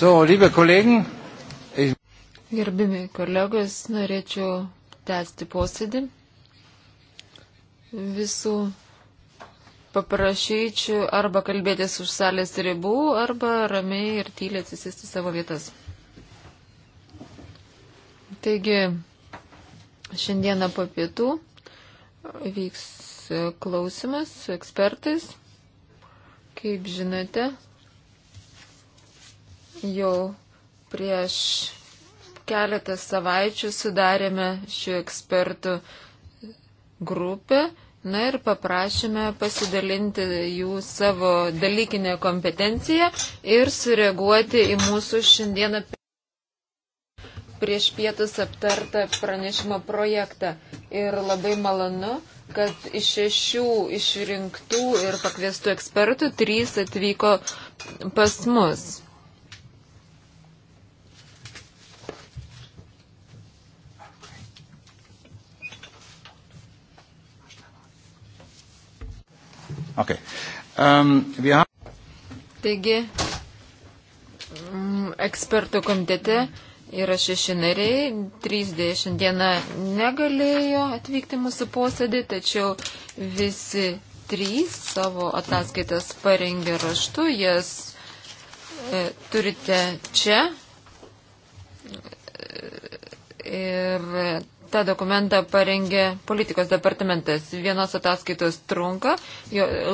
So, liebe Kollegen. Ich... Gerbimi kolegos, norėčiau tęsti posėdį. Visų paprašyčiau arba kalbėtis už salės ribų, arba ramiai ir tyliai atsisėsti savo vietas. Taigi, šiandieną po pietų vyks klausimas su ekspertais. Kaip žinote, Jau prieš keletą savaičių sudarėme šių ekspertų grupę. Na ir paprašėme pasidalinti jų savo dalykinę kompetenciją ir sureaguoti į mūsų šiandieną prieš pietus aptartą pranešimo projektą. Ir labai malonu, kad iš šešių išrinktų ir pakviestų ekspertų trys atvyko pas mus. Okay. Um, have... Taigi, mm, ekspertų komitete yra šeši nariai, 30 dieną negalėjo atvykti mūsų posėdį, tačiau visi trys savo ataskaitas parengė raštu, jas e, turite čia. E, ir tą dokumentą parengė politikos departamentas. Vienos ataskaitos trunka,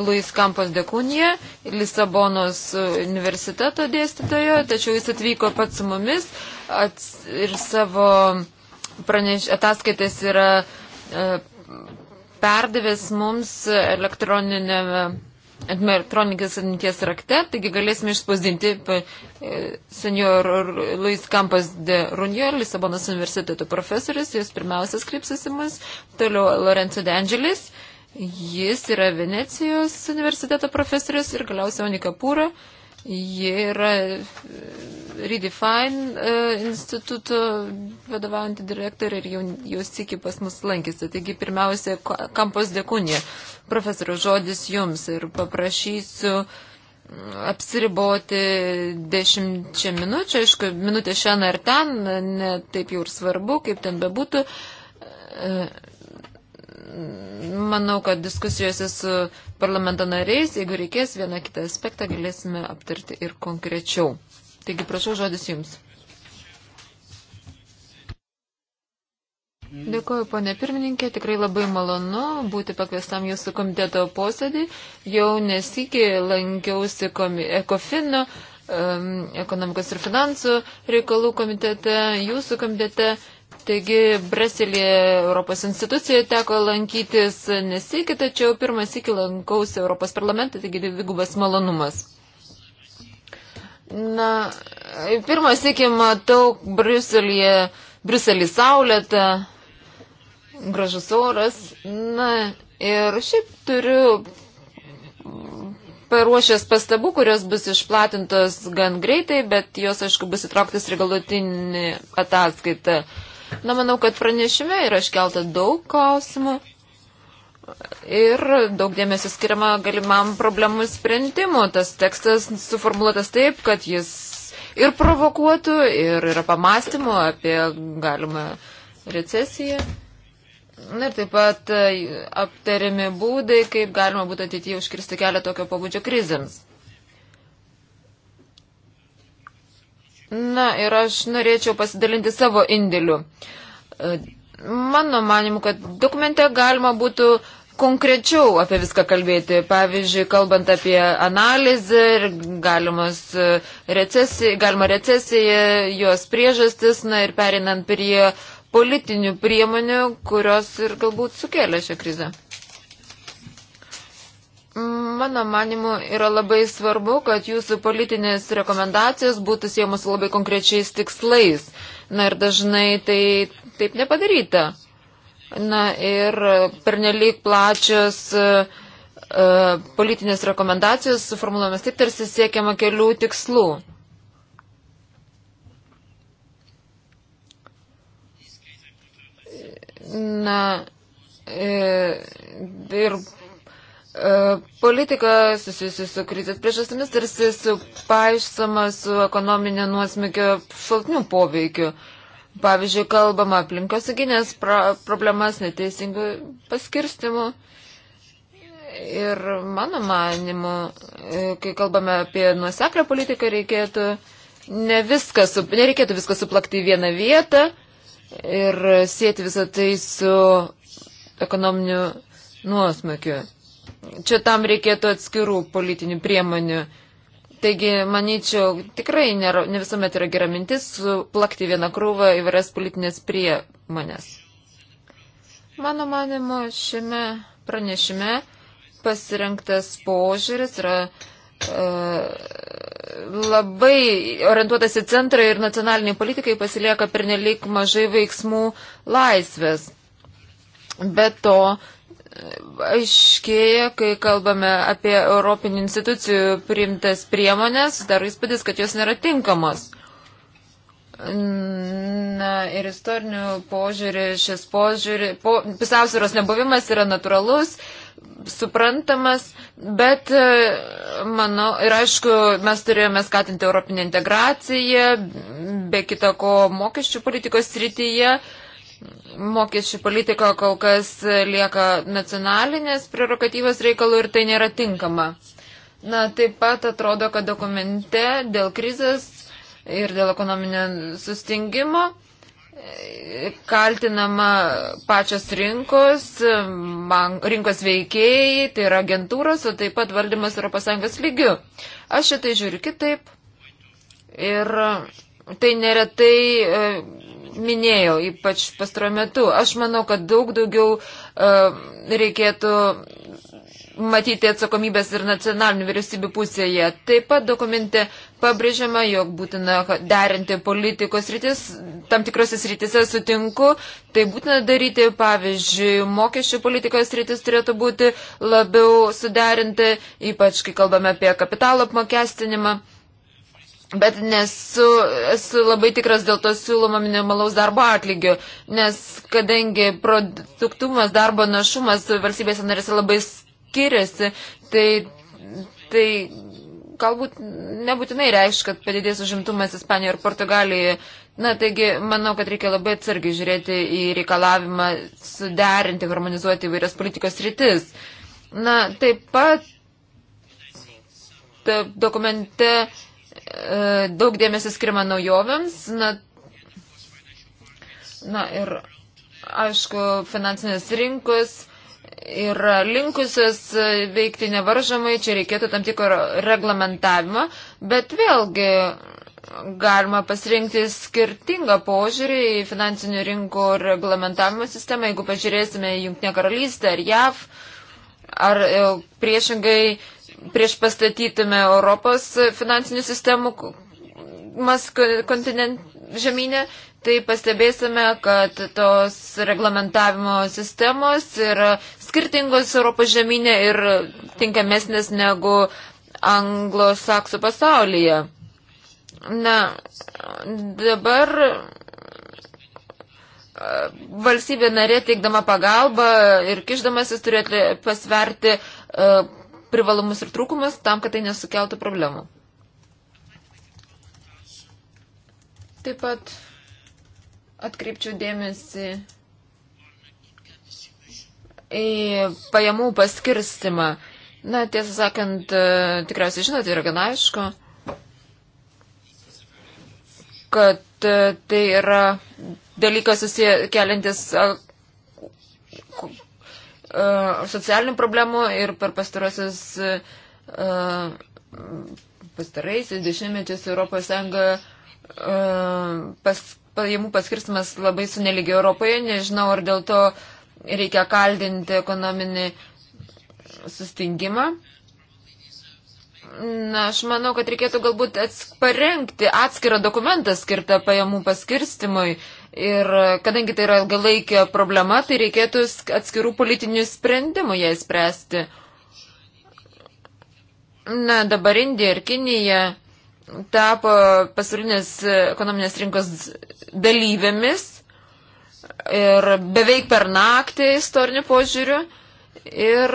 Luis Kampos Dekunija, Lisabonos e, universiteto dėstytojo, tačiau jis atvyko pats su mumis ats, ir savo praneš, ataskaitas yra e, perdavęs mums elektroninėme elektroninis atminties rakte, taigi galėsime išspausdinti e, senior Luis Kampas de Runjo, Lisabonos universiteto profesorius, jis pirmiausias kreipsis į mus, toliau Lorenzo de Angelis, jis yra Venecijos universiteto profesorius ir galiausiai Onika Pūra. Ji yra e, Redefine e, instituto vadovaujantį direktorį ir jau, jau sėki pas mus lankėsi. Taigi pirmiausia, Kampos Dekunė, profesorius, žodis jums ir paprašysiu mm, apsiriboti dešimčia minučių, aišku, minutė šiandien ar ten, ne taip jau ir svarbu, kaip ten bebūtų. E, manau, kad diskusijose su parlamento nariais, jeigu reikės, vieną kitą aspektą galėsime aptarti ir konkrečiau. Taigi, prašau, žodis Jums. Dėkuoju, ponė pirmininkė, tikrai labai malonu būti pakviestam jūsų komiteto posėdį. Jau nesikį lankiausi komi, ekofino, um, ekonomikos ir finansų reikalų komitete, jūsų komitete. Uh, Taigi, Bresilėje Europos institucijoje teko lankytis nesikį, tačiau pirmas iki lankausi Europos parlamentą, taigi dvigubas malonumas. Na, pirmas iki matau Briuselėje, Briuselį saulėtą, gražus oras. Na, ir šiaip turiu paruošęs pastabų, kurios bus išplatintos gan greitai, bet jos, aišku, bus įtrauktas ir galutinį ataskaitą. Uh, Na, manau, kad pranešime yra iškelta daug klausimų ir daug dėmesio skiriama galimam problemų sprendimu. Tas tekstas suformuoluotas taip, kad jis ir provokuotų, ir yra pamastymų apie galimą recesiją. Na ir taip pat e, aptariami būdai, kaip galima būtų ateityje užkirsti kelią tokio pabudžio krizėms. Na ir aš norėčiau pasidalinti savo indėliu. E, mano manimu, kad dokumente galima būtų konkrečiau apie viską kalbėti. Pavyzdžiui, kalbant apie analizę ir galimas e, recesiją, galima recesiją, jos priežastis, na ir perinant prie politinių priemonių, kurios ir galbūt sukėlė šią krizę. Mano manimu yra labai svarbu, kad jūsų politinės rekomendacijos būtų siejamos labai konkrečiais tikslais. Na ir dažnai tai taip nepadaryta. Na ir pernelyg plačios uh, politinės rekomendacijos suformuluojamas taip tarsi siekiama kelių tikslų. Na, e, ir E, politika susijusi su krizės priežastimis tarsi supaišsama su ekonominė nuosmikio šaltinių poveikiu. Pavyzdžiui, kalbama aplinkosaginės problemas, neteisingų paskirstimų. Ir mano manimu, e, kai kalbame apie nuoseklę politiką, reikėtų ne viską, su, nereikėtų viską suplakti į vieną vietą ir sėti visą tai su ekonominiu nuosmukiu čia tam reikėtų atskirų politinių priemonių. Taigi, manyčiau, tikrai nėra, ne visuomet yra gera mintis plakti vieną krūvą įvairias politinės priemonės. Mano manimo, šiame pranešime pasirinktas požiūris yra e, labai orientuotas į centrą ir nacionaliniai politikai pasilieka pernelik mažai veiksmų laisvės. Be to, aiškėja, kai kalbame apie Europinių institucijų priimtas priemonės, daro įspūdis, kad jos nėra tinkamos. Na ir istorinių požiūrį, šis požiūrį, po, pusiausvėros nebuvimas yra natūralus, suprantamas, bet, e, manau, ir aišku, mes turėjome skatinti europinę integraciją, be kitako mokesčių politikos srityje, uh, mokesčių politika kol kas lieka nacionalinės prerogatyvos reikalų ir tai nėra tinkama. Na, taip pat atrodo, kad dokumente dėl krizės ir dėl ekonominio sustingimo e, kaltinama pačios rinkos, man, rinkos veikėjai, tai yra agentūros, o taip pat valdymas ES lygių. Aš šitai žiūriu kitaip ir tai neretai e, minėjau, ypač pastaruoju metu. Aš manau, kad daug daugiau uh, reikėtų matyti atsakomybės ir nacionalinių vyriausybių pusėje. Taip pat dokumente pabrėžiama, jog būtina derinti politikos rytis, tam tikrose rytise sutinku, tai būtina daryti, pavyzdžiui, mokesčių politikos rytis turėtų būti labiau suderinti, ypač kai kalbame apie kapitalo apmokestinimą. Bet nesu esu labai tikras dėl to siūloma minimalaus darbo atlygio, nes kadangi produktumas, darbo našumas valstybėse narėse labai skiriasi, tai, tai galbūt nebūtinai reiškia, kad padidės užimtumas Ispanijoje ir Portugalijoje. Na, taigi, manau, kad reikia labai atsargiai žiūrėti į reikalavimą suderinti, harmonizuoti įvairias politikos rytis. Na, taip pat ta, dokumente E, daug dėmesio skirima naujovėms. Na, na ir, aišku, finansinės rinkos yra linkusios veikti nevaržomai, čia reikėtų tam tikro reglamentavimo, bet vėlgi galima pasirinkti skirtingą požiūrį į finansinių rinkų reglamentavimo sistemą, jeigu pažiūrėsime Junktinę karalystę ar JAV, ar e, priešingai prieš pastatytume Europos finansinių sistemų mas kontinent žemynė, tai pastebėsime, kad tos reglamentavimo sistemos yra skirtingos Europos žemynė ir tinkamesnės negu anglosaksų pasaulyje. Na, dabar e, valstybė narė teikdama pagalbą ir kišdamasis turėtų pasverti uh, privalumus ir trūkumus, tam, kad tai nesukeltų problemų. Taip pat atkreipčiau dėmesį į pajamų paskirstimą. Na, tiesą sakant, tikriausiai žinote, yra gana aišku, kad tai yra dalykas susiję keliantis E, socialinių problemų ir per pastarosius e, pastaraisiais dešimtmečiais Europos Sąjunga e, pas, pajamų paskirstimas labai sunelygiai Europoje. Nežinau, ar dėl to reikia kaldinti ekonominį sustingimą. Na, aš manau, kad reikėtų galbūt parengti atskirą dokumentą skirtą pajamų paskirstimui Ir kadangi tai yra ilgalaikė problema, tai reikėtų atskirų politinių sprendimų ją spręsti. Na, dabar Indija ir Kinija tapo pasaulinės ekonominės rinkos dalyvėmis ir beveik per naktį istoriniu požiūriu. Ir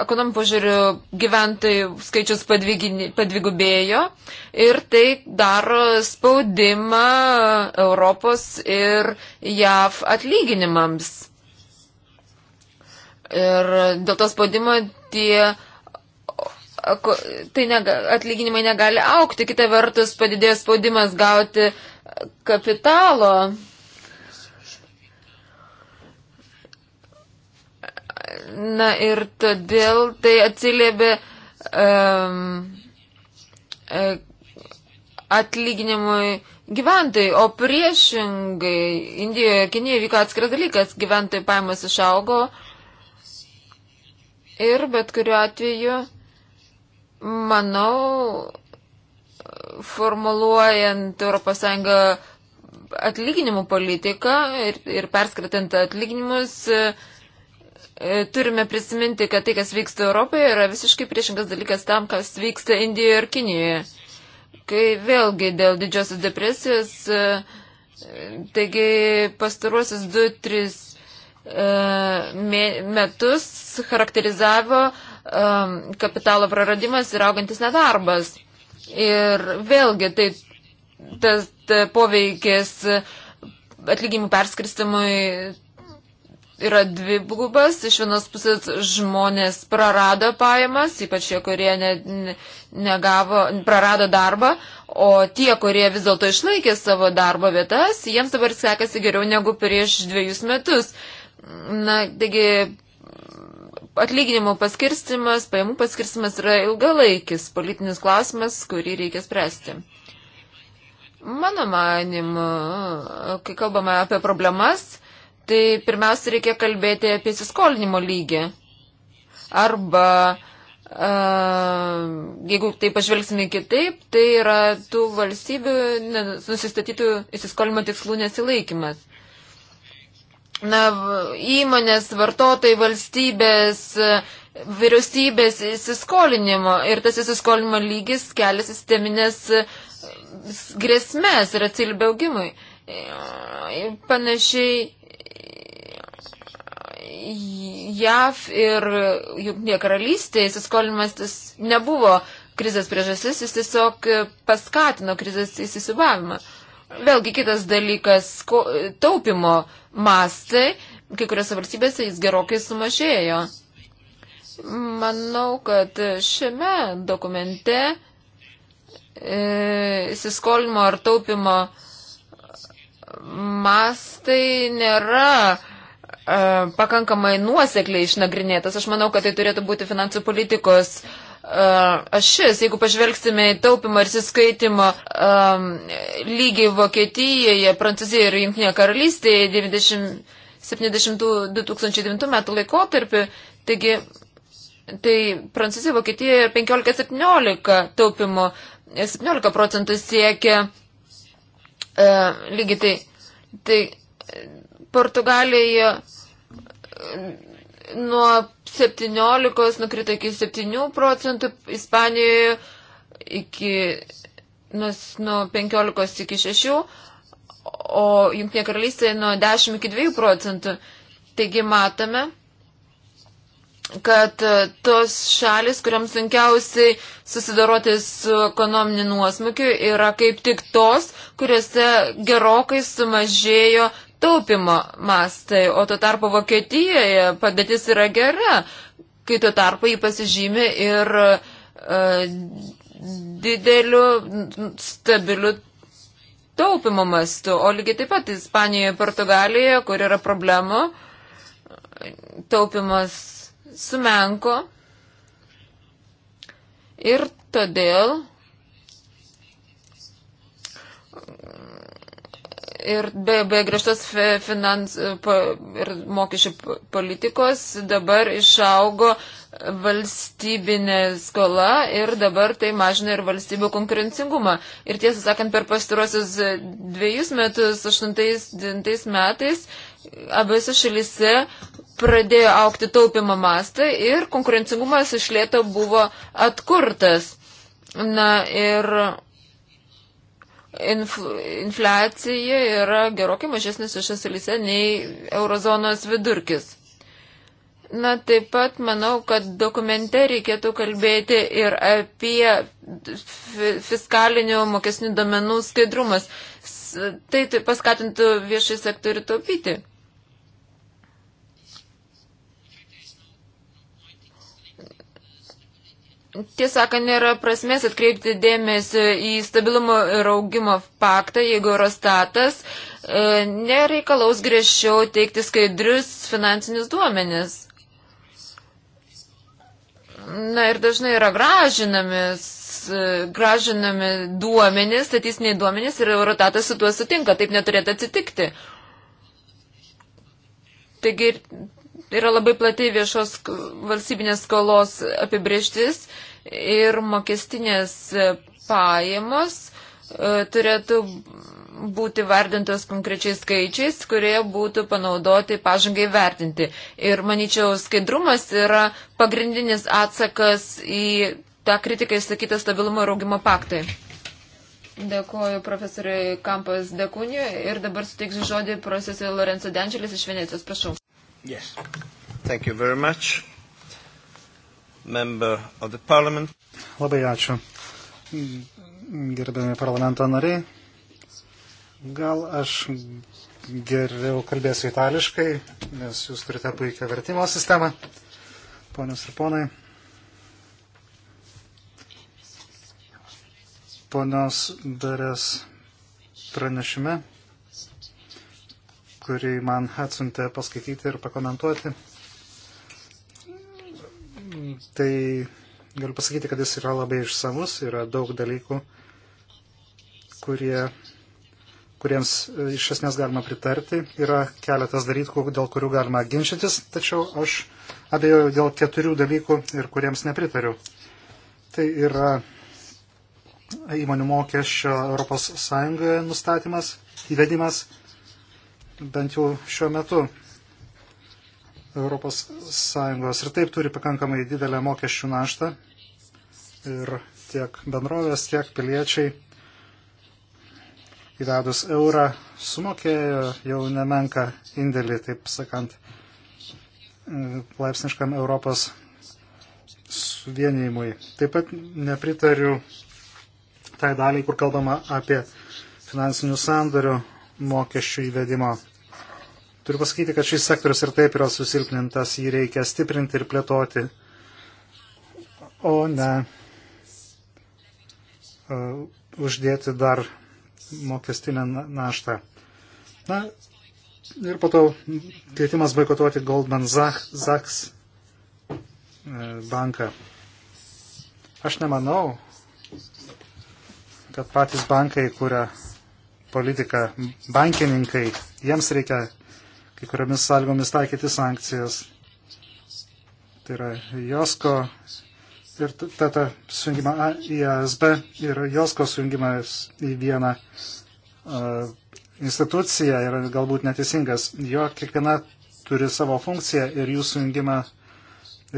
ekonominių požiūrių gyventojų skaičius padvigubėjo ir tai daro spaudimą Europos ir JAV atlyginimams. Ir dėl to spaudimo tie tai nega, atlyginimai negali aukti, kita vertus padidėjo spaudimas gauti kapitalo. Na ir todėl tai atsiliebė um, atlyginimui gyventojai, o priešingai Indijoje, Kinijoje vyko atskiras dalykas, gyventojų paimas išaugo ir bet kuriuo atveju, manau, formuluojant ES atlyginimų politiką ir, ir perskritant atlyginimus, uh, E, turime prisiminti, kad tai, kas vyksta Europoje, yra visiškai priešingas dalykas tam, kas vyksta Indijoje ir Kinijoje. Kai vėlgi dėl didžiosios depresijos, e, taigi pastaruosius 2-3 e, metus charakterizavo kapitalo praradimas ir augantis nedarbas. Ir vėlgi tai tas ta poveikis atlyginimų perskirstimui yra dvi gubas. Iš vienos pusės žmonės prarado pajamas, ypač tie, kurie ne, ne, negavo, prarado darbą, o tie, kurie vis dėlto išlaikė savo darbo vietas, jiems dabar sekasi geriau negu prieš dviejus metus. Na, taigi atlyginimo paskirstimas, pajamų paskirstimas yra ilgalaikis politinis klausimas, kurį reikia spręsti. Mano manimu, kai kalbame apie problemas, tai pirmiausia reikia kalbėti apie įsiskolinimo lygį. Arba, jeigu tai pažvelgsime kitaip, tai yra tų valstybių nusistatytų įsiskolimo tikslų nesilaikimas na, įmonės, vartotojai, valstybės, vyriausybės įsiskolinimo ir tas įsiskolinimo lygis kelia sisteminės grėsmės ir atsilbė augimui. Panašiai JAV ir Junktinė karalystė įsiskolinimas nebuvo krizės priežastis, jis tiesiog paskatino krizės įsisubavimą. Vėlgi kitas dalykas - taupimo mastai, kai kuriuose valstybėse jis gerokai sumažėjo. Manau, kad šiame dokumente e, įsiskolinimo ar taupimo e, mastai nėra e, pakankamai nuosekliai išnagrinėtas. Aš manau, kad tai turėtų būti finansų politikos e, ašis. Jeigu pažvelgsime į taupimą ir įsiskaitimą e, lygiai Vokietijoje, Prancūzijoje ir Junktinėje karalystėje 70-2009 metų laikotarpį, taigi tai Prancūzijoje, Vokietijoje 15-17 taupimo, 17 procentų siekia E, lygiai tai. Tai Portugalija e, nuo 17 nukrito iki 7 procentų, Ispanijoje iki nus, nuo 15 iki 6, o Junktinė karalystė nuo 10 iki 2 procentų. Taigi matome, kad e, tos šalis, kuriams sunkiausiai susidoroti su ekonominiu nuosmukiu, yra kaip tik tos, kuriuose gerokai sumažėjo taupimo mastai, o tuo tarpu Vokietijoje padėtis yra gera, kai tuo tarpu jį pasižymė ir uh, dideliu, stabiliu taupimo mastu, o lygiai taip pat Ispanijoje, Portugalijoje, kur yra problemų, taupimas sumenko ir todėl ir be, be griežtos finans pa, ir mokesčių politikos dabar išaugo valstybinė skola ir dabar tai mažina ir valstybių konkurencingumą. Ir tiesą sakant, per pastarosius dviejus metus, aštuntais, devintais metais, abiejose šalise pradėjo aukti taupimo mastai ir konkurencingumas išlėto buvo atkurtas. Na ir infl infliacija yra gerokai mažesnė šešiose šalise nei eurozonos vidurkis. Na, taip pat manau, kad dokumente reikėtų kalbėti ir apie fiskalinių mokesnių domenų skaidrumas. Tai, tai paskatintų viešai sektorių taupyti. Tiesąką nėra prasmės atkreipti dėmesį į stabilumo ir augimo paktą, jeigu Eurostatas e, nereikalaus griežčiau teikti skaidrius finansinius duomenis. Na ir dažnai yra gražinamis, e, gražinami duomenis, statistiniai duomenis ir Eurostatas su tuo sutinka, taip neturėtų atsitikti. Taigi yra labai plati viešos valstybinės skolos apibrieštis ir mokestinės e, pajamos e, turėtų būti vardintos konkrečiais skaičiais, kurie būtų panaudoti pažangai vertinti. Ir manyčiau, skaidrumas yra pagrindinis atsakas į tą kritiką išsakytą stabilumo ir augimo paktai. Dėkuoju profesoriui Kampas Dekūniui ir dabar suteiksiu žodį profesoriui Lorenzo Denželis iš Venecijos. Prašau. Yes. Thank you very much. Member of the Parliament. Labai ačiū. Gerbiami parlamento nariai. Gal aš geriau kalbėsiu itališkai, nes jūs turite puikią vertimo sistemą. Ponios ir ponai. Ponios darės pranešime kurį man atsiuntė paskaityti ir pakomentuoti. Tai galiu pasakyti, kad jis yra labai išsamus, yra daug dalykų, kurie, kuriems iš esmės galima pritarti. Yra keletas dalykų, dėl kurių galima ginčytis, tačiau aš abejoju dėl keturių dalykų ir kuriems nepritariu. Tai yra įmonių mokesčio ES nustatymas, įvedimas bent jau šiuo metu Europos Sąjungos ir taip turi pakankamai didelę mokesčių naštą ir tiek bendrovės, tiek piliečiai įvedus eurą sumokėjo jau nemenka indėlį, taip sakant, laipsniškam Europos suvienijimui. Taip pat nepritariu tai daliai, kur kalbama apie finansinių sandorių mokesčių įvedimo. Turiu pasakyti, kad šis sektorius ir taip yra susilpnintas, jį reikia stiprinti ir plėtoti, o ne uh, uždėti dar mokestinę naštą. Na, ir po to kvietimas boikotuoti Goldman Sachs e, banką. Aš nemanau, kad patys bankai, kuria politiką, bankininkai, jiems reikia kai kuriomis sąlygomis taikyti sankcijas. Tai yra Josko ir tada sujungimą į ASB ir Josko sujungimas į vieną uh, instituciją yra galbūt neteisingas. Jo kiekviena turi savo funkciją ir jų sujungimą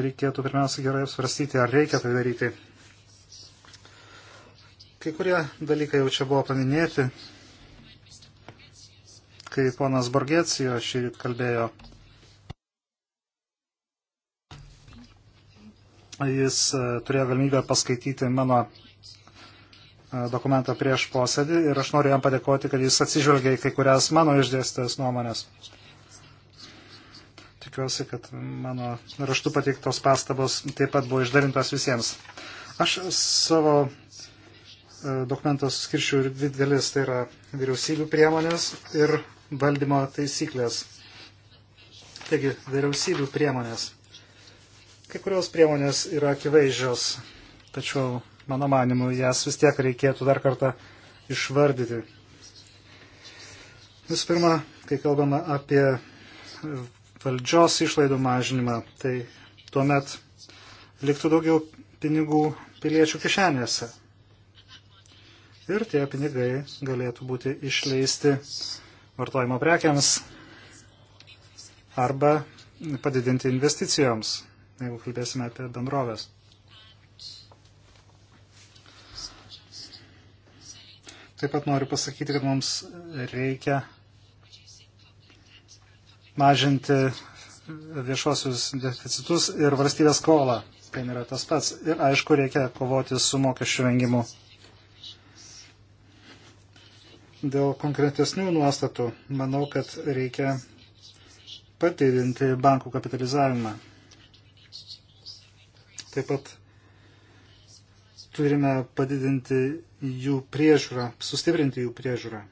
reikėtų pirmiausia gerai apsvarstyti, ar reikia tai daryti. Kai kurie dalykai jau čia buvo paminėti, kai ponas Borgėcijo šį rytą kalbėjo. Jis e, turėjo galimybę paskaityti mano e, dokumentą prieš posėdį ir aš noriu jam padėkoti, kad jis atsižvelgia į kai kurias mano išdėstęs nuomonės. Tikiuosi, kad mano raštu pateiktos pastabos taip pat buvo išdalintos visiems. Aš savo e, dokumentos skirčių ir dvi dalis, tai yra vyriausybių priemonės ir valdymo taisyklės. Taigi, vyriausybių priemonės. Kai kurios priemonės yra akivaizdžios, tačiau, mano manimu, jas vis tiek reikėtų dar kartą išvardyti. Visų pirma, kai kalbama apie valdžios išlaidų mažinimą, tai tuomet liktų daugiau pinigų piliečių kišenėse. Ir tie pinigai galėtų būti išleisti vartojimo prekiams arba padidinti investicijoms, jeigu kalbėsime apie bendrovės. Taip pat noriu pasakyti, kad mums reikia mažinti viešuosius deficitus ir valstybės skolą. Tai nėra tas pats. Ir aišku, reikia kovoti su mokesčių vengimu. Dėl konkretesnių nuostatų manau, kad reikia padidinti bankų kapitalizavimą. Taip pat turime padidinti jų priežiūrą, sustiprinti jų priežiūrą.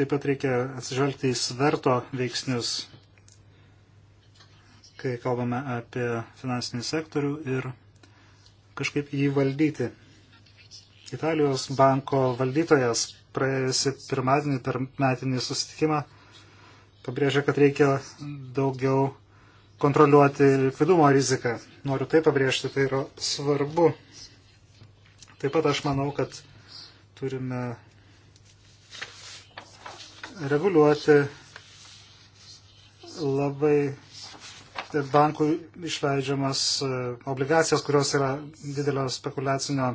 Taip pat reikia atsižvelgti į sverto veiksnius, kai kalbame apie finansinį sektorių ir kažkaip jį valdyti. Italijos banko valdytojas praėjusi pirmadienį per metinį susitikimą pabrėžė, kad reikia daugiau kontroliuoti likvidumo riziką. Noriu tai pabrėžti, tai yra svarbu. Taip pat aš manau, kad turime reguliuoti labai bankų išleidžiamas obligacijas, kurios yra didelio spekulacinio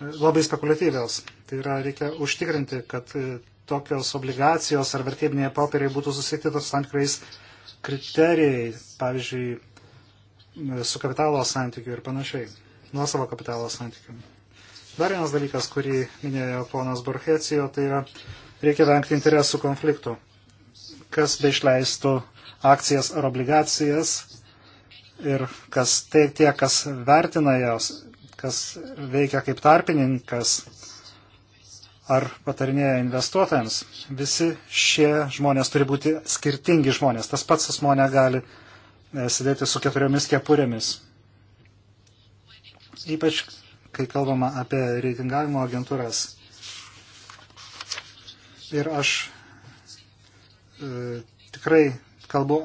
labai spekuliatyvios. Tai yra, reikia užtikrinti, kad e, tokios obligacijos ar vertybiniai popieriai būtų susitytos tam tikrais kriterijai, pavyzdžiui, e, su kapitalo santykiu ir panašiai, nuo savo kapitalo santykiu. Dar vienas dalykas, kurį minėjo ponas Borhecijo, tai yra reikia vengti interesų konfliktų. Kas beišleistų akcijas ar obligacijas ir kas tai tie, kas vertina jas, kas veikia kaip tarpininkas ar patarinėja investuotojams. Visi šie žmonės turi būti skirtingi žmonės. Tas pats asmo negali e, sėdėti su keturiomis kepurėmis. Ypač, kai kalbama apie reitingavimo agentūras. Ir aš e, tikrai kalbu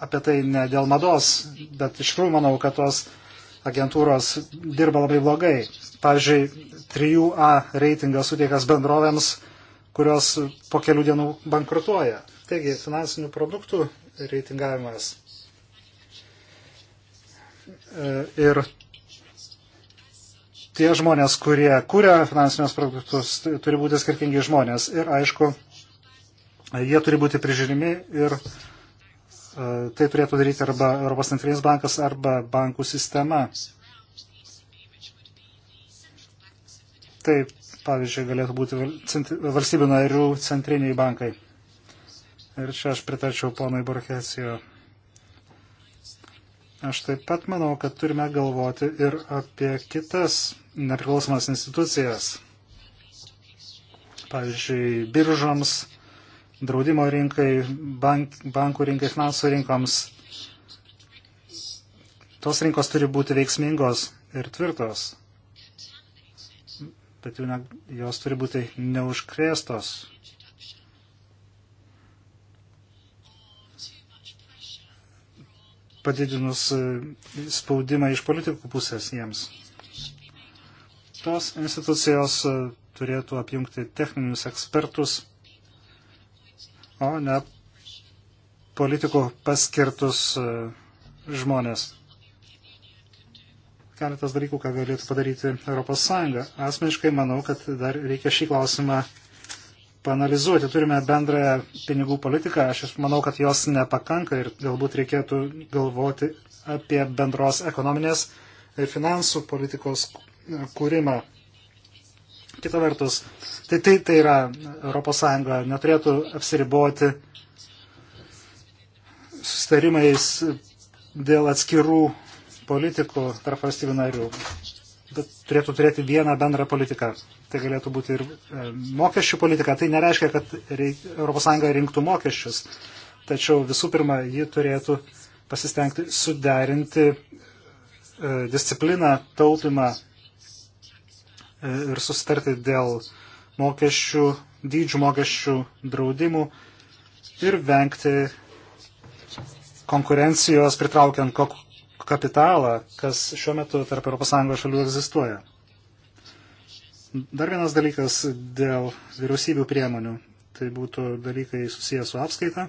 apie tai ne dėl mados, bet iš tikrųjų manau, kad tos agentūros dirba labai blogai. Pavyzdžiui, 3A reitingas suteikęs bendrovėms, kurios po kelių dienų bankrutuoja. Taigi, finansinių produktų reitingavimas e, ir tie žmonės, kurie kūrė finansinius produktus, turi būti skirtingi žmonės. Ir aišku, jie turi būti prižiūrimi ir uh, tai turėtų daryti arba Europos centrinis bankas, arba bankų sistema. Tai, pavyzdžiui, galėtų būti valstybių narių centriniai bankai. Ir čia aš pritarčiau ponui Borkesijo. Aš taip pat manau, kad turime galvoti ir apie kitas nepriklausomas institucijas. Pavyzdžiui, biržoms, draudimo rinkai, bank, bankų rinkai, finansų rinkoms. Tos rinkos turi būti veiksmingos ir tvirtos, bet ne, jos turi būti neužkrėstos. Padidinus e, spaudimą iš politikų pusės jiems. Tos institucijos e, turėtų apjungti techninius ekspertus o ne politikų paskirtus e, žmonės. Keletas dalykų, ką galėtų padaryti ES. Asmeniškai manau, kad dar reikia šį klausimą panalizuoti. Turime bendrąją pinigų politiką. Aš manau, kad jos nepakanka ir galbūt reikėtų galvoti apie bendros ekonominės ir finansų politikos kūrimą. Kita vertus, tai tai, tai yra ES neturėtų apsiriboti sustarimais dėl atskirų politikų tarp valstybių narių, bet turėtų turėti vieną bendrą politiką. Tai galėtų būti ir e, mokesčių politika. Tai nereiškia, kad ES rinktų mokesčius, tačiau visų pirma, ji turėtų pasistengti suderinti e, discipliną, tautimą ir susitarti dėl mokesčių, dydžių mokesčių draudimų ir vengti konkurencijos pritraukiant kapitalą, kas šiuo metu tarp ES šalių egzistuoja. Dar vienas dalykas dėl vyriausybių priemonių. Tai būtų dalykai susijęs su apskaita.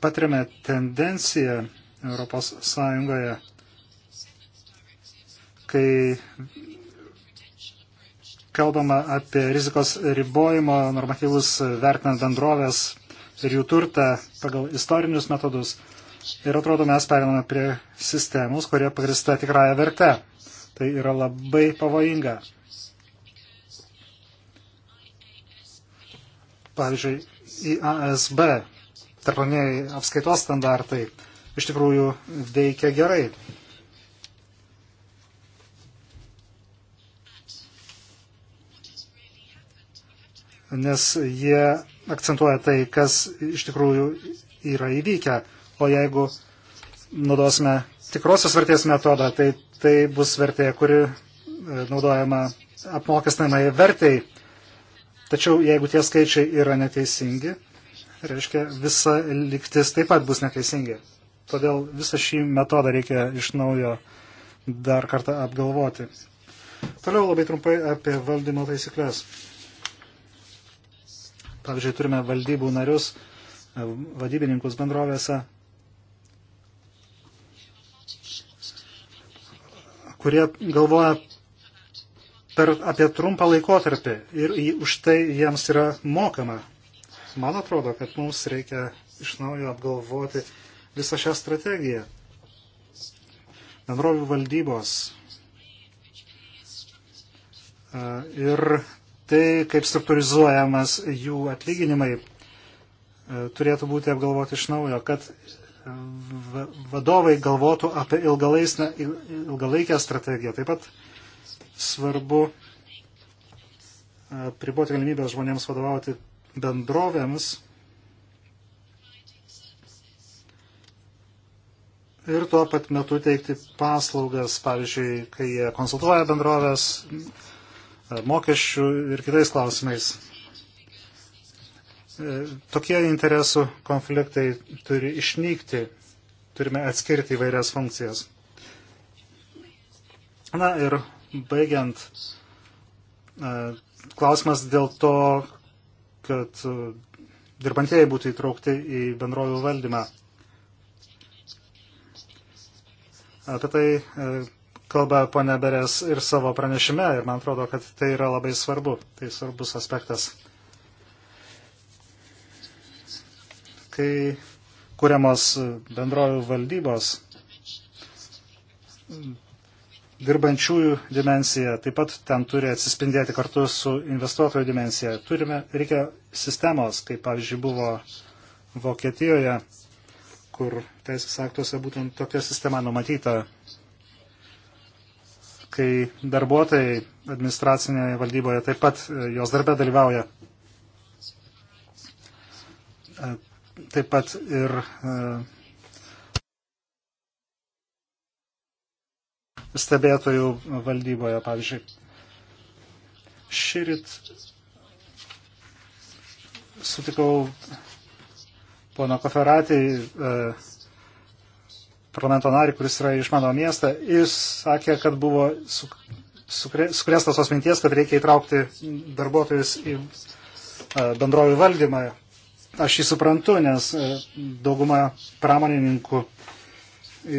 Patiriame tendenciją Europos Sąjungoje, kai kalbama apie rizikos ribojimo normatyvus vertinant bendrovės ir jų turtą pagal istorinius metodus. Ir atrodo, mes periname prie sistemus, kurie pagrista tikrąją vertę. Tai yra labai pavojinga. Pavyzdžiui, IASB, tarptautiniai apskaitos standartai, iš tikrųjų veikia gerai. Nes jie akcentuoja tai, kas iš tikrųjų yra įvykę. O jeigu naudosime tikrosios vertės metodą, tai tai bus vertė, kuri e, naudojama apmokestinamai vertėjai. Tačiau jeigu tie skaičiai yra neteisingi, reiškia visa liktis taip pat bus neteisingi. Todėl visą šį metodą reikia iš naujo dar kartą apgalvoti. Toliau labai trumpai apie valdymo taisyklės. Pavyzdžiui, turime valdybų narius, vadybininkus bendrovėse, kurie galvoja per, apie trumpą laikotarpį ir už tai jiems yra mokama. Man atrodo, kad mums reikia iš naujo apgalvoti visą šią strategiją. Bendrovių valdybos ir tai, kaip struktūrizuojamas jų atlyginimai, turėtų būti apgalvoti iš naujo, kad vadovai galvotų apie ilgalaikę strategiją. Taip pat svarbu priboti galimybės žmonėms vadovauti bendrovėms ir tuo pat metu teikti paslaugas, pavyzdžiui, kai jie konsultuoja bendrovės e, mokesčių ir kitais klausimais. E, tokie interesų konfliktai turi išnykti, turime atskirti įvairias funkcijas. Na ir baigiant, e, klausimas dėl to, kad dirbantieji būtų įtraukti į bendrovių valdymą. Apie tai e, kalba ponė Berės ir savo pranešime ir man atrodo, kad tai yra labai svarbu. Tai svarbus aspektas. Kai kuriamos bendrovių valdybos, dirbančiųjų dimensija taip pat ten turi atsispindėti kartu su investuotojų dimensija. Turime, reikia sistemos, kaip pavyzdžiui buvo Vokietijoje, kur teisės aktuose būtent tokia sistema numatyta, kai darbuotojai administracinėje valdyboje taip pat e, jos darbe dalyvauja. E, taip pat ir e, stebėtojų valdyboje, pavyzdžiui. Šįryt sutikau pono Koferatį, e, parlamento narį, kuris yra iš mano miestą, jis sakė, kad buvo sukrėstas tos minties, kad reikia įtraukti darbuotojus į e, bendrovių valdymą. Aš jį suprantu, nes e, dauguma pramonininkų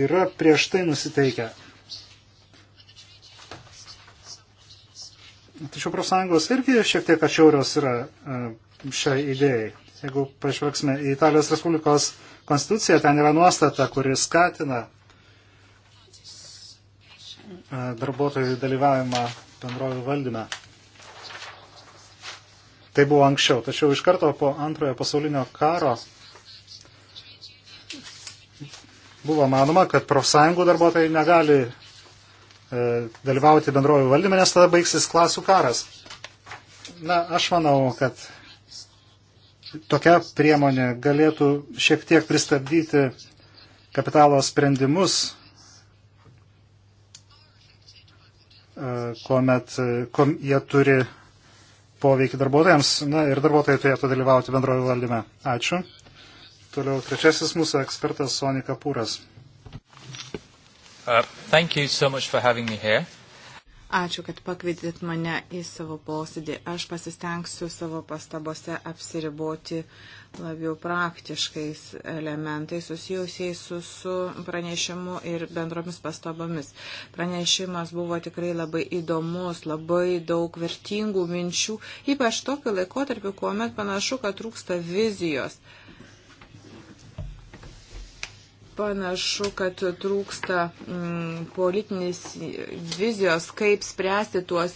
yra prieš tai nusiteikę. Tačiau profsąjungos irgi šiek tiek atšiaurios yra šiai idėjai. Jeigu pažvelgsime į Italijos Respublikos konstituciją, ten yra nuostata, kuri skatina e, darbuotojų dalyvavimą bendrovių valdyme. Tai buvo anksčiau, tačiau iš karto po antrojo pasaulinio karo buvo manoma, kad profsąjungų darbuotojai negali e, dalyvauti bendrovių valdyme, nes tada baigsis klasų karas. Na, aš manau, kad tokia priemonė galėtų šiek tiek pristabdyti kapitalo sprendimus, e, kuomet e, kom, jie turi poveikį darbuotojams. Na ir darbuotojai turėtų dalyvauti bendrojo valdyme. Ačiū. Toliau trečiasis mūsų ekspertas Sonika Pūras. Uh, thank you so much for having me here. Ačiū, kad pakvietėt mane į savo posėdį. Aš pasistengsiu savo pastabose apsiriboti labiau praktiškais elementais susijusiais su, su pranešimu ir bendromis pastabomis. Pranešimas buvo tikrai labai įdomus, labai daug vertingų minčių, ypač tokiu laikotarpiu, kuomet panašu, kad trūksta vizijos. Uh, panašu, kad trūksta mm, politinės vizijos, kaip spręsti tuos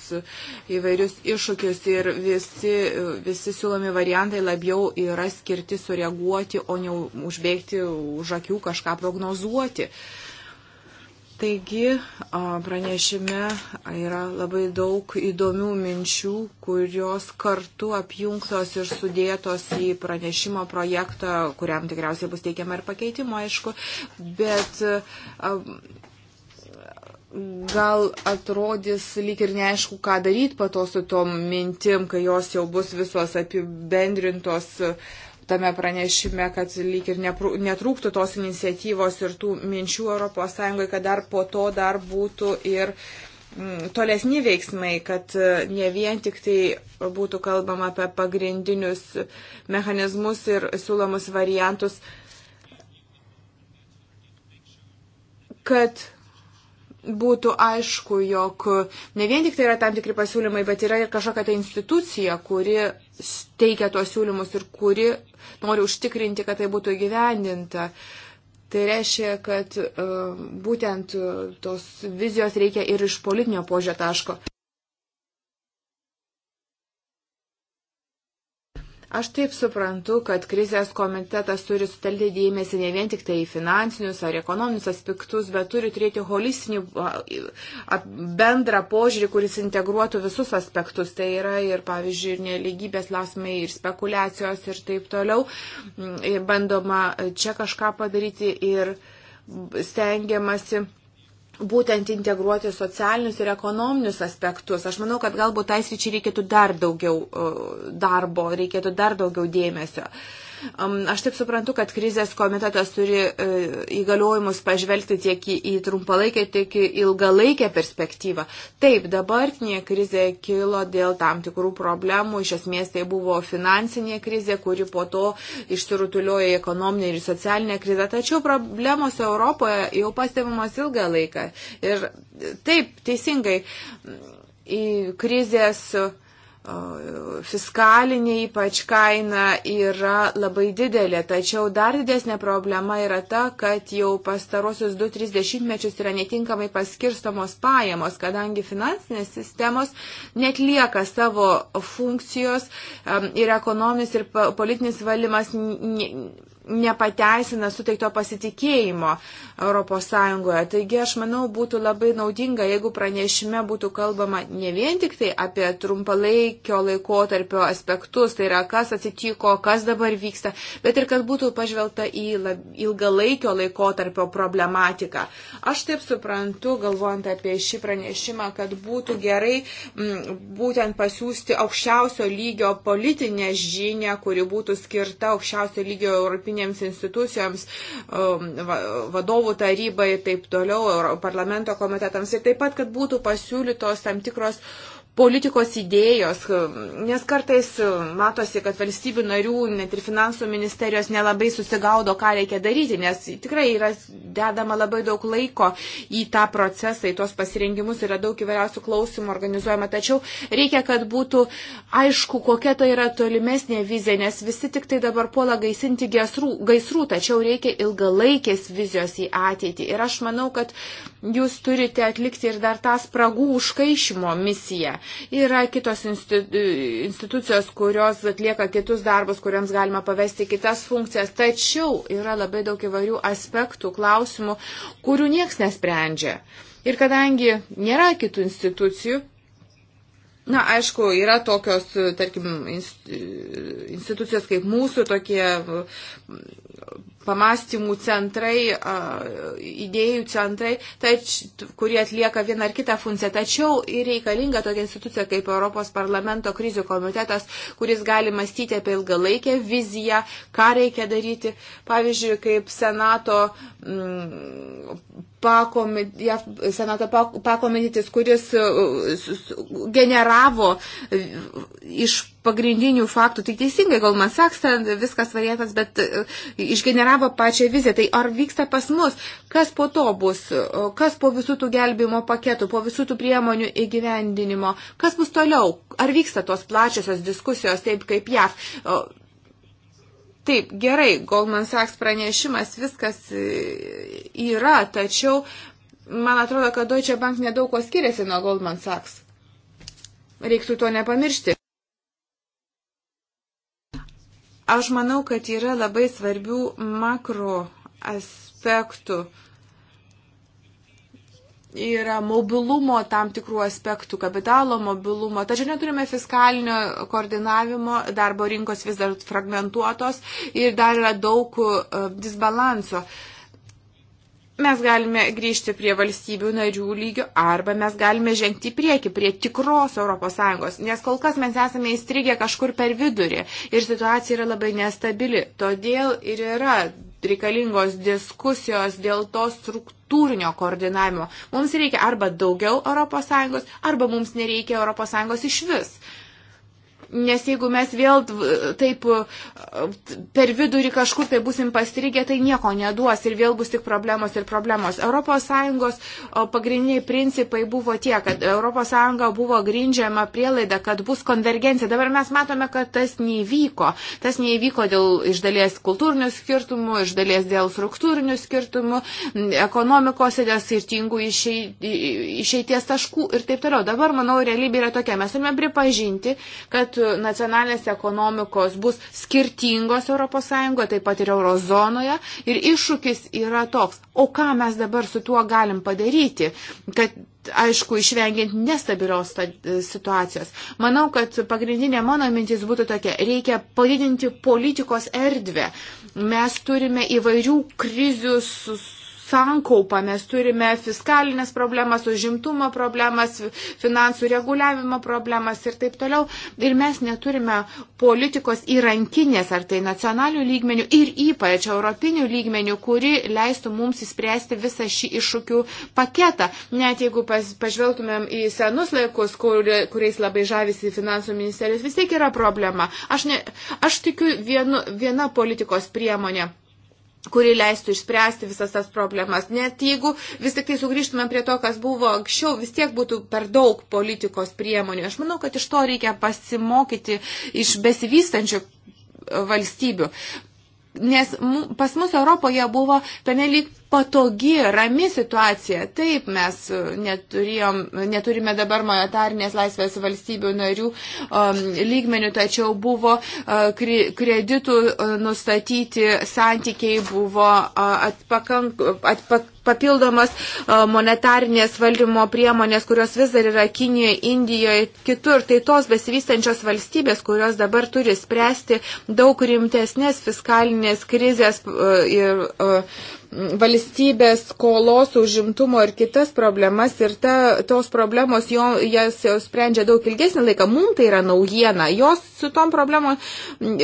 įvairius iššūkius ir visi, visi siūlomi variantai labiau yra skirti sureaguoti, o ne užbėgti už akių kažką prognozuoti. Uh, Taigi, pranešime yra labai daug įdomių minčių, kurios kartu apjungtos ir sudėtos į pranešimo projektą, kuriam tikriausiai bus teikiama ir pakeitimo, aišku, bet gal atrodys lyg ir neaišku, ką daryti po to su tom mintim, kai jos jau bus visos apibendrintos uh, tame pranešime, kad lyg ir netrūktų tos iniciatyvos ir tų minčių ES, kad dar po to dar būtų ir mm, tolesni veiksmai, kad e, ne vien tik tai būtų kalbama apie pagrindinius mechanizmus ir siūlomus variantus, kad būtų aišku, jog ne vien tik tai yra tam tikri pasiūlymai, bet yra ir kažkokia tai institucija, kuri teikia tuos siūlymus ir kuri nori užtikrinti, kad tai būtų įgyvendinta. Tai reiškia, kad e, būtent e, tos vizijos reikia ir iš politinio požio taško. Aš taip suprantu, kad krizės komitetas turi sutelkti dėmesį ne vien tik tai į finansinius ar ekonominius aspektus, bet turi turėti holistinį bendrą požiūrį, kuris integruotų visus aspektus. Tai yra ir, pavyzdžiui, ir neligybės lasmai, ir spekulacijos, ir taip toliau. Mm, ir bandoma čia kažką padaryti ir stengiamasi būtent integruoti socialinius ir ekonominius aspektus. Aš manau, kad galbūt tais ryčiai reikėtų dar daugiau e, darbo, reikėtų dar daugiau dėmesio. Uh, Aš taip suprantu, kad krizės komitetas turi e, įgaliojimus pažvelgti tiek į, į trumpalaikę, tiek į ilgalaikę perspektyvą. Taip, dabartinė krizė kilo dėl tam tikrų problemų. Iš esmės tai buvo finansinė krizė, kuri po to išsirutuliojo į ekonominę ir socialinę krizę. Tačiau problemos Europoje jau pastebimos ilgą laiką. Ir taip, teisingai, į krizės fiskalinė ypač kaina yra labai didelė, tačiau dar didesnė problema yra ta, kad jau pastarosius 2-30 mečius yra netinkamai paskirstomos pajamos, kadangi finansinės sistemos netlieka savo funkcijos ir ekonominis ir politinis valymas nepateisina suteikto pasitikėjimo ES. Taigi aš manau būtų labai naudinga, jeigu pranešime būtų kalbama ne vien tik tai apie trumpalaikio laikotarpio aspektus, tai yra kas atsitiko, kas dabar vyksta, bet ir kad būtų pažvelgta į ilgalaikio laikotarpio problematiką. Aš taip suprantu, galvojant apie šį pranešimą, kad būtų gerai m, mm, būtent pasiūsti aukščiausio lygio politinę žinę, kuri būtų skirta aukščiausio lygio europinio europinėms institucijoms, um, vadovų tarybai ir taip toliau, parlamento komitetams. Ir taip pat, kad būtų pasiūlytos tam tikros politikos idėjos, nes kartais matosi, kad valstybių narių, net ir finansų ministerijos nelabai susigaudo, ką reikia daryti, nes tikrai yra dedama labai daug laiko į tą procesą, į tos pasirengimus, yra daug įvairiausių klausimų organizuojama, tačiau reikia, kad būtų aišku, kokia tai yra tolimesnė vizija, nes visi tik tai dabar puola gaisinti gesrų, gaisrų, tačiau reikia ilgalaikės vizijos į ateitį. Ir aš manau, kad jūs turite atlikti ir dar tą spragų užkaišymo misiją. Yra kitos institucijos, kurios atlieka kitus darbus, kuriams galima pavesti kitas funkcijas. Tačiau yra labai daug įvairių aspektų, klausimų, kurių nieks nesprendžia. Ir kadangi nėra kitų institucijų, Na, aišku, yra tokios, tarkim, institucijos kaip mūsų, tokie pamastymų centrai, idėjų centrai, tač, kurie atlieka vieną ar kitą funkciją. Tačiau ir reikalinga tokia institucija kaip Europos parlamento krizių komitetas, kuris gali mąstyti apie ilgalaikę viziją, ką reikia daryti. Pavyzdžiui, kaip Senato m, mm, pakomitetis, senato pakomitetis, kuris e, generavo e, iš pagrindinių faktų, tai teisingai, gal man saks, ten viskas varėtas, bet e, iš generavo deklaravo pačią viziją. Tai ar vyksta pas mus, kas po to bus, kas po visų tų gelbimo paketų, po visų tų priemonių įgyvendinimo, kas bus toliau, ar vyksta tos plačiosios diskusijos taip kaip JAV. Taip, gerai, Goldman Sachs pranešimas, viskas e, yra, tačiau man atrodo, kad Deutsche Bank nedaug ko skiriasi nuo Goldman Sachs. Reiktų to nepamiršti. Aš manau, kad yra labai svarbių makro aspektų. Yra mobilumo tam tikrų aspektų, kapitalo mobilumo, tačiau neturime fiskalinio koordinavimo, darbo rinkos vis dar fragmentuotos ir dar yra daug e, disbalanso. Uh, mes galime grįžti prie valstybių narių lygio arba mes galime žengti į priekį prie tikros ES, nes kol kas mes esame įstrigę kažkur per vidurį ir situacija yra labai nestabili. Todėl ir yra reikalingos diskusijos dėl to struktūrinio koordinavimo. Mums reikia arba daugiau ES, arba mums nereikia ES iš vis nes jeigu mes vėl taip e, per vidurį kažkur tai busim pastrigę, tai nieko neduos ir vėl bus tik problemos ir problemos. ES pagrindiniai principai buvo tie, kad ES buvo grindžiama prielaida, kad bus konvergencija. Dabar mes matome, kad tas neįvyko. Tas neįvyko dėl iš dalies kultūrinių skirtumų, iš dalies dėl struktūrinių skirtumų, ekonomikos ir dėl skirtingų išeities taškų ir taip toliau. Dabar, manau, realybė yra tokia. Mes turime pripažinti, kad nacionalinės ekonomikos bus skirtingos ES, taip pat ir eurozonoje. Ir iššūkis yra toks, o ką mes dabar su tuo galim padaryti, kad aišku, išvengiant nestabilios situacijos. Manau, kad pagrindinė mano mintis būtų tokia, reikia padidinti politikos erdvę. Mes turime įvairių krizių sus sankaupą. Mes turime fiskalinės problemas, užimtumo problemas, finansų reguliavimo problemas ir taip toliau. Ir mes neturime politikos įrankinės, ar tai nacionalių lygmenių ir ypač europinių lygmenių, kuri leistų mums įspręsti visą šį iššūkių paketą. Net jeigu pas, pažvelgtumėm į senus laikus, kur, kuriais labai žavisi finansų ministerijos, vis tiek yra problema. Aš, ne, aš tikiu vienu, viena politikos priemonė kuri leistų išspręsti visas tas problemas. Net jeigu vis tik tai sugrįžtume prie to, kas buvo anksčiau, vis tiek būtų per daug politikos priemonių. Aš manau, kad iš to reikia pasimokyti iš besivystančių valstybių. Nes pas mus Europoje buvo penelyg patogi, rami situacija. Taip, mes e, neturėjom, neturime dabar monetarnės laisvės valstybių narių um, lygmenių, tačiau buvo uh, kreditų uh, nustatyti santykiai, buvo uh, atpakank, atpak, papildomas uh, monetarnės valdymo priemonės, kurios vis dar yra Kinijoje, Indijoje, kitur. Tai tos besivystančios valstybės, kurios dabar turi spręsti daug rimtesnės fiskalinės krizės uh, ir uh, valstybės skolos užimtumo ir kitas problemas ir ta, tos problemos jo, jas jau sprendžia daug ilgesnį laiką. Mums tai yra naujiena, jos su tom problemom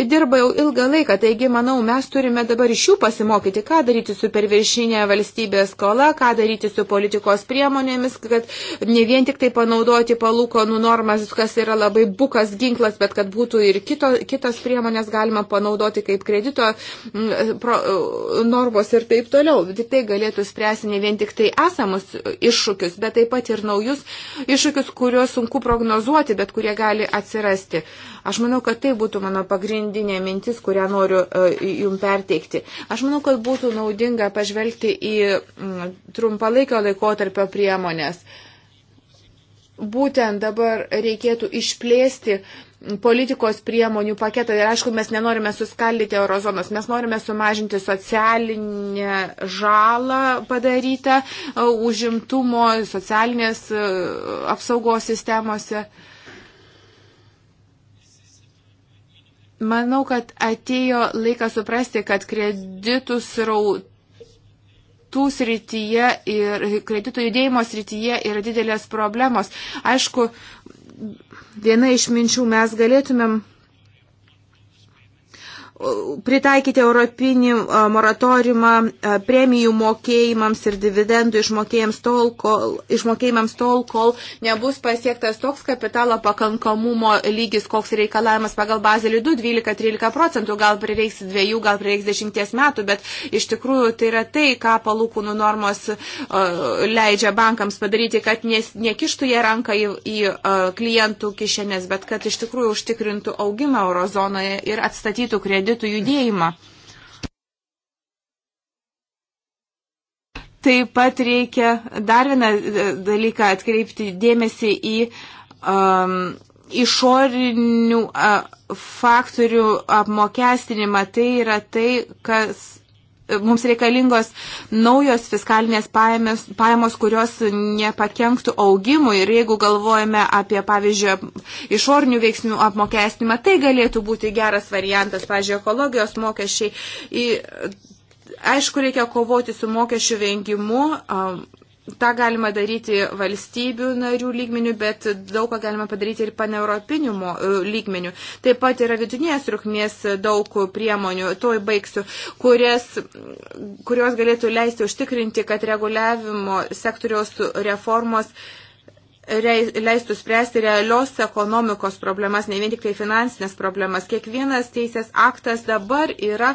dirba jau ilgą laiką, taigi manau, mes turime dabar iš jų pasimokyti, ką daryti su perviršinė valstybės skola, ką daryti su politikos priemonėmis, kad ne vien tik tai panaudoti palūkonų normas, kas yra labai bukas ginklas, bet kad būtų ir kito, kitos priemonės galima panaudoti kaip kredito mm, pro, normos ir taip toliau. Tik tai galėtų spręsti ne vien tik tai esamus iššūkius, bet taip pat ir naujus iššūkius, kuriuos sunku prognozuoti, bet kurie gali atsirasti. Aš manau, kad tai būtų mano pagrindinė mintis, kurią noriu e, jum perteikti. Aš manau, kad būtų naudinga pažvelgti į mm, trumpalaikio laikotarpio priemonės. Būtent dabar reikėtų išplėsti politikos priemonių paketą. Ir aišku, mes nenorime suskaldyti eurozonos, mes norime sumažinti socialinę žalą padarytą e, užimtumo, socialinės e, apsaugos sistemose. Uh, Manau, kad atėjo laikas suprasti, kad kreditų srautų srityje ir kreditų judėjimo srityje yra didelės problemos. Aišku, viena iš minčių mes galėtumėm pritaikyti europinį moratoriumą premijų mokėjimams ir dividendų išmokėjimams tol, kol, išmokėjimams tol, kol nebus pasiektas toks kapitalo pakankamumo lygis, koks reikalavimas pagal bazelį 2, 12-13 procentų, gal prireiks dviejų, gal prireiks dešimties metų, bet iš tikrųjų tai yra tai, ką palūkūnų normos leidžia bankams padaryti, kad nekištų jie ranką į, į klientų kišenės, bet kad iš tikrųjų užtikrintų augimą eurozonoje ir atstatytų kreditų kreditų judėjimą. Taip pat reikia dar vieną e, dalyką atkreipti dėmesį į um, išorinių uh, faktorių apmokestinimą. Tai yra tai, kas mums reikalingos naujos fiskalinės pajamos, pajamos, kurios nepakenktų augimui. Ir jeigu galvojame apie, pavyzdžiui, išornių veiksnių apmokestinimą, tai galėtų būti geras variantas, pavyzdžiui, ekologijos mokesčiai. Į, aišku, reikia kovoti su mokesčių vengimu. Um, tą galima daryti valstybių narių lygmenių, bet daug ką galima padaryti ir paneuropinių e, lygmenių. Taip pat yra vidutinės trukmės daug priemonių, toj baigsiu, kurias, kurios galėtų leisti užtikrinti, kad reguliavimo sektoriaus reformos uh, leistų spręsti realios ekonomikos problemas, ne vien tik tai finansinės problemas. Kiekvienas teisės aktas dabar yra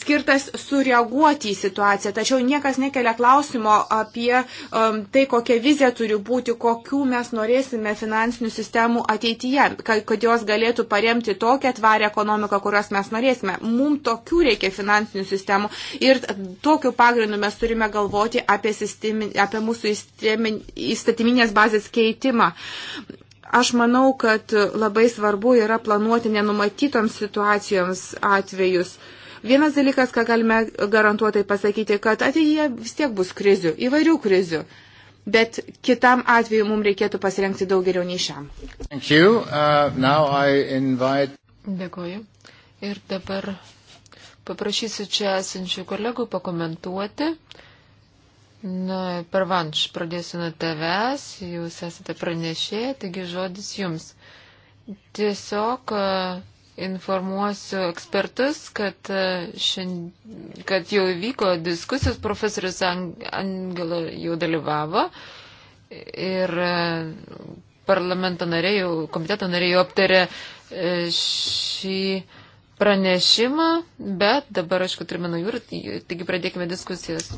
skirtas sureaguoti į situaciją, tačiau niekas nekelia klausimo apie um, tai, kokia vizija turi būti, kokių mes norėsime finansinių sistemų ateityje, kad, kad jos galėtų paremti tokią tvarę ekonomiką, kurios mes norėsime. Mums tokių reikia finansinių sistemų ir tokiu pagrindu mes turime galvoti apie, sistemi, apie mūsų įstatyminės bazės keitimą pasikeitimą. Aš manau, kad labai svarbu yra planuoti nenumatytoms situacijoms atvejus. Vienas dalykas, ką galime garantuotai pasakyti, kad ateityje vis tiek bus krizių, įvairių krizių. Bet kitam atveju mums reikėtų pasirengti daug geriau nei šiam. Uh, invite... Dėkuoju. Ir dabar paprašysiu čia esančių kolegų pakomentuoti. Uh, Na, pervanš, pradėsiu nuo tavęs, jūs esate pranešė, taigi žodis jums. Tiesiog e, informuosiu ekspertus, kad, e, šiandien, kad jau įvyko diskusijos, profesorius Angela jau dalyvavo ir e, parlamento nariai, komiteto nariai jau aptarė šį pranešimą, bet dabar, aišku, turime naujų ir taigi pradėkime diskusijas.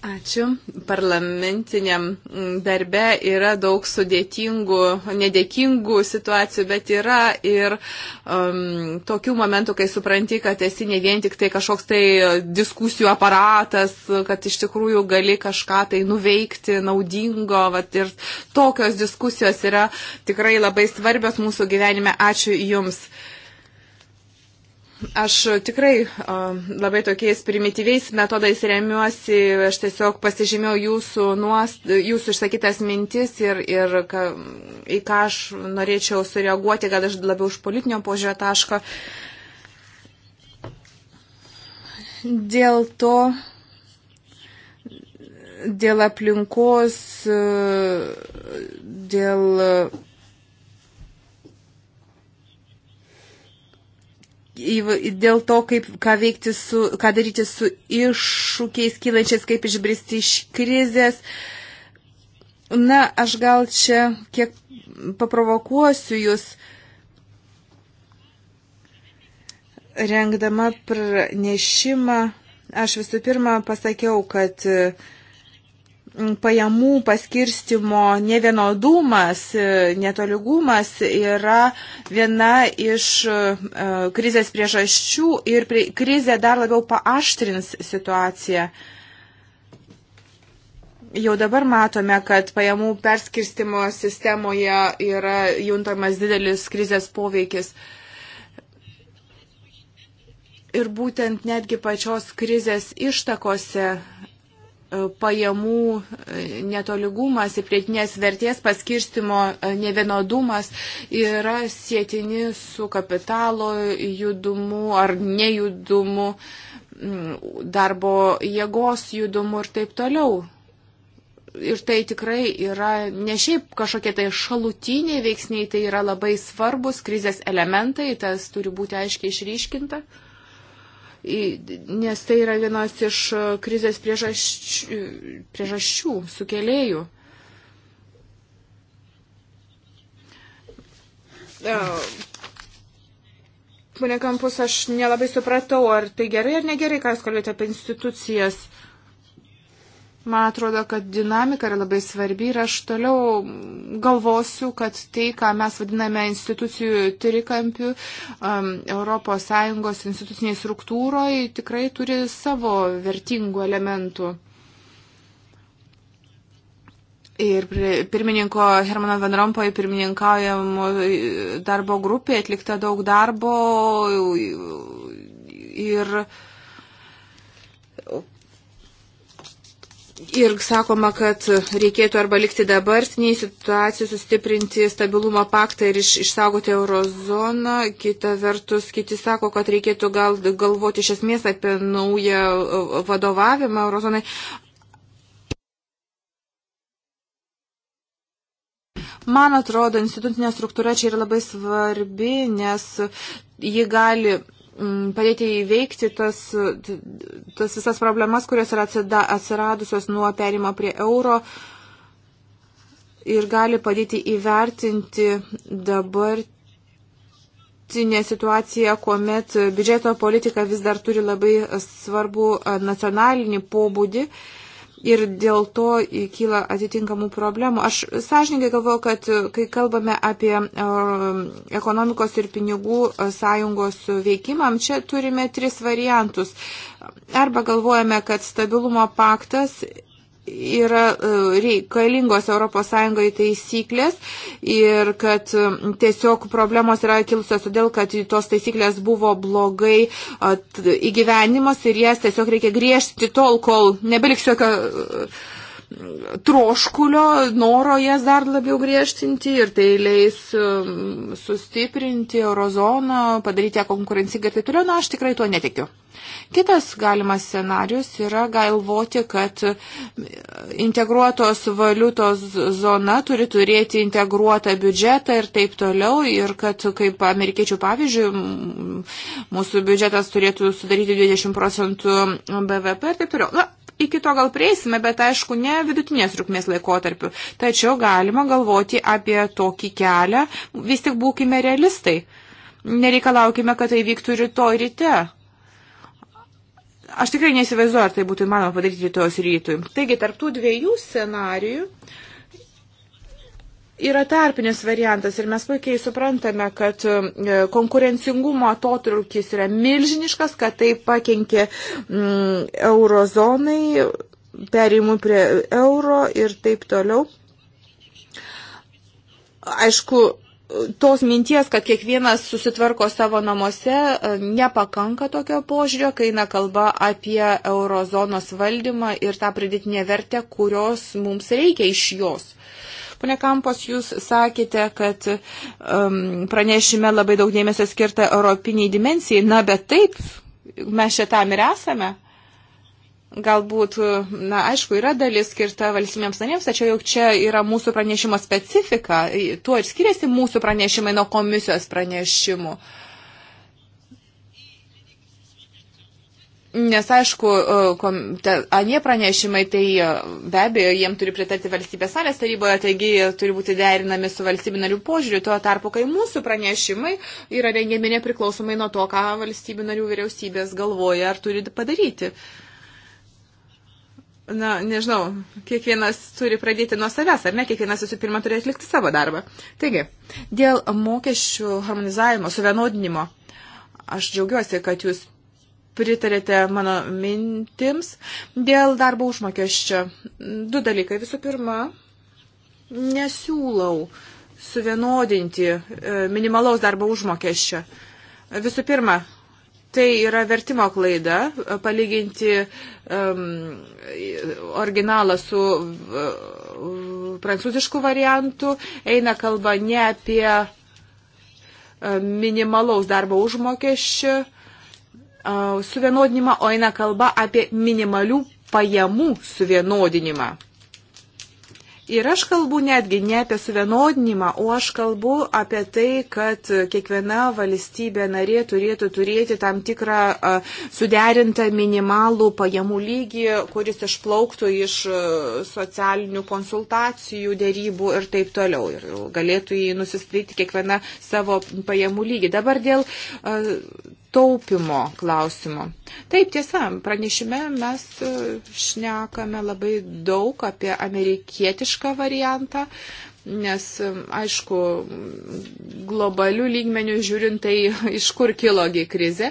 Ačiū. Parlamentiniam mm, darbe yra daug sudėtingų, nedėkingų situacijų, bet yra ir um, tokių momentų, kai supranti, kad esi ne vien tik tai kažkoks tai diskusijų aparatas, kad iš tikrųjų gali kažką tai nuveikti naudingo. Vat, ir tokios diskusijos yra tikrai labai svarbios mūsų gyvenime. Ačiū Jums. Aš tikrai labai tokiais primityviais metodais remiuosi, aš tiesiog pasižymėjau jūsų, nuost, jūsų išsakytas mintis ir, ir ka, į ką aš norėčiau sureaguoti, kad aš labiau už politinio požiūrio taško. Dėl to, dėl aplinkos, dėl dėl to, kaip, ką, su, ką daryti su iššūkiais kylančiais, kaip išbristi iš krizės. Na, aš gal čia kiek paprovokuosiu jūs, rengdama pranešimą. Aš visų pirma pasakiau, kad uh, Mm, pajamų paskirstimo nevienodumas, e, netoligumas yra viena iš e, krizės priežasčių ir krizė dar labiau paaštrins situaciją. Jau dabar matome, kad pajamų perskirstimo sistemoje yra juntamas didelis krizės poveikis. Ir būtent netgi pačios krizės ištakose pajamų e, netoligumas ir prietinės vertės paskirstimo e, nevienodumas yra sėtini su kapitalo judumu ar nejudumu, darbo jėgos judumu ir taip toliau. Ir tai tikrai yra ne šiaip kažkokie tai šalutiniai veiksniai, tai yra labai svarbus krizės elementai, tas turi būti aiškiai išryškinta. Uh, nes tai yra vienas iš krizės priežasčių, priežasčių sukėlėjų. Pone Kampus, aš nelabai supratau, ar tai gerai ar negerai, ką jūs kalbėjote apie institucijas. Uh, Man atrodo, kad dinamika yra labai svarbi ir aš toliau galvosiu, kad tai, ką mes vadiname institucijų trikampių um, ES instituciniai struktūroje, tikrai turi savo vertingų elementų. Ir pirmininko Hermano Van Rompoje pirmininkaujam darbo grupė atlikta daug darbo ir Ir sakoma, kad reikėtų arba likti dabartiniai situacijai, sustiprinti stabilumo paktą ir iš, išsaugoti eurozoną. Kita vertus, kiti sako, kad reikėtų gal, galvoti iš esmės apie naują e, vadovavimą eurozonai. Man atrodo, institucinė struktūra čia yra labai svarbi, nes ji gali Mm, padėti įveikti tas, tas visas problemas, kurios yra atsiradusios nuo perimo prie euro ir gali padėti įvertinti dabartinę situaciją, kuomet biudžeto politika vis dar turi labai svarbu nacionalinį pobūdį. Uh, ir dėl to kyla atitinkamų problemų. Aš sąžininkai galvoju, kad e, kai kalbame apie e, ekonomikos ir pinigų e, sąjungos veikimam, čia turime tris variantus. Arba galvojame, kad stabilumo paktas yra e, reikalingos ES taisyklės ir kad e, tiesiog problemos yra kilusios todėl, kad tos taisyklės buvo blogai įgyvenimas ir jas tiesiog reikia griežti tol, kol nebeliks jokio e, troškulio, noro jas dar labiau griežtinti ir tai leis um, sustiprinti eurozoną, padaryti ją konkurencingą ir taip toliau, na aš tikrai tuo netikiu. Kitas galimas scenarius yra galvoti, kad um, integruotos valiutos zona turi turėti integruotą biudžetą ir taip toliau ir kad, kaip amerikiečių pavyzdžių, mūsų biudžetas turėtų sudaryti 20 procentų BVP ir taip toliau. Na, iki to gal prieisime, bet aišku, ne vidutinės trukmės laikotarpiu. Tačiau galima galvoti apie tokį kelią, vis tik būkime realistai. Nereikalaukime, kad tai vyktų rytoj ryte. Aš tikrai neįsivaizduoju, ar tai būtų įmanoma padaryti rytojus rytui. Taigi, tarptų dviejų scenarijų yra tarpinis variantas ir mes puikiai suprantame, kad e, konkurencingumo atotrukis yra milžiniškas, kad tai pakenkė mm, eurozonai, perimui prie euro ir taip toliau. Aišku, tos minties, kad kiekvienas susitvarko savo namuose, e, nepakanka tokio požiūrio, kai eina kalba apie eurozonos valdymą ir tą pridėtinę vertę, kurios mums reikia iš jos. Pone Kampos, jūs sakėte, kad um, pranešime labai daug dėmesio skirta europiniai dimensijai. Na, bet taip, mes šitam ir esame. Galbūt, na, aišku, yra dalis skirta valstybėms narėms, tačiau jau čia yra mūsų pranešimo specifika. Tuo ir skiriasi mūsų pranešimai nuo komisijos pranešimų. Uh, Nes aišku, e, anie pranešimai, tai e, be abejo, jiem turi pritarti valstybės salės taryboje, taigi turi būti derinami su valstybių narių požiūriu, tuo tarpu, kai mūsų pranešimai yra rengiami nepriklausomai nuo to, ką valstybių narių vyriausybės galvoja ar turi padaryti. Na, nežinau, kiekvienas turi pradėti nuo savęs, ar ne, kiekvienas visų pirma turi atlikti savo darbą. Taigi, dėl mokesčių harmonizavimo, suvienodinimo, aš džiaugiuosi, kad jūs pritarėte mano mintims dėl darbo užmokesčio. Du dalykai. Visų pirma, nesiūlau suvienodinti e, minimalaus darbo užmokesčio. Visų pirma, Tai yra vertimo klaida, e, palyginti um, originalą su uh, prancūzišku variantu. Eina kalba ne apie uh, minimalaus darbo užmokesčio, uh, suvienodinimą, o eina kalba apie minimalių pajamų suvienodinimą. Ir aš kalbu netgi ne apie suvienodinimą, o aš kalbu apie tai, kad kiekviena valstybė narė turėtų turėti tam tikrą suderintą minimalų pajamų lygį, kuris išplauktų iš socialinių konsultacijų, dėrybų ir taip toliau. Ir galėtų jį nusistatyti kiekviena savo pajamų lygį. Dabar dėl taupimo klausimu. Taip, tiesa, pranešime mes e, šnekame labai daug apie amerikietišką variantą, nes, e, aišku, globalių lygmenių žiūrint, tai iš kur kilogi krizė.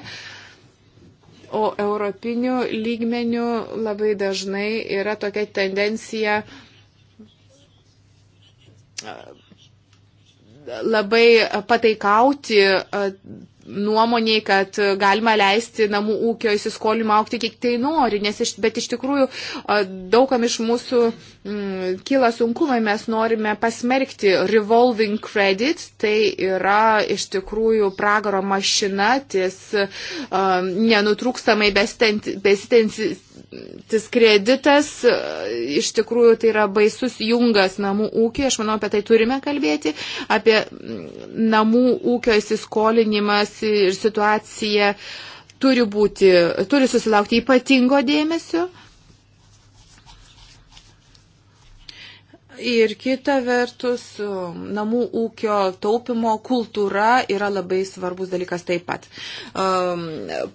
O europinių lygmenių labai dažnai yra tokia tendencija e, labai pataikauti nuomoniai, kad galima leisti namų ūkio įsiskolimą aukti kiek tai nori, nes iš, bet iš tikrųjų daugam iš mūsų mm, kyla sunkumai, mes norime pasmerkti revolving credit, tai yra iš tikrųjų pragaro mašina, ties um, nenutrūkstamai besitensis tas kreditas e, iš tikrųjų tai yra baisus jungas namų ūkiai, aš manau, apie tai turime kalbėti, apie mm, namų ūkio įsiskolinimas ir situaciją turi, būti, turi susilaukti ypatingo dėmesio. Ir kita vertus, namų ūkio taupimo kultūra yra labai svarbus dalykas taip pat. Um,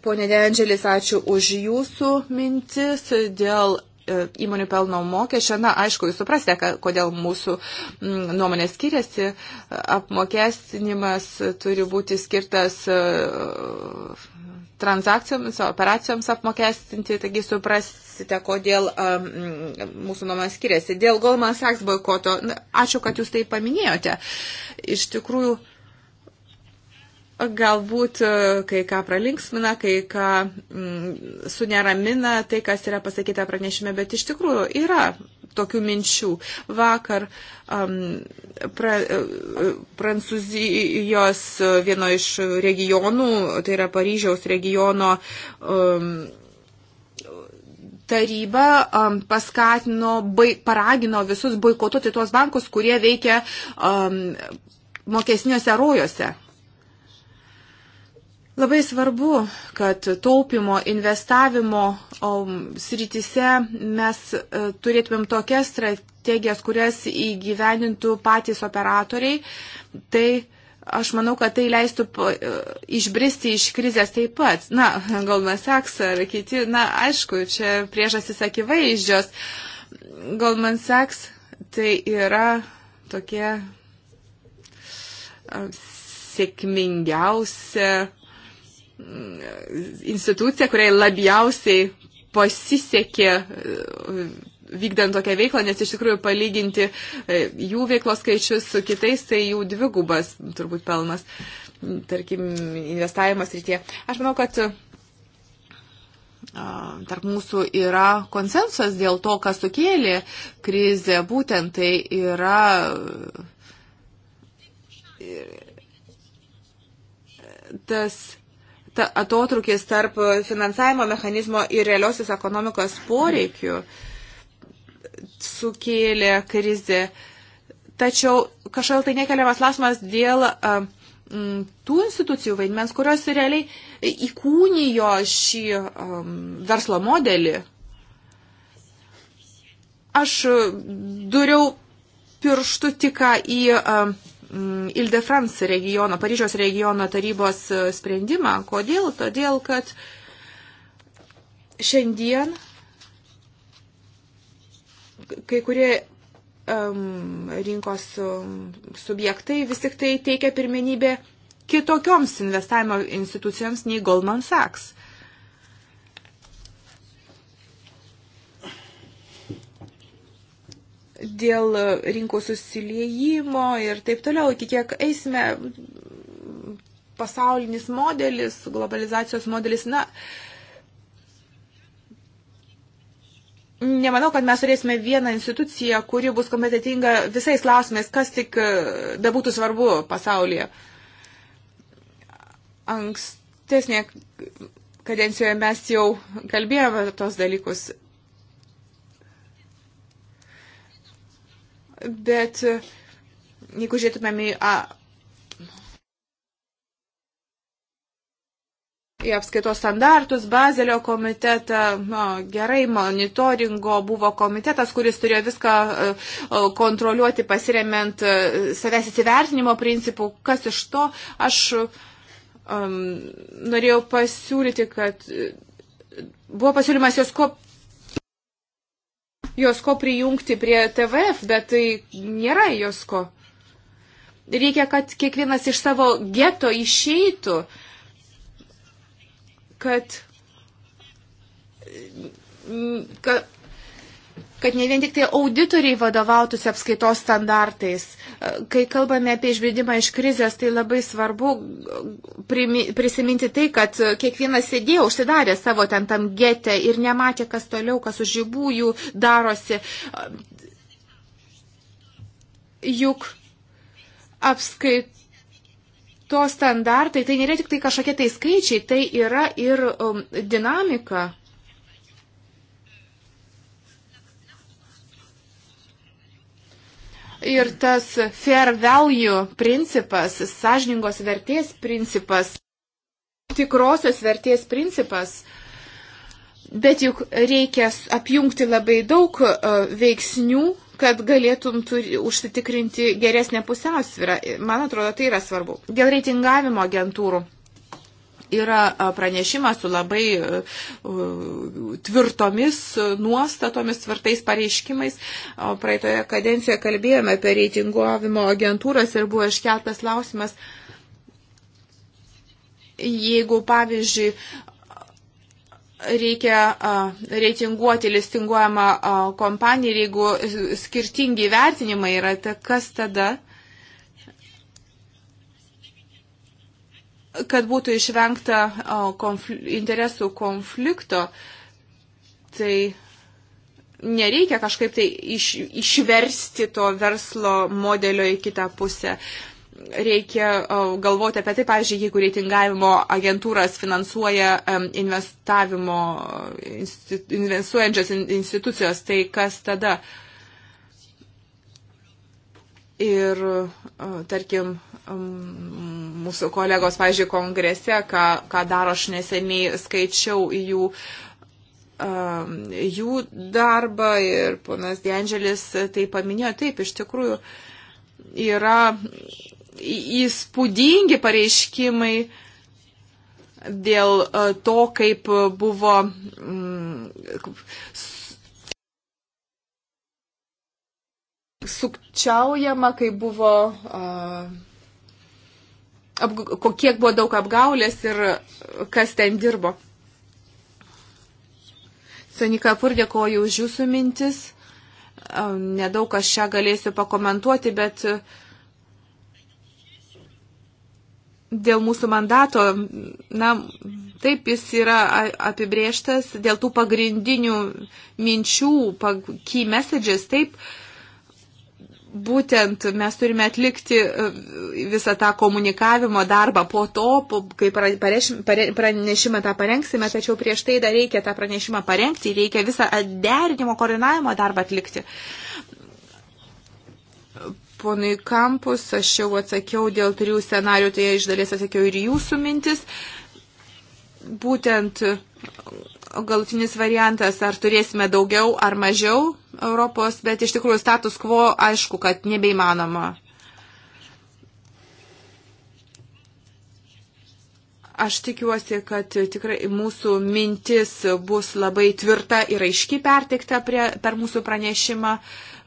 Pone Dendželis, ačiū už jūsų mintis dėl e, įmonių pelno mokesčio. Na, aišku, jūs suprasite, kodėl mūsų mm, nuomonės skiriasi. Apmokestinimas turi būti skirtas e, transakcijoms, operacijoms apmokestinti, taigi suprasite, kodėl um, mūsų nuomas skiriasi. Dėl Goldman Sachs boikoto, na, ačiū, kad jūs tai paminėjote. Iš tikrųjų, galbūt uh, kai ką pralinksmina, kai ką mm, suneramina tai, kas yra pasakyta pranešime, bet iš tikrųjų yra tokių minčių. Vakar um, pra, Prancūzijos vieno iš regionų, tai yra Paryžiaus regiono um, taryba um, paskatino, bai, paragino visus boikotuoti tuos bankus, kurie veikia um, mokesniuose rojuose. Labai svarbu, kad taupimo, investavimo srityse mes e, turėtumėm tokias strategijas, kurias įgyvenintų patys operatoriai. Tai aš manau, kad tai leistų e, išbristi iš krizės taip pat. Na, Goldman Sachs ar kiti, na, aišku, čia priežasis akivaizdžios. Goldman Sachs tai yra tokie sėkmingiausia institucija, kuriai labiausiai pasisekė e, vykdant tokią veiklą, nes iš tikrųjų palyginti e, jų veiklos skaičius su kitais, tai jų dvigubas turbūt pelnas, tarkim, investavimas rytie. Aš manau, kad e, tarp mūsų yra konsensas dėl to, kas sukėlė krizę, būtent tai yra tas ta, atotrukis tarp finansavimo mechanizmo ir realiosios ekonomikos poreikių sukėlė krizę. Tačiau kažkodėl tai nekeliamas klausimas dėl a, m, tų institucijų vaidmens, kurios realiai įkūnijo šį a, verslo modelį. Aš duriau pirštų tik į a, Mm, Ildefrance regiono, Paryžiaus regiono tarybos e, sprendimą. Kodėl? Todėl, kad šiandien kai kurie um, rinkos subjektai vis tik tai teikia pirmenybę kitokioms investavimo institucijoms nei Goldman Sachs. dėl rinkų susiliejimo ir taip toliau, iki kiek eisime pasaulinis modelis, globalizacijos modelis, na, nemanau, kad mes turėsime vieną instituciją, kuri bus kompetitinga visais klausimais, kas tik e, bebūtų svarbu pasaulyje. Ankstesnė kadencijoje mes jau kalbėjome tos dalykus. bet e, jeigu žiūrėtumėm į, a, į apskaitos standartus, Bazelio komitetą, no, gerai, monitoringo buvo komitetas, kuris turėjo viską e, e, kontroliuoti pasiremiant savęs įsivertinimo principų, kas iš to, aš um, norėjau pasiūlyti, kad buvo pasiūlymas jos kop jos ko prijungti prie TVF, bet tai nėra jos ko. Reikia, kad kiekvienas iš savo geto išeitų, kad, kad kad ne vien tik tai auditoriai vadovautųsi apskaitos standartais. E, kai kalbame apie išvedimą iš krizės, tai labai svarbu prisiminti tai, kad kiekvienas sėdėjo užsidarė savo ten tam gete ir nematė, kas toliau, kas už žibų jų darosi. E, juk apskaitos to standartai, tai nėra tik tai kažkokie tai skaičiai, tai yra ir um, dinamika. Ir tas fair value principas, sąžiningos vertės principas, tikrosios vertės principas, Bet juk reikia apjungti labai daug e, veiksnių, kad galėtum turi, užsitikrinti geresnę pusiausvyrą. Man atrodo, tai yra svarbu. Dėl reitingavimo agentūrų yra pranešimas su labai tvirtomis nuostatomis, tvirtais pareiškimais. Praeitoje kadencijoje kalbėjome apie reitinguojimo agentūras ir buvo iškeltas klausimas, jeigu pavyzdžiui reikia reitinguoti listinguojamą kompaniją ir jeigu skirtingi vertinimai yra, tai kas tada? kad būtų išvengta konfl interesų konflikto, tai nereikia kažkaip tai iš, išversti to verslo modelio į kitą pusę. Reikia galvoti apie tai, pavyzdžiui, jeigu reitingavimo agentūras finansuoja investavimo, investuojančios institucijos, tai kas tada? Ir, tarkim, mūsų kolegos, pažiūrėjau, kongrese, ką, ką daro aš neseniai, skaičiau jų, um, jų darbą ir ponas Dendželis tai paminėjo. Taip, iš tikrųjų yra įspūdingi pareiškimai dėl e, to, kaip buvo sukčiaujama, kai buvo uh, ap, kiek buvo daug apgaulės ir kas ten dirbo. Sanika Pur, dėkoju už jūsų mintis. Nedaug aš čia galėsiu pakomentuoti, bet e, dėl mūsų mandato, na, taip jis yra apibrieštas, dėl tų pagrindinių minčių, key messages, taip, uh, būtent mes turime atlikti e, visą tą komunikavimo darbą po to, kai pranešimą tą parengsime, tačiau prieš tai dar reikia tą pranešimą parengti, reikia visą derinimo, koordinavimo darbą atlikti. Ponui Kampus, aš jau atsakiau dėl trijų scenarių, tai iš dalies atsakiau ir jūsų mintis. Būtent galutinis variantas, ar turėsime daugiau ar mažiau Europos, bet iš tikrųjų status quo aišku, kad nebeįmanoma. Aš tikiuosi, kad tikrai mūsų mintis bus labai tvirta ir aiški pertikta prie, per mūsų pranešimą.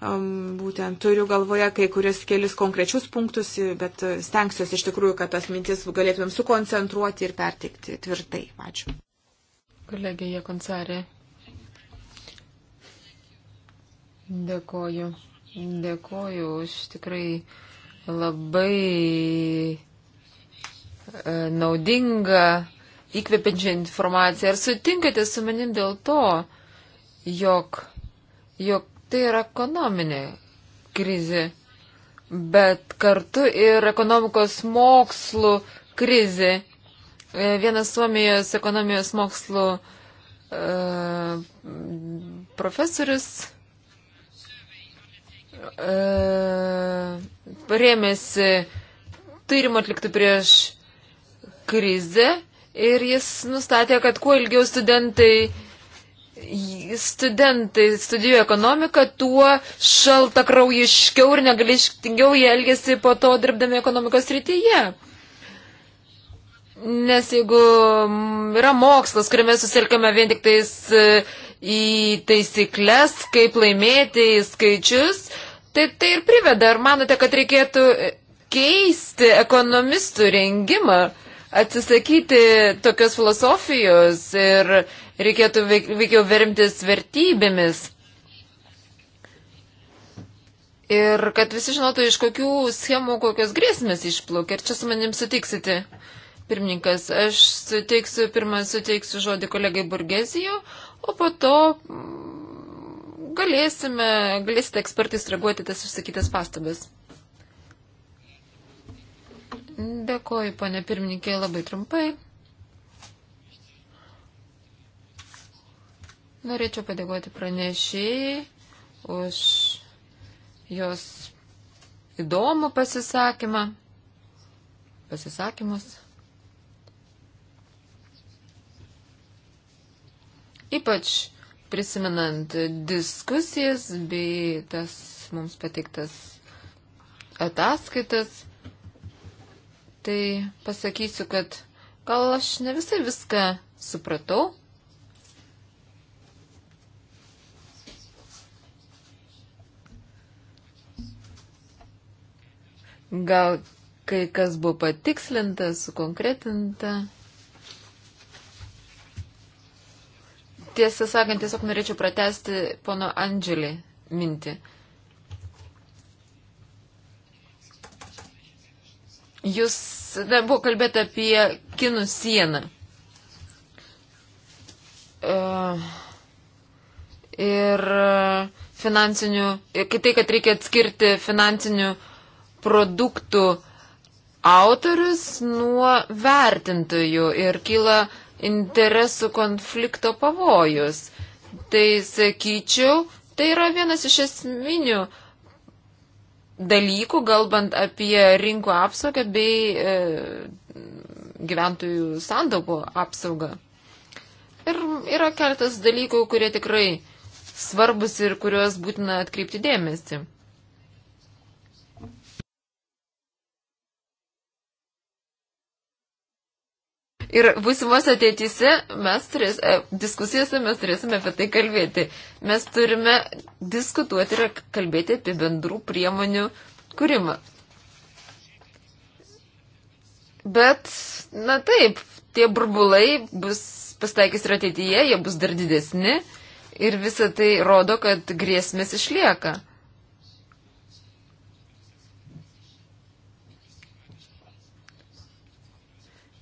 Um, būtent turiu galvoje kai kurias kelis konkrečius punktus, bet stengsiuosi iš tikrųjų, kad tas mintis galėtumėm sukoncentruoti ir pertikti tvirtai. Ačiū. Kolegė Jekonsarė. Dėkoju. Dėkoju už tikrai labai e, naudingą, įkvepiančią informaciją. Ar sutinkate su manim dėl to, jog, jog tai yra ekonominė krizė, bet kartu ir ekonomikos mokslų krizė. Vienas Suomijos ekonomijos mokslo e, profesorius e, rėmėsi tyrimą atlikti prieš krizę ir jis nustatė, kad kuo ilgiau studentai, studentai studijuoja ekonomiką, tuo šalta kraujiškiau ir negalištingiau jie elgesi po to dirbdami ekonomikos rytyje. Nes jeigu mm, yra mokslas, kuriame susirkame vien tik tais e, į taisyklės, kaip laimėti, į skaičius, tai tai ir priveda. Ar manote, kad reikėtų keisti ekonomistų rengimą, atsisakyti tokios filosofijos ir reikėtų veikiau vermtis vertybėmis? Ir kad visi žinotų, iš kokių schemų kokios grėsmės išplaukia. Ir čia su manim sutiksite. Pirmininkas, aš suteiksiu, pirmą suteiksiu žodį kolegai Burgezijo, o po to mm, galėsime, galėsite ekspertais reaguoti tas išsakytas pastabas. Dėkoju, ponė pirmininkė, labai trumpai. Norėčiau padėkoti pranešėjai už jos įdomų pasisakymą, pasisakymus. ypač prisimenant diskusijas bei tas mums pateiktas ataskaitas, tai pasakysiu, kad gal aš ne visai viską supratau. Gal kai kas buvo patikslinta, sukonkretinta. tiesą sakant, tiesiog norėčiau pratesti pono Andželį mintį. Jūs, na, buvo kalbėta apie kinų sieną. E, ir finansinių, kitai, kad reikia atskirti finansinių produktų autorius nuo vertintojų ir kyla uh, interesų konflikto pavojus. Tai sakyčiau, tai yra vienas iš esminių dalykų, galbant apie rinkų apsaugą bei e, gyventojų sandaugų apsaugą. Ir yra keletas dalykų, kurie tikrai svarbus ir kuriuos būtina atkreipti dėmesį. Ir būsimos ateityse mes turės, e, diskusijose mes turėsime apie tai kalbėti. Mes turime diskutuoti ir kalbėti apie bendrų priemonių kūrimą. Bet, na taip, tie burbulai bus pasitaikys ir ateityje, jie bus dar didesni ir visa tai rodo, kad grėsmės išlieka.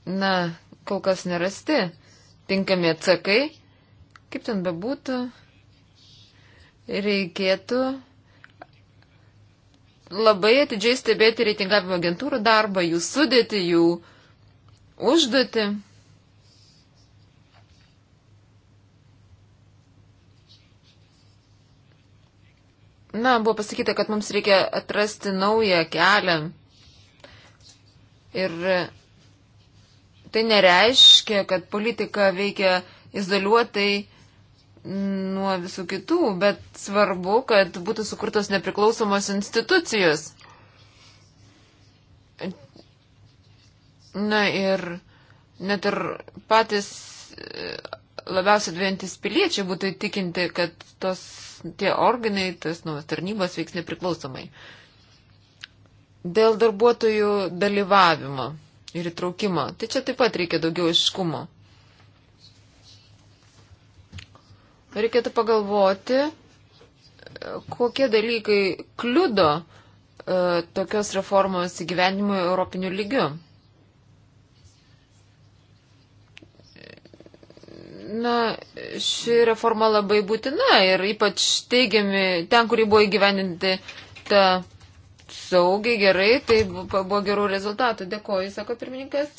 Na, kol kas nerasti tinkami atsakai, kaip ten bebūtų, reikėtų labai atidžiai stebėti reitingavimo agentūrų darbą, jų sudėti, jų užduoti. Na, buvo pasakyta, kad mums reikia atrasti naują kelią ir Tai nereiškia, kad politika veikia izoliuotai nuo visų kitų, bet svarbu, kad būtų sukurtos nepriklausomos institucijos. Na ir net ir patys e, labiausiai dviejantis piliečiai būtų įtikinti, kad tos, tie organai, tos nuos tarnybos veiks nepriklausomai. Dėl darbuotojų dalyvavimo ir įtraukimo. Tai čia taip pat reikia daugiau iškumo. Reikėtų pagalvoti, kokie dalykai kliudo e, tokios reformos įgyvenimui europiniu lygiu. na, ši reforma labai būtina ir ypač teigiami ten, kur buvo įgyveninti ta saugiai, gerai, tai buvo gerų rezultatų. Dėkoju, sako pirmininkas.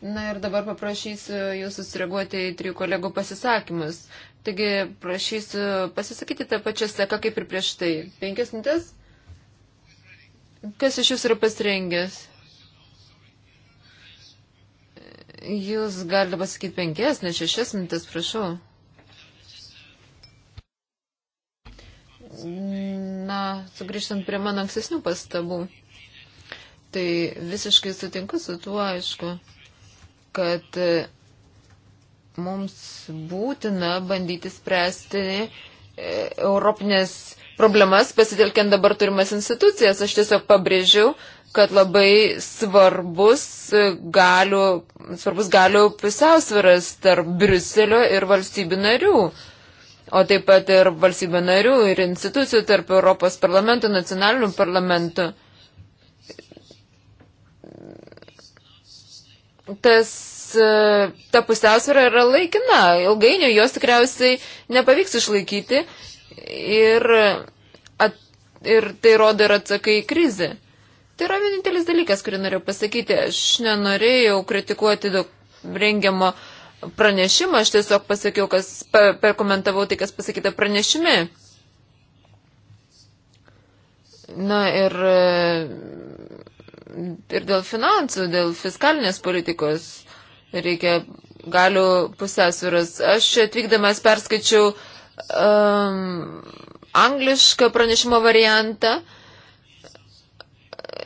Na ir dabar paprašysiu jūsų sureaguoti į trijų kolegų pasisakymus. Taigi prašysiu pasisakyti tą pačią seką kaip ir prieš tai. Penkias minutės? Kas iš jūsų yra pasirengęs? Jūs galite pasakyti penkias, ne šešias minutės, prašau. na, sugrįžtant prie mano ankstesnių pastabų, tai visiškai sutinku su tuo, aišku, kad e, mums būtina bandyti spręsti e, europinės problemas, pasitelkiant dabar turimas institucijas. Aš tiesiog pabrėžiau, kad labai svarbus e, galių, svarbus galių pusiausviras tarp Briuselio ir valstybių narių o taip pat ir valstybių narių ir institucijų tarp Europos parlamentų, nacionalinių parlamentų. Tas, e, ta pusiausvėra yra laikina, ilgainiui jos tikriausiai nepavyks išlaikyti ir, at, ir tai rodo ir atsakai į krizę. Tai yra vienintelis dalykas, kurį norėjau pasakyti. Aš nenorėjau kritikuoti rengiamo uh, pranešimą, aš tiesiog pasakiau, kas, perkomentavau tai, kas pasakyta pranešime. Na ir, ir dėl finansų, dėl fiskalinės politikos reikia galių pusęsviras. Aš atvykdamas perskaičiau um, anglišką pranešimo variantą. Uh,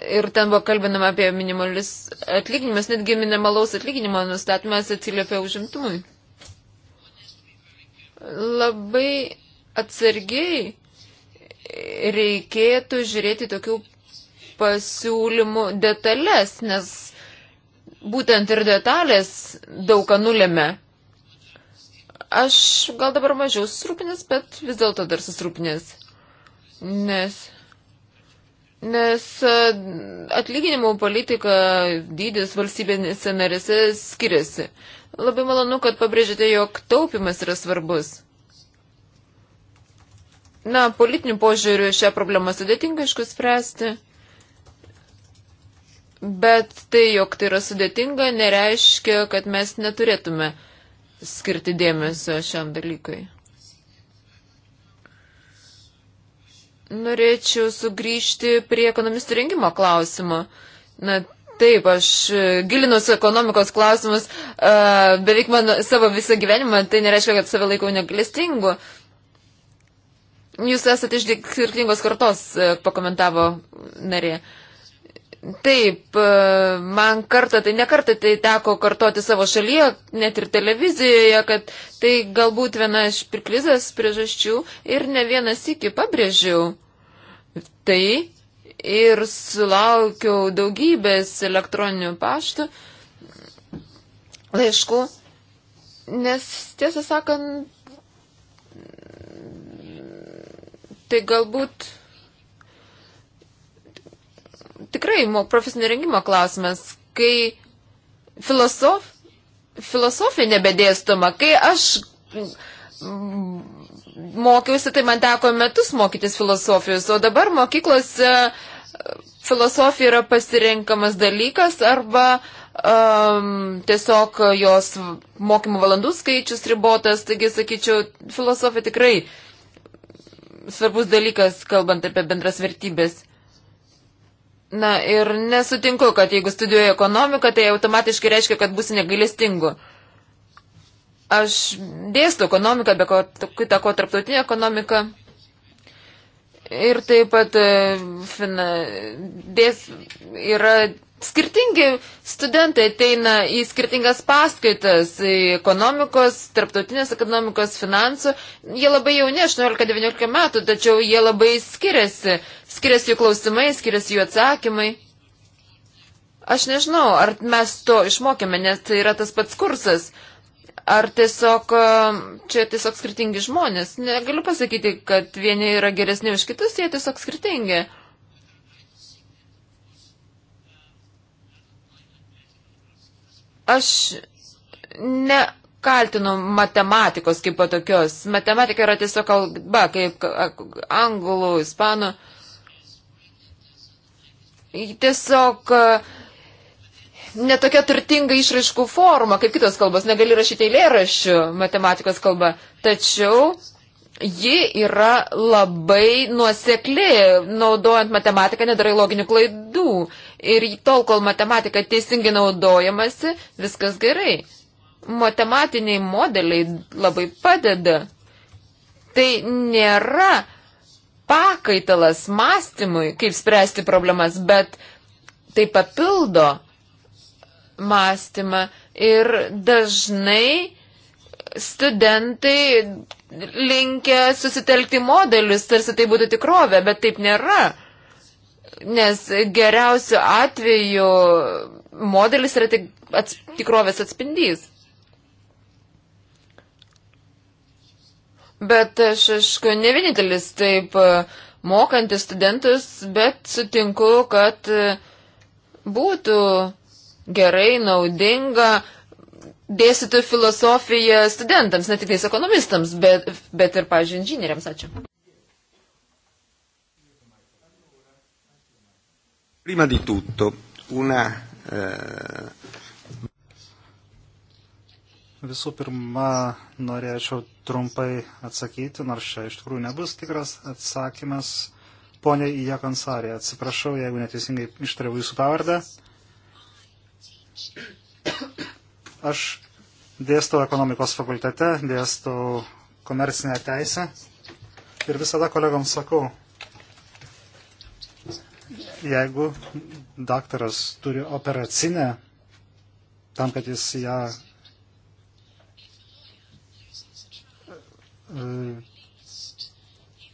Ir ten buvo kalbinama apie minimalius atlyginimus, netgi minimalaus atlyginimo nustatymas atsiliepia užimtumui. Labai atsargiai reikėtų žiūrėti tokių pasiūlymų detalės, nes būtent ir detalės daug ką nulėmė. Aš gal dabar mažiau susirūpinęs, bet vis dėlto dar susirūpinęs. Nes Nes e, atlyginimų politika dydis valstybinėse narėse skiriasi. Labai malonu, kad pabrėžėte, jog taupimas yra svarbus. Na, politinių požiūrių šią problemą sudėtinga, aišku, spręsti. Bet tai, jog tai yra sudėtinga, nereiškia, kad mes neturėtume skirti dėmesio šiam dalykui. norėčiau sugrįžti prie ekonomistų rengimo klausimo. Na, Taip, aš e, gilinuosi ekonomikos klausimus e, beveik man savo visą gyvenimą, tai nereiškia, kad save laikau negalestingu. Jūs esate iš skirtingos kartos, e, pakomentavo narė. Taip, man kartą, tai ne kartą tai teko kartoti savo šalyje, net ir televizijoje, kad tai galbūt viena iš priklizės priežasčių ir ne vienas iki pabrėžiau tai ir sulaukiau daugybės elektroninių paštų laiškų, nes tiesą sakant, tai galbūt tikrai profesinio rengimo klausimas, kai filosof, filosofija nebedėstoma, kai aš mokiausi, tai man teko metus mokytis filosofijos, o dabar mokyklose e, filosofija yra pasirenkamas dalykas arba um, tiesiog jos mokymų valandų skaičius ribotas, taigi sakyčiau, filosofija tikrai svarbus dalykas, kalbant apie bendras vertybės. Na ir nesutinku, kad jeigu studijuoji ekonomiką, tai automatiškai reiškia, kad būsi negailestingu. Uh, Aš dėstu ekonomiką, be kita ko tarptautinė ekonomika. Ir taip pat e, fina, dės, yra skirtingi studentai ateina į skirtingas paskaitas, į ekonomikos, tarptautinės ekonomikos, finansų. Jie labai jauni, 18-19 metų, tačiau jie labai skiriasi. Skiriasi jų klausimai, skiriasi jų atsakymai. Aš nežinau, ar mes to išmokėme, nes tai yra tas pats kursas. Ar tiesiog e, čia tiesiog skirtingi žmonės? Negaliu pasakyti, kad vieni yra geresni už kitus, jie tiesiog skirtingi. Aš ne kaltinu matematikos kaip patokios. Matematika yra tiesiog kalba, kaip anglų, ispanų. Tiesiog uh, netokia turtinga išraiškų forma, kaip kitos kalbos, negali rašyti eilėraščių matematikos kalba, tačiau ji yra labai nuosekli, naudojant matematiką nedarai loginių klaidų. Ir tol, kol matematika teisingai naudojamasi, viskas gerai. Matematiniai modeliai labai padeda. Tai nėra pakaitalas mąstymui, kaip spręsti problemas, bet tai papildo mąstymą ir dažnai studentai linkia susitelkti modelius, tarsi tai būtų tikrovė, bet taip nėra. Nes geriausiu atveju modelis yra tik ats tikrovės atspindys. Bet aš, aišku, ne vienintelis taip e, mokantis studentus, bet sutinku, kad e, būtų gerai, naudinga dėstytų filosofiją studentams, ne tik tais ekonomistams, bet, bet ir, pažiūrėjau, inžinieriams. Ačiū. Prima di tutto, una. Uh... Visų pirma, norėčiau trumpai atsakyti, nors čia iš tikrųjų nebus tikras atsakymas. Pone Ijakonsarė, atsiprašau, jeigu neteisingai ištariau jūsų pavardę. Uh, Aš dėstau ekonomikos fakultete, dėstau komercinę teisę ir visada kolegoms sakau, jeigu daktaras turi operacinę, tam, kad jis ją e,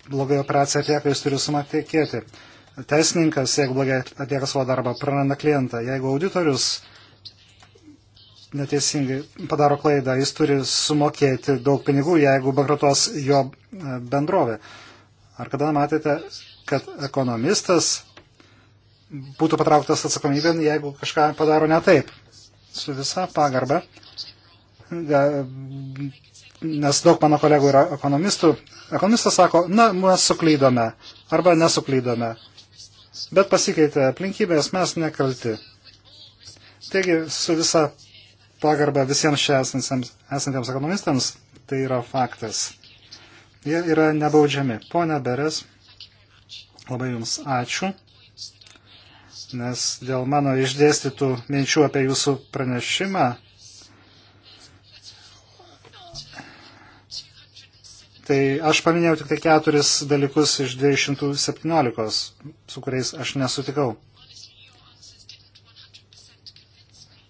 blogai operaciją atlieka, jis turi sumą tiekėti. Teisininkas, jeigu blogai atlieka savo darbą, praranda klientą. Jeigu auditorius neteisingai padaro klaidą, jis turi sumokėti daug pinigų, jeigu bankrutuos jo e, bendrovė. Ar kada matėte, kad ekonomistas būtų patrauktas atsakomybėn, jeigu kažką padaro ne taip? Su visa pagarba, e, nes daug mano kolegų yra ekonomistų, ekonomistas sako, na, mes suklydome arba nesuklydome, bet pasikeitė aplinkybės, mes nekalti. Taigi, su visa pagarbą visiems čia esantiems, esantiems ekonomistams, tai yra faktas. Jie yra nebaudžiami. Pone Beres, labai Jums ačiū, nes dėl mano išdėstytų minčių apie Jūsų pranešimą, tai aš paminėjau tik tai keturis dalykus iš 217, su kuriais aš nesutikau.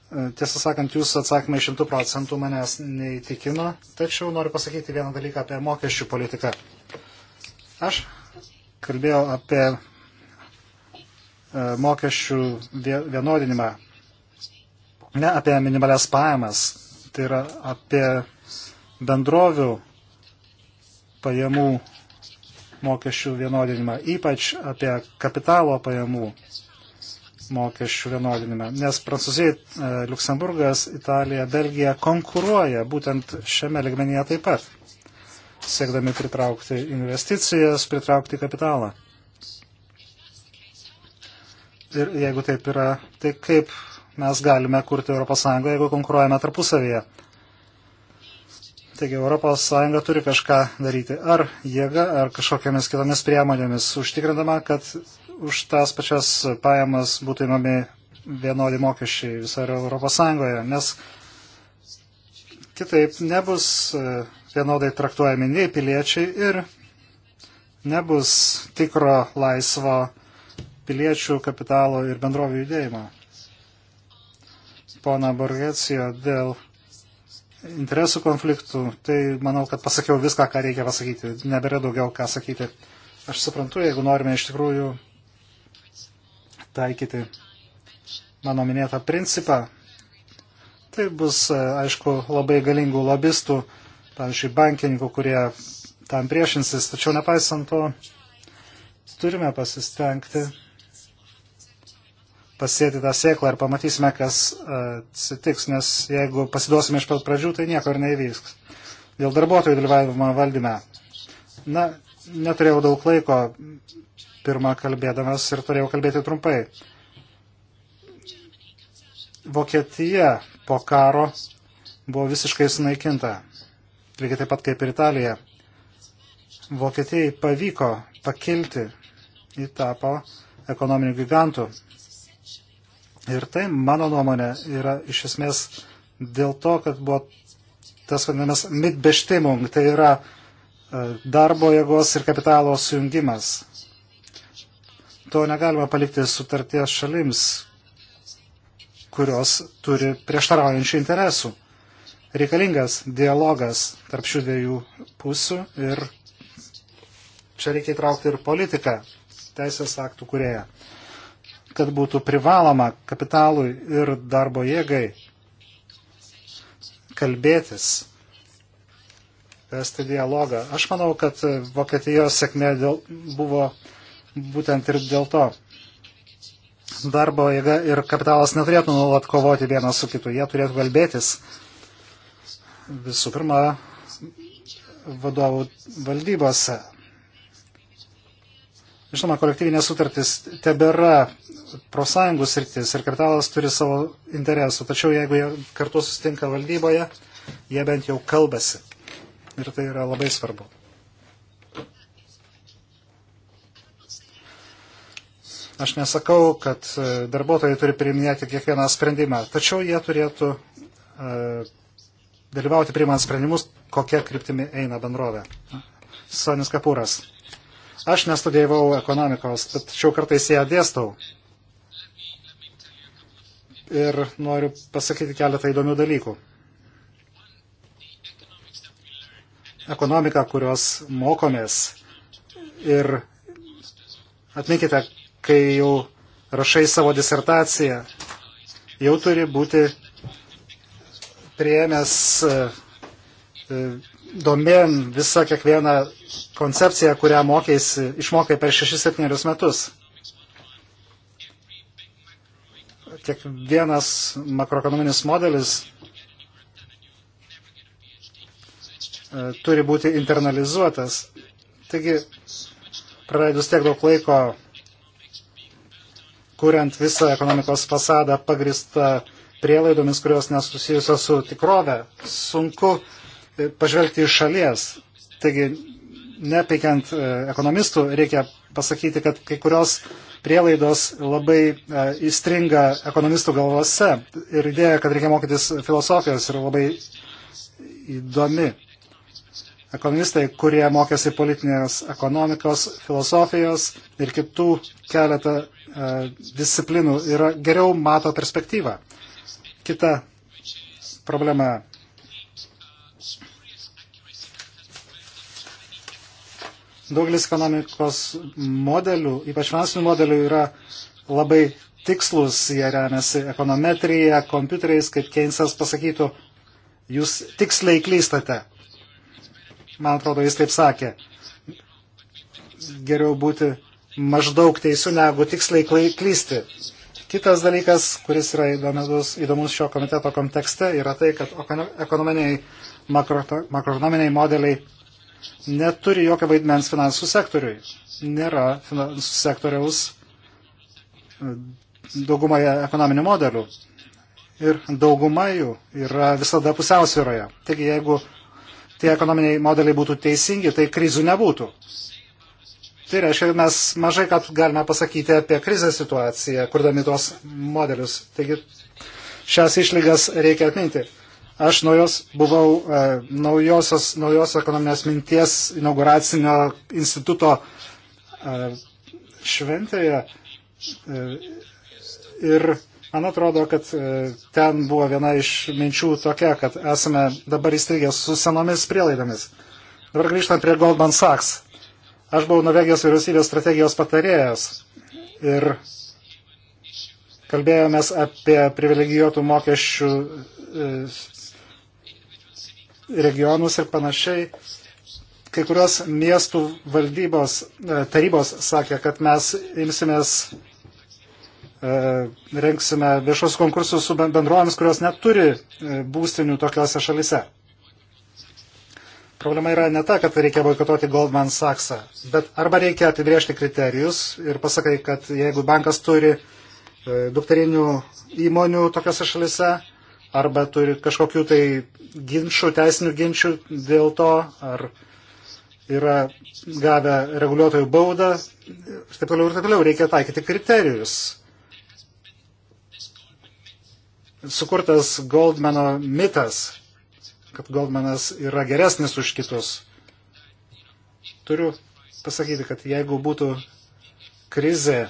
E, tiesą sakant, jūsų atsakymai šimtų procentų manęs neįtikino, tačiau noriu pasakyti vieną dalyką apie mokesčių politiką. Aš kalbėjau apie e, mokesčių vienodinimą, ne apie minimalias pajamas, tai yra apie bendrovių pajamų mokesčių vienodinimą, ypač apie kapitalo pajamų mokesčių vienodinime. Nes Prancūzija, e, Luksemburgas, Italija, Belgija konkuruoja būtent šiame ligmenyje taip pat, siekdami pritraukti investicijas, pritraukti kapitalą. Ir jeigu taip yra, tai kaip mes galime kurti ES, jeigu konkuruojame tarpusavyje? Taigi ES turi kažką daryti ar jėga, ar kažkokiamis kitomis priemonėmis, užtikrindama, kad už tas pačias pajamas būtų įmami vienodi mokesčiai visoje Europos Sąjungoje, nes kitaip nebus e, vienodai traktuojami nei piliečiai ir nebus tikro laisvo piliečių kapitalo ir bendrovų judėjimo. Pona Borgecijo dėl interesų konfliktų, tai manau, kad pasakiau viską, ką reikia pasakyti. Nebėra daugiau ką sakyti. Aš suprantu, jeigu norime iš tikrųjų taikyti mano minėtą principą, tai bus, e, aišku, labai galingų lobistų, pavyzdžiui, bankininkų, kurie tam priešinsis. Tačiau nepaisant to, turime pasistengti pasėti tą sėklą ir pamatysime, kas e, atsitiks, nes jeigu pasiduosime iš pat pradžių, tai nieko ir neįvyks. Dėl darbuotojų dalyvavimo valdyme. Na, neturėjau daug laiko pirmą kalbėdamas ir turėjau kalbėti trumpai. Vokietija po karo buvo visiškai sunaikinta. Lygiai taip pat kaip ir Italija. Vokietijai pavyko pakilti į tapo ekonominių gigantų. Ir tai, mano nuomonė, yra iš esmės dėl to, kad buvo tas vadinamas mitbeštimung, tai yra e, darbo jėgos ir kapitalo sujungimas to negalima palikti sutarties šalims, kurios turi prieštaraujančių interesų. Reikalingas dialogas tarp šių dviejų pusių ir čia reikia įtraukti ir politiką, teisės aktų kurieje, kad būtų privaloma kapitalui ir darbo jėgai kalbėtis, vesti dialogą. Aš manau, kad Vokietijos sėkmė dėl, buvo būtent ir dėl to darbo jėga ir kapitalas neturėtų nuolat kovoti vienas su kitu, jie turėtų kalbėtis. Visų pirma, vadovų valdybose. Žinoma, kolektyvinės sutartys tebėra prosąjungų sritis ir kapitalas turi savo interesų, tačiau jeigu jie kartu susitinka valdyboje, jie bent jau kalbasi. Ir tai yra labai svarbu. Aš nesakau, kad e, darbuotojai turi priiminėti kiekvieną sprendimą, tačiau jie turėtų uh, dalyvauti priimant sprendimus, kokia kryptimi eina bendrovė. Sonis Kapūras. Aš nestudijavau ekonomikos, tačiau kartais ją dėstau. Ir noriu pasakyti keletą įdomių dalykų. Ekonomika, kurios mokomės ir atminkite, kai jau rašai savo disertaciją, jau turi būti prieėmęs e, e, domėn visą kiekvieną koncepciją, kurią mokėsi, išmokai per 6-7 metus. Kiekvienas makroekonominis modelis e, turi būti internalizuotas. Taigi, praleidus tiek daug laiko kuriant visą ekonomikos fasadą pagristą prielaidomis, kurios nesusijusios su tikrove, sunku e, pažvelgti iš šalies. Taigi, nepeikiant e, ekonomistų, reikia pasakyti, kad kai kurios prielaidos labai e, įstringa ekonomistų galvose ir idėja, kad reikia mokytis filosofijos yra labai įdomi ekonomistai, kurie mokėsi politinės ekonomikos, filosofijos ir kitų keletą e, disciplinų, yra geriau mato perspektyvą. Kita problema. Daugelis ekonomikos modelių, ypač finansinių modelių, yra labai tikslus, jie remiasi ekonometrija, kompiuteriais, kaip Keynesas pasakytų, jūs tiksliai klystate man atrodo, jis taip sakė. Geriau būti maždaug teisų, negu tiksliai klysti. Kitas dalykas, kuris yra įdomus, įdomus šio komiteto kontekste, yra tai, kad ekonominiai, makro, makroekonominiai modeliai neturi jokio vaidmens finansų sektoriui. Nėra finansų sektoriaus e, daugumoje ekonominių modelių. Ir dauguma jų yra visada pusiausvyroje. Taigi, jeigu tie ekonominiai modeliai būtų teisingi, tai krizių nebūtų. Tai reiškia, mes mažai kad galime pasakyti apie krizę situaciją, kurdami tuos modelius. Taigi šias išlygas reikia atminti. Aš naujos, buvau e, naujosios, naujos ekonominės minties inauguracinio instituto e, šventėje e, ir Man atrodo, kad e, ten buvo viena iš minčių tokia, kad esame dabar įsteigę su senomis prielaidomis. Dabar grįžtant prie Goldman Sachs. Aš buvau Norvegijos vyriausybės strategijos patarėjas ir kalbėjomės apie privilegijuotų mokesčių e, regionus ir panašiai. Kai kurios miestų valdybos e, tarybos sakė, kad mes imsimės E, renksime viešus konkursus su bendrovėms, kurios neturi e, būstinių tokiuose šalise. Problema yra ne ta, kad reikia boikotuoti Goldman Sachsą, bet arba reikia apibriežti kriterijus ir pasakai, kad jeigu bankas turi e, dukterinių įmonių tokiuose šalise, arba turi kažkokių tai ginčių, teisinių ginčių dėl to, ar yra gavę reguliuotojų baudą, taip toliau ir taip toliau, reikia taikyti kriterijus. sukurtas Goldmano mitas, kad Goldmanas yra geresnis už kitus. Turiu pasakyti, kad jeigu būtų krizė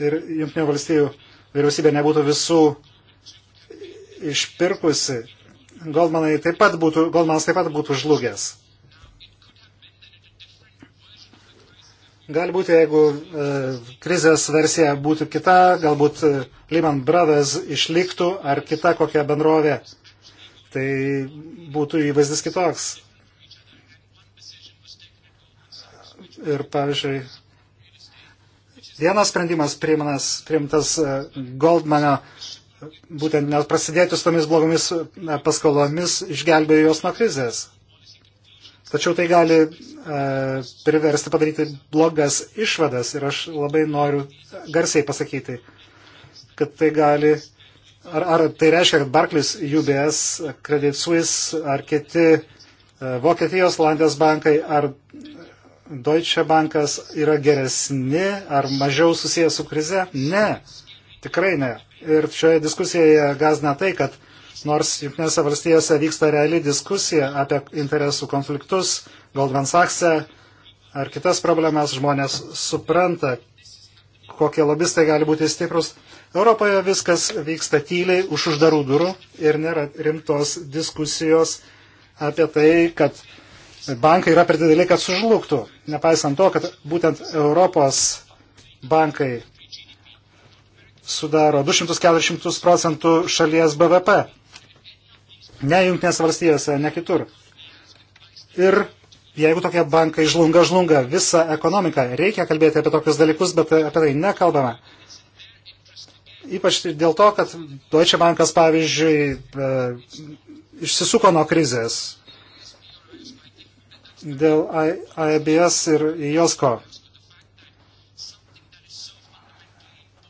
ir Junktinių valstybių vyriausybė nebūtų visų išpirkusi, Goldmanas taip pat būtų, Goldmanas taip pat būtų žlugęs. Gali būti, jeigu e, krizės versija būtų kita, galbūt e, Lehman Brothers išliktų ar kita kokia bendrovė, tai būtų įvaizdis kitoks. Ir pavyzdžiui, vienas sprendimas priimtas, priimtas e, Goldmano, būtent net prasidėti su tomis blogomis e, paskolomis, išgelbėjo juos nuo krizės. Tačiau tai gali e, priversti padaryti blogas išvadas ir aš labai noriu garsiai pasakyti, kad tai gali, ar, ar tai reiškia, kad Barclays, UBS, Credit Suisse ar kiti e, Vokietijos Landės bankai ar Deutsche Bankas yra geresni ar mažiau susijęs su krize? Ne, tikrai ne. Ir šioje diskusijoje gazna tai, kad Nors Junktinėse valstijose vyksta reali diskusija apie interesų konfliktus, Goldman Sachse ar kitas problemas, žmonės supranta, kokie lobistai gali būti stiprus. Europoje viskas vyksta tyliai už uždarų durų ir nėra rimtos diskusijos apie tai, kad bankai yra per dideli, kad sužlugtų. Nepaisant to, kad būtent Europos bankai sudaro 240 procentų šalies BVP. Ne Junktinės valstijose, ne kitur. Ir jeigu tokie bankai žlunga, žlunga visą ekonomiką. Reikia kalbėti apie tokius dalykus, bet e, apie tai nekalbame. Ypač dėl to, kad Deutsche Bankas, pavyzdžiui, e, išsisuko nuo krizės dėl AEBS ir JOSKO.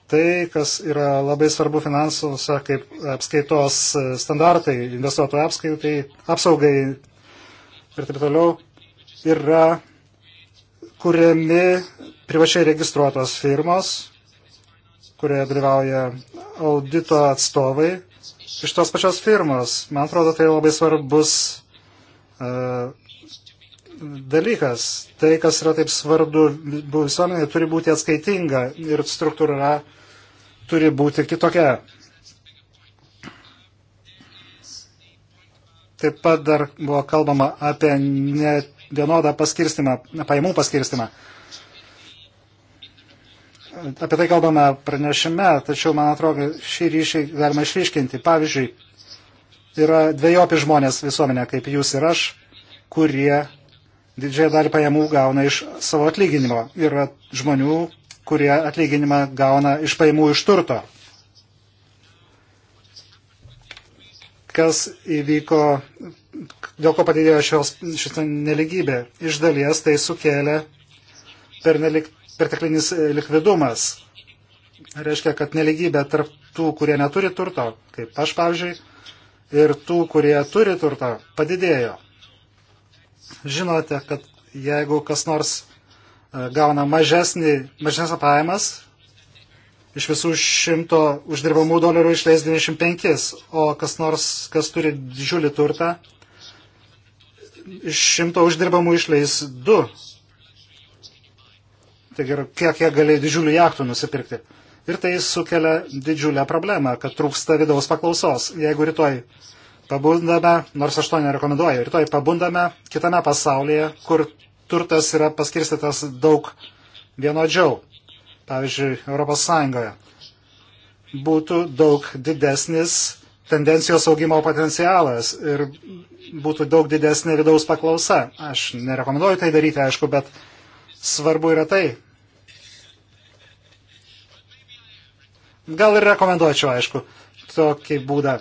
tai, kas yra labai svarbu finansuose, kaip apskaitos standartai, investuotojų apskaitai, apsaugai ir taip toliau, yra kuriami privačiai registruotos firmos, kurioje dalyvauja audito atstovai iš tos pačios firmos. Man atrodo, tai labai svarbus uh, dalykas. Tai, kas yra taip svarbu visuomenė, turi būti atskaitinga ir struktūra turi būti kitokia. Taip pat dar buvo kalbama apie vienodą paskirstimą, pajamų paskirstimą. Apie tai kalbame pranešime, tačiau man atrodo, šį ryšį galima išryškinti. Pavyzdžiui, yra dviejopi žmonės visuomenė, kaip jūs ir aš, kurie didžiąją dalį pajamų gauna iš savo atlyginimo. Yra žmonių, kurie atlyginimą gauna iš pajamų iš turto. Kas įvyko, dėl ko padidėjo šios, šitą neligybę? Iš dalies tai sukėlė pernelik, perteklinis e, likvidumas. Reiškia, kad neligybė tarp tų, kurie neturi turto, kaip aš pavyzdžiui, ir tų, kurie turi turto, padidėjo žinote, kad jeigu kas nors e, gauna mažesnį, mažesnį pajamas, iš visų šimto uždirbamų dolerių išleis 95, o kas nors, kas turi didžiulį turtą, iš šimto uždirbamų išleis 2. Taigi ir kiek jie galėjo didžiulių jachtų nusipirkti. Ir tai sukelia didžiulę problemą, kad trūksta vidaus paklausos. Jeigu rytoj uh, Pabundame, nors aš to nerekomenduoju, rytoj pabundame kitame pasaulyje, kur turtas yra paskirstytas daug vienodžiau, pavyzdžiui, Europos Sąjungoje. Būtų daug didesnis tendencijos augimo potencialas ir būtų daug didesnė vidaus paklausa. Aš nerekomenduoju tai daryti, aišku, bet svarbu yra tai. Gal ir rekomenduočiau, aišku, tokį būdą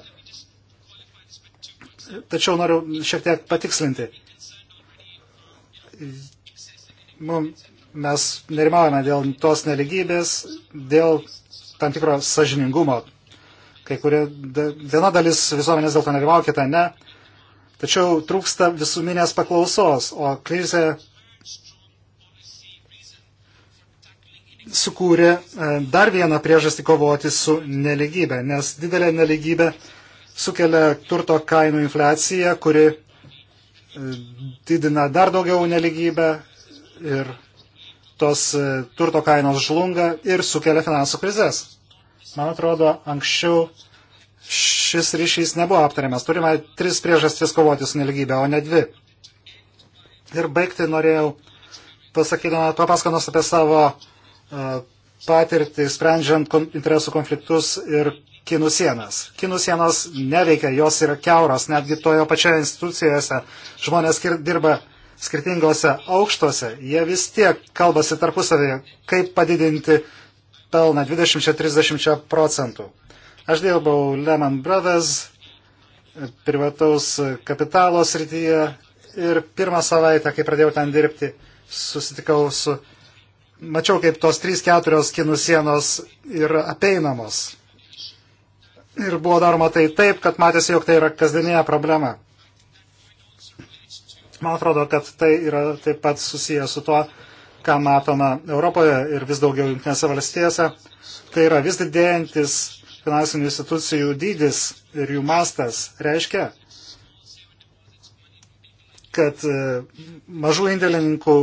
tačiau noriu šiek tiek patikslinti. Nu, mes nerimaujame dėl tos neligybės, dėl tam tikro sažiningumo. Kai kurie, viena dalis visuomenės dėl to nerimauja, kita ne. Tačiau trūksta visuminės paklausos, o krizė sukūrė e, dar vieną priežastį kovoti su neligybė, nes didelė neligybė uh, sukelia turto kainų infliaciją, kuri e, didina dar daugiau neligybę ir tos e, turto kainos žlunga ir sukelia finansų krizės. Man atrodo, anksčiau šis ryšys nebuvo aptariamas. Turime tris priežastis kovoti su neligybė, o ne dvi. Ir baigti norėjau pasakydama, papasakodamas apie savo e, patirtį, sprendžiant interesų konfliktus ir kinų sienas. Kinų sienos neveikia, jos yra keuros, netgi tojo pačioje institucijose žmonės skir dirba skirtingose aukštuose, jie vis tiek kalbasi tarpusavėje, kaip padidinti pelną 20-30 procentų. Aš dirbau Lehman Brothers privataus kapitalo srityje ir pirmą savaitę, kai pradėjau ten dirbti, susitikau su, mačiau, kaip tos 3-4 kinų sienos yra apeinamos ir buvo daroma tai taip, kad matėsi, jog tai yra kasdieninė problema. Man atrodo, kad tai yra taip pat susiję su tuo, ką matome Europoje ir vis daugiau jungtinėse valstijose. Tai yra vis didėjantis finansinių institucijų dydis ir jų mastas reiškia, kad e, mažų indėlininkų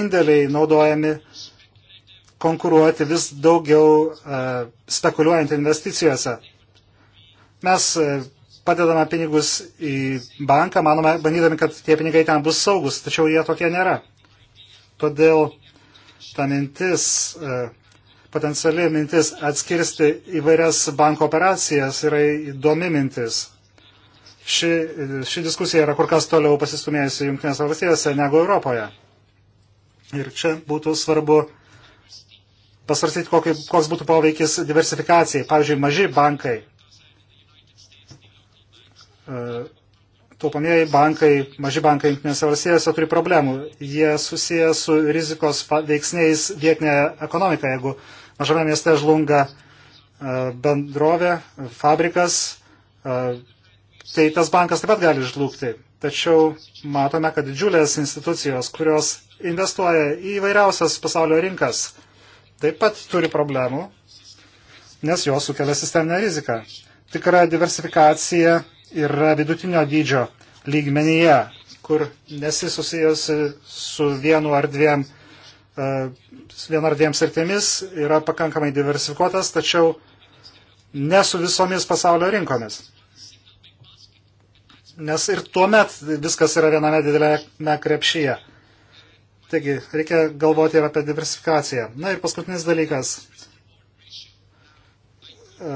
indėliai naudojami konkuruoti vis daugiau e, spekuliuojant investicijose. Mes e, padedame pinigus į banką, manome, bandydami, kad tie pinigai ten bus saugus, tačiau jie tokie nėra. Todėl ta mintis, e, potenciali mintis atskirsti įvairias banko operacijas yra įdomi mintis. Ši, e, ši diskusija yra kur kas toliau pasistumėjusi Junktinės valstijose negu Europoje. Ir čia būtų svarbu pasvarstyti, koks būtų poveikis diversifikacijai. Pavyzdžiui, maži bankai E, taupomieji bankai, maži bankai jungtinėse valstijose turi problemų. Jie susiję su rizikos veiksniais vietinėje ekonomikoje. Jeigu mažame mieste žlunga e, bendrovė, fabrikas, e, tai tas bankas taip pat gali žlugti. Tačiau matome, kad didžiulės institucijos, kurios investuoja į vairiausias pasaulio rinkas, taip pat turi problemų, nes jos sukelia sisteminę riziką. Tikra diversifikacija yra vidutinio dydžio lygmenyje, kur nesi susijęs su vienu ar dviem, e, vienu ar dviem sritimis, yra pakankamai diversifikuotas, tačiau ne su visomis pasaulio rinkomis. Nes ir tuomet viskas yra viename didelėme krepšyje. Taigi, reikia galvoti ir apie diversifikaciją. Na ir paskutinis dalykas.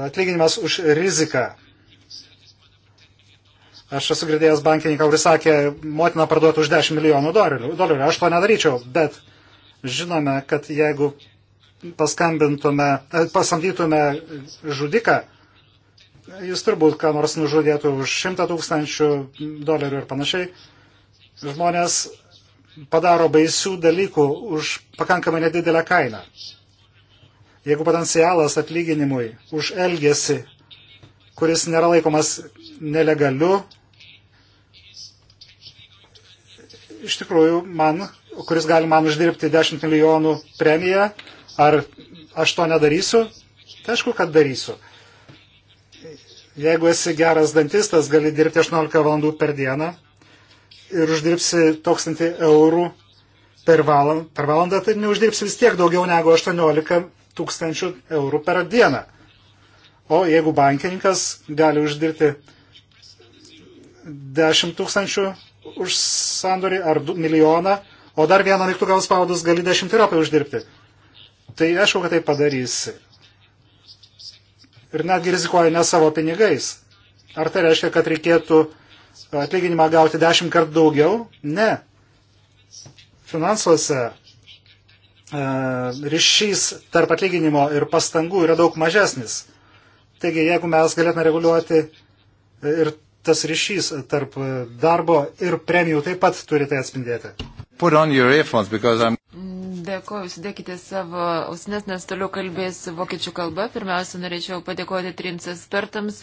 Atlyginimas už riziką. Aš esu girdėjęs bankininką, kuris sakė, motina parduotų už 10 milijonų dolerių. dolerių. Aš to nedaryčiau, bet žinome, kad jeigu paskambintume, e, pasamdytume žudiką, jis turbūt ką nors nužudėtų už 100 tūkstančių dolerių ir panašiai. Žmonės padaro baisių dalykų už pakankamai nedidelę kainą. Jeigu potencialas atlyginimui už elgesį, kuris nėra laikomas nelegaliu, iš tikrųjų man, kuris gali man uždirbti 10 milijonų premiją, ar aš to nedarysiu? Tai aišku, kad darysiu. Jeigu esi geras dantistas, gali dirbti 18 valandų per dieną ir uždirbsi 1000 eurų per valandą, per valandą, tai neuždirbsi vis tiek daugiau negu 18 tūkstančių eurų per dieną. O jeigu bankininkas gali uždirbti 10 tūkstančių už sandorį ar milijoną, o dar vieną mygtuką spaudus gali dešimtyriopai uždirbti. Tai aišku, kad tai padarysi. Ir netgi rizikuoji ne savo pinigais. Ar tai reiškia, kad reikėtų atlyginimą gauti dešimt kartų daugiau? Ne. Finansuose e, ryšys tarp atlyginimo ir pastangų yra daug mažesnis. Taigi, jeigu mes galėtume reguliuoti ir tas ryšys tarp e, darbo ir premijų taip pat turi tai atspindėti. Dėkuoju, sudėkite savo ausines, nes toliau kalbėsiu vokiečių kalba. Pirmiausia, norėčiau padėkoti trims ekspertams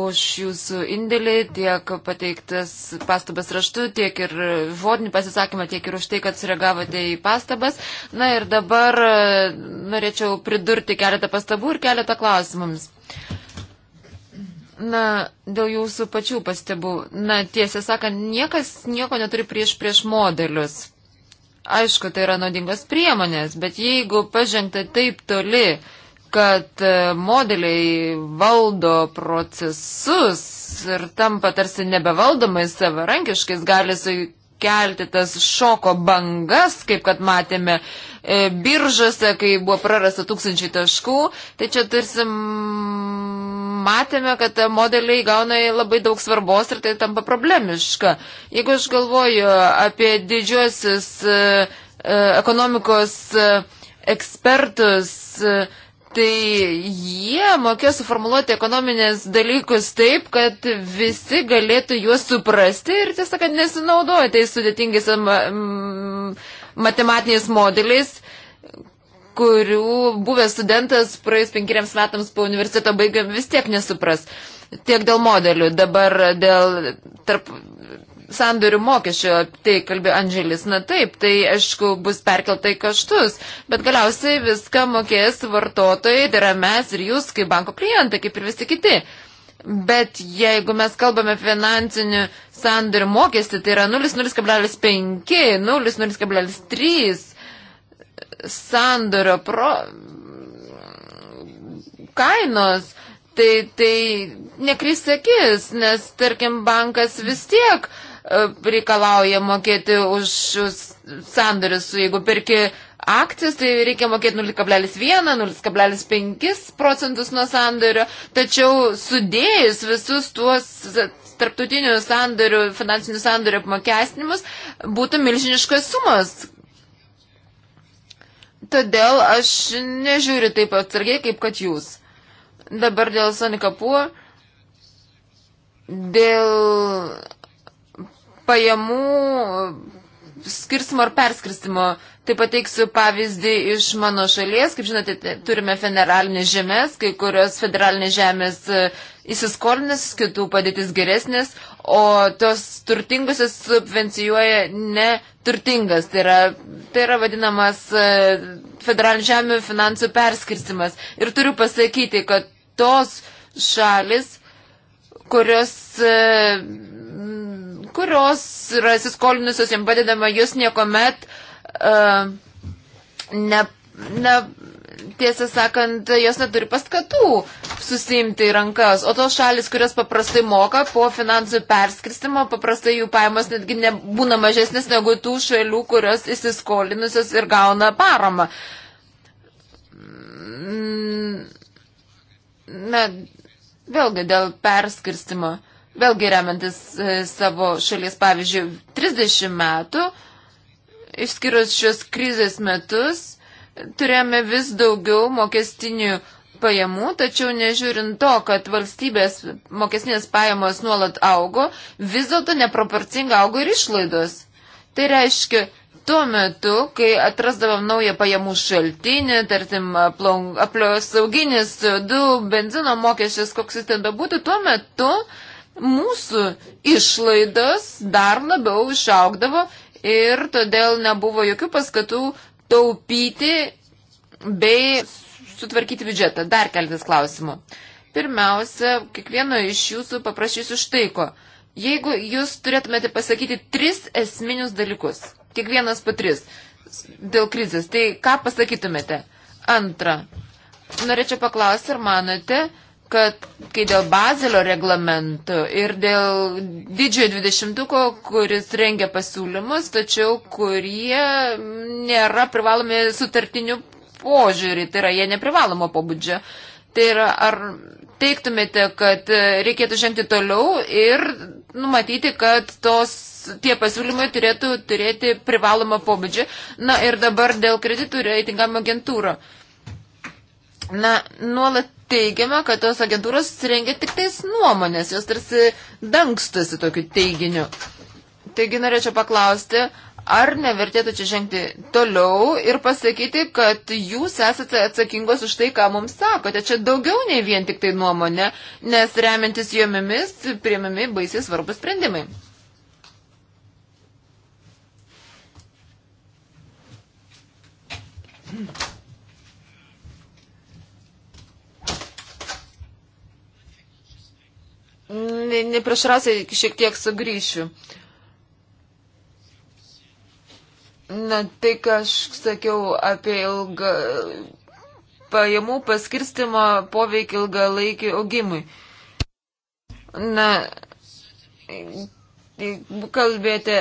už jūsų indėlį, tiek pateiktas pastabas raštu, tiek ir žodinį pasisakymą, tiek ir už tai, kad sureagavote į pastabas. Na ir dabar e, norėčiau pridurti keletą pastabų ir keletą klausimams. Na, dėl jūsų pačių pastebų. Na, tiesą sakant, niekas nieko neturi prieš prieš modelius. Aišku, tai yra naudingos priemonės, bet jeigu pažengta taip toli, kad e, modeliai valdo procesus ir tampa tarsi nebevaldomai savarankiškais, gali su sukelti tas šoko bangas, kaip kad matėme e, biržose, kai buvo prarasta tūkstančiai taškų, tai čia tarsi matėme, kad modeliai gauna labai daug svarbos ir tai tampa problemiška. Jeigu aš galvoju apie didžiosius e, e, ekonomikos e, ekspertus, e, tai jie mokėjo suformuoluoti ekonominės dalykus taip, kad visi galėtų juos suprasti ir tiesiog, kad nesinaudoja tais sudėtingais mm, matematiniais modeliais, kurių buvęs studentas praėjus penkeriams metams po universiteto baigėm vis tiek nesupras. Tiek dėl modelių, dabar dėl tarp sandorių mokesčio, tai kalbė Andželis, na taip, tai aišku bus perkeltai kaštus, bet galiausiai viską mokės vartotojai, tai yra mes ir jūs kaip banko klientai, kaip ir visi kiti. Bet jeigu mes kalbame finansinių sandorių mokestį, tai yra 0,05, 0,03 sandorio pro... kainos, tai, tai nekris akis, nes, tarkim, bankas vis tiek uh, reikalauja mokėti už sandorius. Jeigu perki akcijas, tai reikia mokėti 0,1, 0,5 procentus nuo sandorio. Tačiau sudėjus visus tuos tarptautinių sandorių, finansinių sandorių apmokestinimus, būtų milžiniškas sumas. Todėl aš nežiūriu taip atsargiai, kaip kad jūs. Dabar dėl Sonikapuo, dėl pajamų e, skirstimo ar perskirstimo. Tai pateiksiu pavyzdį iš mano šalies. Kaip žinote, turime federalinės žemės, kai kurios federalinės žemės e, įsiskolinės, kitų padėtis geresnės, o tos turtingusios subvencijuoja neturtingas. Tai yra, tai yra vadinamas e, federalinių žemių finansų perskirstimas. Ir turiu pasakyti, kad tos šalis, kurios kurios yra įsiskolinusios, jiems padedama, jūs niekuomet uh, ne, ne, tiesą sakant, jos neturi paskatų susimti į rankas, o tos šalis, kurios paprastai moka po finansų perskirstimo, paprastai jų pajamos netgi nebūna mažesnės negu tų šalių, kurios įsiskolinusios ir gauna paramą. Mm, na, vėlgi dėl perskirstimo vėlgi remiantis e, savo šalies pavyzdžių, 30 metų, išskyrus šios krizės metus, turėjome vis daugiau mokestinių pajamų, tačiau nežiūrint to, kad valstybės mokestinės pajamos nuolat augo, vis dėlto neproporcingai augo ir išlaidos. Tai reiškia, tuo metu, kai atrasdavom naują pajamų šaltinį, tarkim, apliosauginis, du benzino mokesčius, koks jis ten bebūtų, tuo metu mūsų išlaidos dar labiau išaugdavo ir todėl nebuvo jokių paskatų taupyti bei sutvarkyti biudžetą. Dar keltis klausimų. Pirmiausia, kiekvieno iš jūsų paprašysiu štai ko. Jeigu jūs turėtumėte pasakyti tris esminius dalykus, kiekvienas po tris, dėl krizės, tai ką pasakytumėte? Antra, norėčiau paklausti, ar manote, kad kai dėl Bazelio reglamento ir dėl didžiojo dvidešimtuko, kuris rengia pasiūlymus, tačiau kurie nėra privalomi sutartinių požiūrį, tai yra jie neprivalomo pobūdžio. Tai yra, ar teiktumėte, kad reikėtų žengti toliau ir numatyti, kad tos, tie pasiūlymai turėtų turėti privalomą pobūdžį. Na ir dabar dėl kreditų reitingamo agentūro. Na, nuolat teigiama, kad tos agentūros rengia tik tais nuomonės, jos tarsi dangstasi tokiu teiginiu. Taigi norėčiau paklausti, ar nevertėtų čia žengti toliau ir pasakyti, kad jūs esate atsakingos už tai, ką mums sakote. Čia daugiau nei vien tik tai nuomonė, nes remiantis jomis priimami baisiai svarbus sprendimai. Hmm. Nepriešrasiai ne šiek tiek sugrįšiu. Na, tai, ką aš sakiau apie ilgą pajamų paskirstimą poveikį ilgalaikį augimui. Na, kalbėti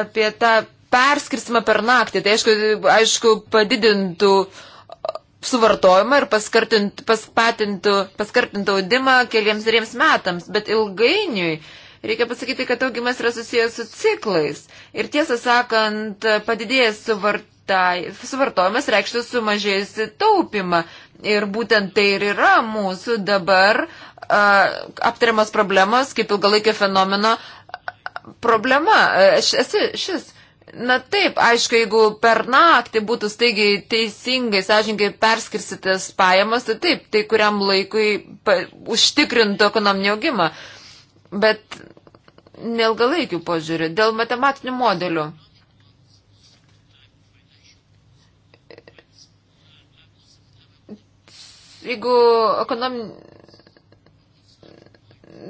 apie tą perskirstimą per naktį, tai aišku, aišku padidintų uh, suvartojimą ir paskartintų audimą keliems riems metams, bet ilgainiui reikia pasakyti, kad augimas yra susijęs su ciklais. Ir tiesą sakant, padidėjęs suvartojimas reikštų sumažėjusi taupimą. Ir būtent tai ir yra mūsų dabar uh, aptariamas problemos kaip ilgalaikio fenomeno problema. Aš esu šis Na taip, aišku, jeigu per naktį būtų staigiai teisingai, sąžingai perskirsitas pajamas, tai taip, tai kuriam laikui pa, užtikrintų ekonominį augimą. Bet nelgalaikių požiūrių, dėl matematinių modelių. Jeigu ekonominį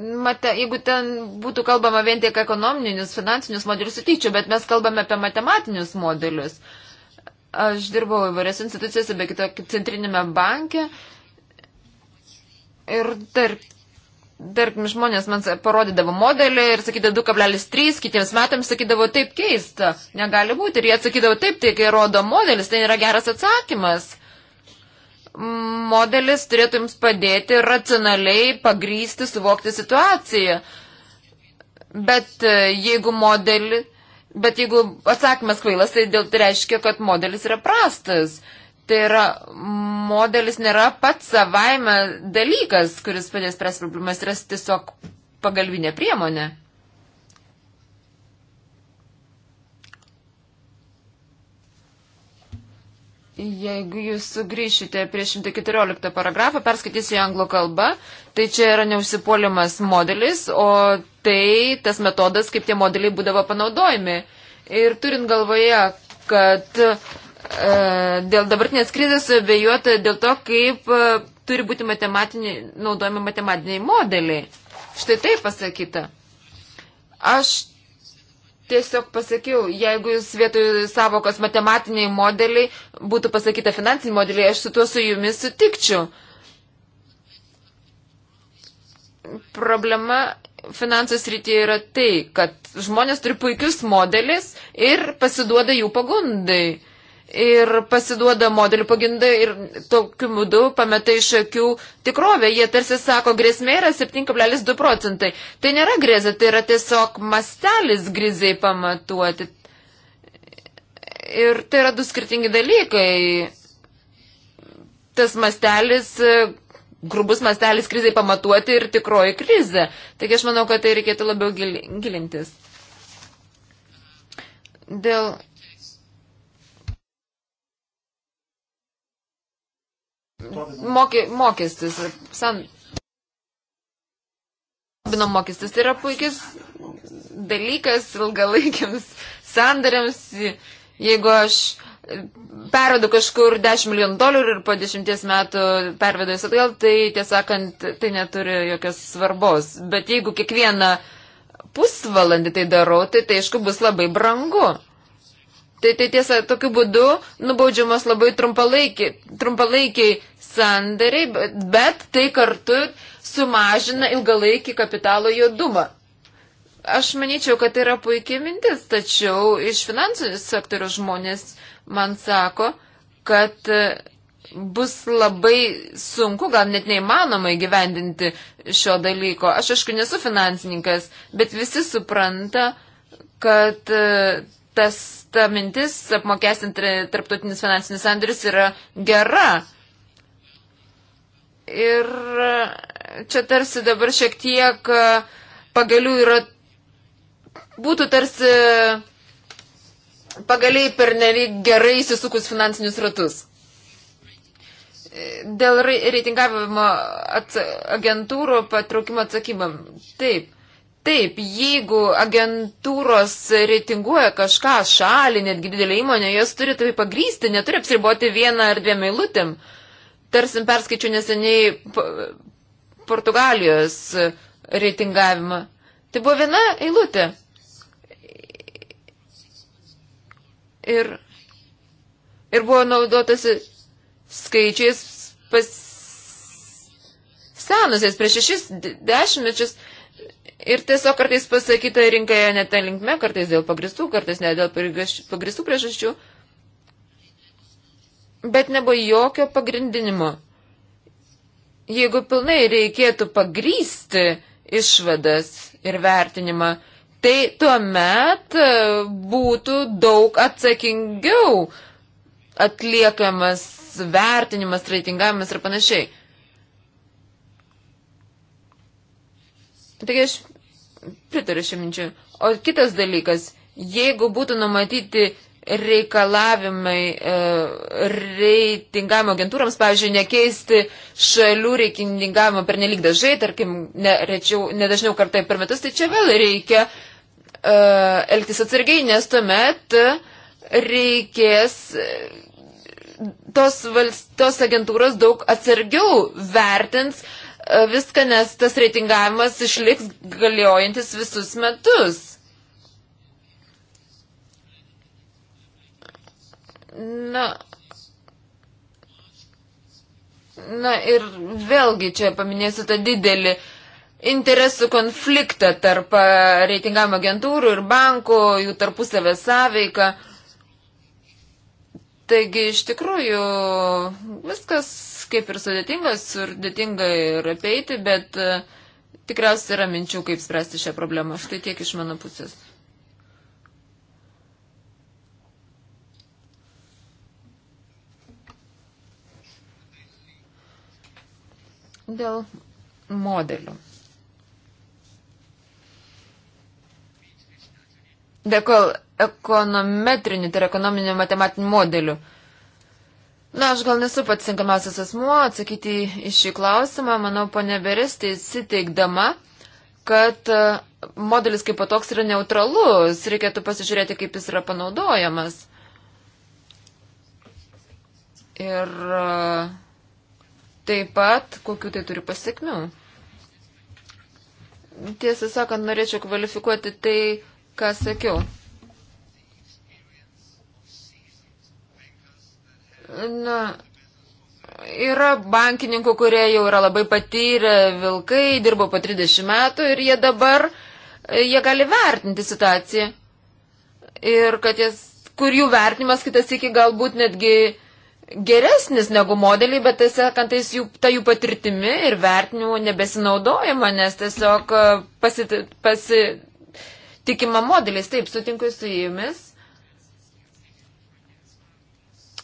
mate, jeigu ten būtų kalbama vien tik ekonominius, finansinius modelius, sutikčiau, bet mes kalbame apie matematinius modelius. Aš dirbau įvairias institucijose, be kito kaip centrinėme banke. Ir tarp, tarkim, žmonės man parodydavo modelį ir sakydavo 2,3, kitiems metams sakydavo taip keista, negali būti. Ir jie atsakydavo taip, tai kai rodo modelis, tai yra geras atsakymas modelis turėtų jums padėti racionaliai pagrysti, suvokti situaciją. Bet e, jeigu modelį, bet jeigu atsakymas kvailas, tai dėl tai reiškia, kad modelis yra prastas. Tai yra, modelis nėra pats savaime dalykas, kuris padės spręs problemas, yra tiesiog pagalbinė priemonė. Jeigu jūs sugrįšite prie 114 paragrafą, perskaitysiu į anglų kalbą, tai čia yra neužsipuolimas modelis, o tai tas metodas, kaip tie modeliai būdavo panaudojami. Ir turint galvoje, kad e, dėl dabartinės krizės bejuota dėl to, kaip e, turi būti naudojami matematiniai modeliai. Štai taip pasakyta. Aš tiesiog pasakiau, jeigu jūs vietoj savokos matematiniai modeliai būtų pasakyta finansiniai modeliai, aš su tuo su jumis sutikčiau. Problema finansų srityje yra tai, kad žmonės turi puikius modelis ir pasiduoda jų pagundai ir pasiduoda modelių pagindai ir tokiu būdu pameta iš akių tikrovę. Jie tarsi sako, grėsmė yra 7,2 procentai. Tai nėra grėsmė, tai yra tiesiog mastelis griziai pamatuoti. Ir tai yra du skirtingi dalykai. Tas mastelis, grubus mastelis krizai pamatuoti ir tikroji krizė. Taigi aš manau, kad tai reikėtų labiau gilintis. Dėl mokė, mokestis, san, Robino mokestis tai yra puikis dalykas ilgalaikiams sandariams. Jeigu aš pervedu kažkur 10 milijonų dolerių ir po 10 metų pervedu jas atgal, tai tiesąkant, tai neturi jokios svarbos. Bet jeigu kiekvieną pusvalandį tai darau, tai tai aišku bus labai brangu. Tai, tai tiesa, tokiu būdu nubaudžiamas labai trumpalaikiai, trumpalaikiai sandariai, bet tai kartu sumažina ilgalaikį kapitalo juodumą. Aš manyčiau, kad tai yra puikiai mintis, tačiau iš finansų sektorių žmonės man sako, kad e, bus labai sunku, gal net neįmanoma įgyvendinti šio dalyko. Aš aišku nesu finansininkas, bet visi supranta, kad e, tas, ta mintis apmokestinti tarptautinis finansinis sandoris yra gera. Ir čia tarsi dabar šiek tiek e, pagalių yra, būtų tarsi pagaliai per nelik gerai įsisukus finansinius ratus. Dėl reitingavimo agentūrų patraukimo atsakymam. Taip. Taip, jeigu agentūros reitinguoja kažką šalį, netgi didelį įmonę, jos turi tai pagrysti, neturi apsiriboti vieną ar dviem eilutėm. Uh, tarsim perskaičiu neseniai Portugalijos reitingavimą. Tai buvo viena eilutė. Ir, ir buvo naudotasi skaičiais pas senusiais prieš šešis dešimtmečius. Ir tiesiog kartais pasakyta rinkoje net linkme, kartais dėl pagristų, kartais ne dėl pagristų priežasčių. Priežasčių bet nebuvo jokio pagrindinimo. Jeigu pilnai reikėtų pagrysti išvadas ir vertinimą, tai tuomet e, būtų daug atsakingiau atliekamas vertinimas, reitingavimas ir panašiai. Taigi aš pritariu šiam minčiu. O kitas dalykas, jeigu būtų numatyti reikalavimai e, reitingavimo agentūrams, pavyzdžiui, nekeisti šalių reitingavimo per nelik dažai, tarkim, ne, rečiau, nedažniau kartai per metus, tai čia vėl reikia uh, elgtis atsargiai, nes tuomet reikės tos, tos agentūros daug atsargiau vertins e, viską, nes tas reitingavimas išliks galiojantis visus metus. Na, na ir vėlgi čia paminėsiu tą didelį interesų konfliktą tarp e, reitingavimo agentūrų ir bankų, jų tarpusavę sąveiką. Taigi iš tikrųjų viskas kaip ir sudėtingas, sudėtinga ir apeiti, bet e, tikriausiai yra minčių, kaip spręsti šią problemą. Štai tiek iš mano pusės. Dėl modelių. Dėl ekonometrinių, tai yra ekonominių matematinių modelių. Na, aš gal nesu pats tinkamiausias asmuo atsakyti į šį klausimą. Manau, ponė Berestė įsiteikdama, kad e, modelis kaip patoks yra neutralus. Reikėtų pasižiūrėti, kaip jis yra panaudojamas. Ir e, Taip pat, kokiu tai turi pasiekmių. Tiesą sakant, norėčiau kvalifikuoti tai, ką sakiau. Na, yra bankininkų, kurie jau yra labai patyrę vilkai, dirbo po 30 metų ir jie dabar, jie gali vertinti situaciją. Ir kad jas, kur jų vertinimas kitas iki galbūt netgi geresnis negu modeliai, bet tiesiog tais jų, ta jų patirtimi ir vertinimu nebesinaudojama, nes tiesiog e, pasit, pasitikima modeliais. Taip, sutinku su jumis.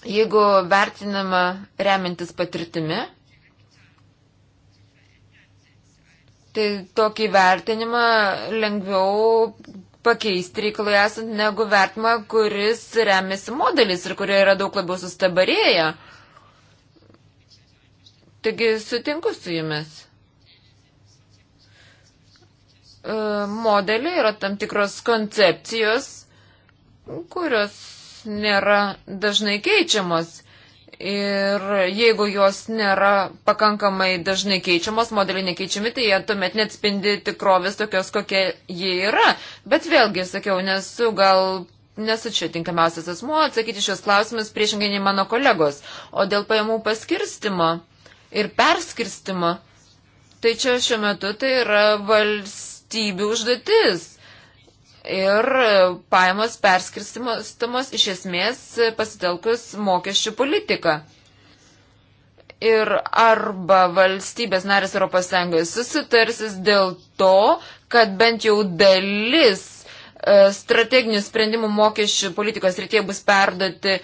Jeigu vertinama remintis patirtimi, tai tokį vertinimą lengviau pakeisti reikalui esant negu vertimą, kuris remiasi modelis ir kurie yra daug labiau sustabarėję. Taigi sutinku su jumis. E, modeliai yra tam tikros koncepcijos, kurios nėra dažnai keičiamos. Ir jeigu jos nėra pakankamai dažnai keičiamos, modeliai nekeičiami, tai jie tuomet neatspindi tikrovės tokios, kokia jie yra. Bet vėlgi, sakiau, nesu gal nesu čia tinkamiausias asmuo atsakyti šios klausimus priešingai nei mano kolegos. O dėl pajamų paskirstimo ir perskirstimo, tai čia šiuo metu tai yra valstybė užduotis ir e, pajamos perskirstimos iš esmės pasitelkus mokesčių politiką. Ir arba valstybės narės ES susitarsis dėl to, kad bent jau dalis e, strateginių sprendimų mokesčių politikos rytie bus perduoti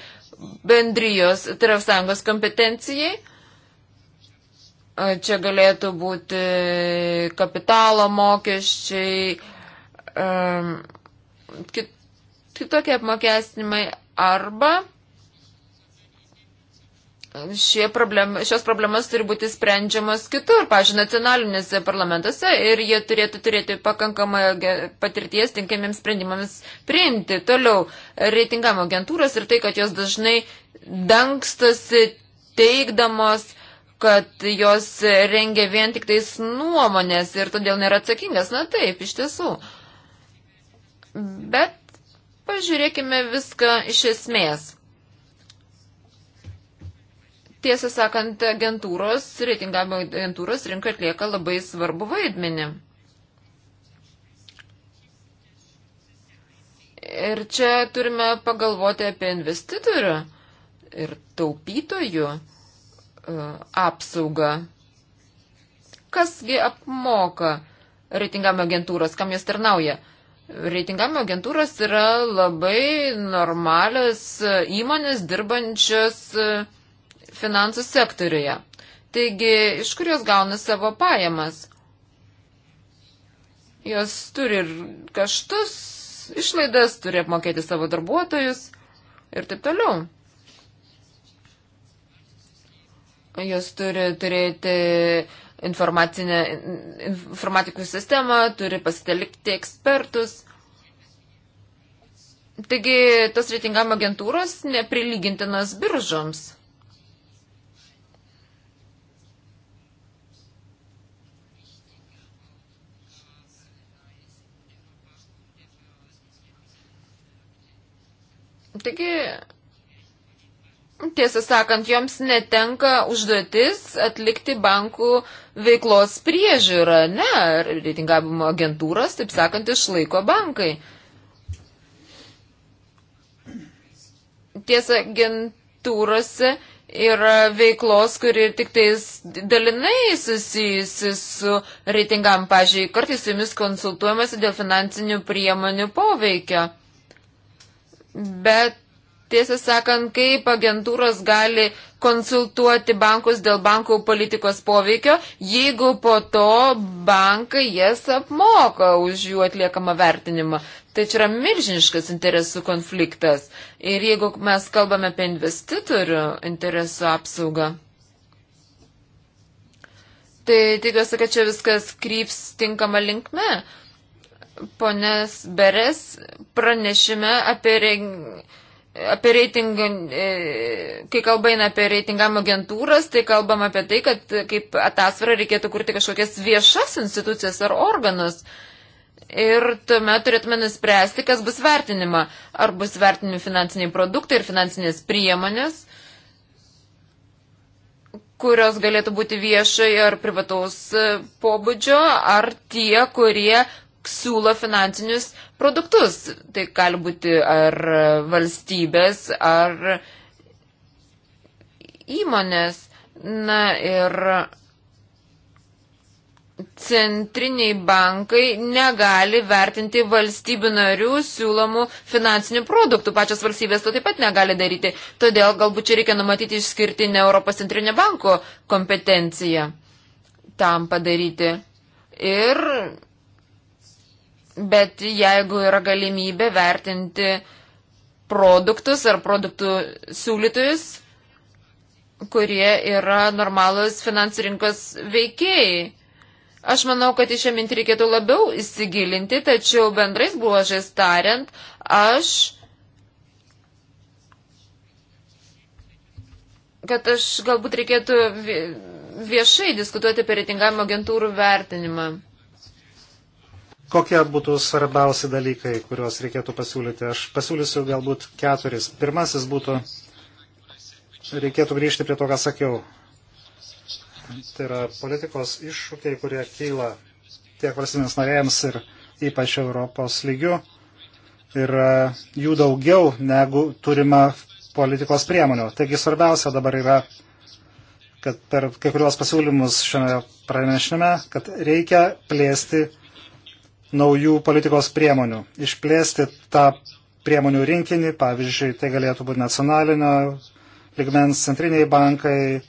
bendrijos tarpsąjungos kompetencijai. E, čia galėtų būti kapitalo mokesčiai, um, kit, kitokie apmokestinimai arba problem, šios problemas turi būti sprendžiamas kitur, pažiūrėjau, nacionalinėse parlamentuose ir jie turėtų turėti pakankamą patirties tinkiamiems sprendimams priimti. Toliau, reitingamo agentūros ir tai, kad jos dažnai dangstosi teikdamos kad jos rengia vien tik tais nuomonės ir todėl nėra atsakingas. Na taip, iš tiesų. Uh, Bet pažiūrėkime viską iš esmės. Tiesą sakant, agentūros, reitingavimo agentūros rinka atlieka labai svarbu vaidmenį. Ir čia turime pagalvoti apie investitorių ir taupytojų e, apsaugą. Kasgi apmoka reitingavimo agentūros, kam jos tarnauja? Reitingavimo agentūros yra labai normalios įmonės dirbančios e, finansų sektoriuje. Taigi, iš kur jos gauna savo pajamas? Jos turi ir kaštus, išlaidas, turi apmokėti savo darbuotojus ir taip toliau. Jos turi turėti informacinę informatikų sistemą, turi pasitelkti ekspertus. Taigi tos reitingavimo agentūros neprilygintinas biržoms. Taigi Tiesą sakant, joms netenka užduotis atlikti bankų veiklos priežiūrą. Ne, reitingavimo agentūros, taip sakant, išlaiko bankai. Tiesa, agentūrose yra veiklos, kuri tik tais dalinai susijusi su reitingam. Pavyzdžiui, kartais su jumis konsultuojamasi dėl finansinių priemonių poveikio. Bet tiesą sakant, kaip agentūros gali konsultuoti bankus dėl bankų politikos poveikio, jeigu po to bankai jas apmoka už jų atliekamą vertinimą. Tai čia yra milžiniškas interesų konfliktas. Ir jeigu mes kalbame apie investitorių interesų apsaugą. Tai tikiuosi, kad čia viskas kryps tinkama linkme. Ponės Beres pranešime apie renginį apie reitingą, e, kai kalba eina apie reitingavimo agentūras, tai kalbam apie tai, kad kaip atasvarą reikėtų kurti kažkokias viešas institucijas ar organus. Ir tuomet turėtume nuspręsti, kas bus vertinima. Ar bus vertinimi finansiniai produktai ir finansinės priemonės, kurios galėtų būti viešai ar privataus e, pobūdžio, ar tie, kurie siūlo finansinius produktus. Tai gali būti ar valstybės, ar įmonės. Na ir centriniai bankai negali vertinti valstybių narių siūlomų finansinių produktų. Pačios valstybės to taip pat negali daryti. Todėl galbūt čia reikia numatyti išskirtinę Europos centrinio banko kompetenciją tam padaryti. Ir Bet jeigu yra galimybė vertinti produktus ar produktų siūlytojus, kurie yra normalus finansų rinkos veikėjai. Aš manau, kad į šią mintį reikėtų labiau įsigilinti, tačiau bendrais bruožais tariant, aš kad aš galbūt reikėtų viešai diskutuoti apie reitingavimo agentūrų vertinimą. Kokie būtų svarbiausi dalykai, kuriuos reikėtų pasiūlyti? Aš pasiūlysiu galbūt keturis. Pirmasis būtų, reikėtų grįžti prie to, ką sakiau. Tai yra politikos iššūkiai, kurie kyla tiek valstybės narėjams ir ypač Europos lygių. Ir e, jų daugiau negu turima politikos priemonių. Taigi svarbiausia dabar yra kad per kai kuriuos pasiūlymus šiame pranešime, kad reikia plėsti naujų politikos priemonių, išplėsti tą priemonių rinkinį, pavyzdžiui, tai galėtų būti nacionalinio ligmens centriniai bankai,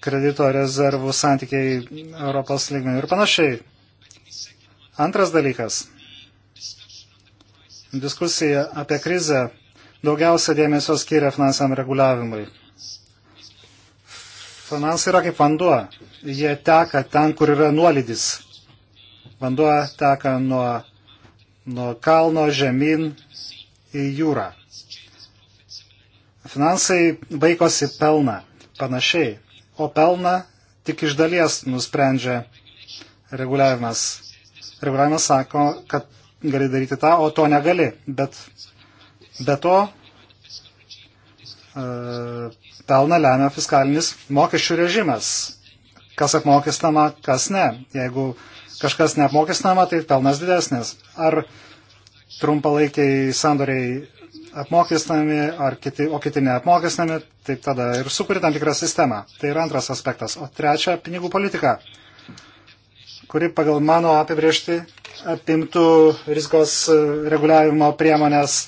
kredito rezervų santykiai Europos lygmenių ir panašiai. Antras dalykas. Diskusija apie krizę daugiausia dėmesio skiria finansam reguliavimui. Finansai yra kaip vanduo. Jie teka ten, kur yra nuolydis Vanduo teka nuo, nuo kalno žemyn į jūrą. Finansai baikosi pelną panašiai, o pelną tik iš dalies nusprendžia reguliavimas. Reguliavimas sako, kad gali daryti tą, o to negali. Bet be to e, pelną lemia fiskalinis mokesčių režimas. Kas apmokestama, kas ne. Jeigu uh, kažkas neapmokestinama, tai pelnas didesnis. Ar trumpalaikiai sandoriai apmokestinami, ar kiti, o kiti neapmokestinami, tai tada ir sukuri tam tikrą sistemą. Tai yra antras aspektas. O trečia, pinigų politika, kuri pagal mano apibriežti apimtų rizikos e, reguliavimo priemonės,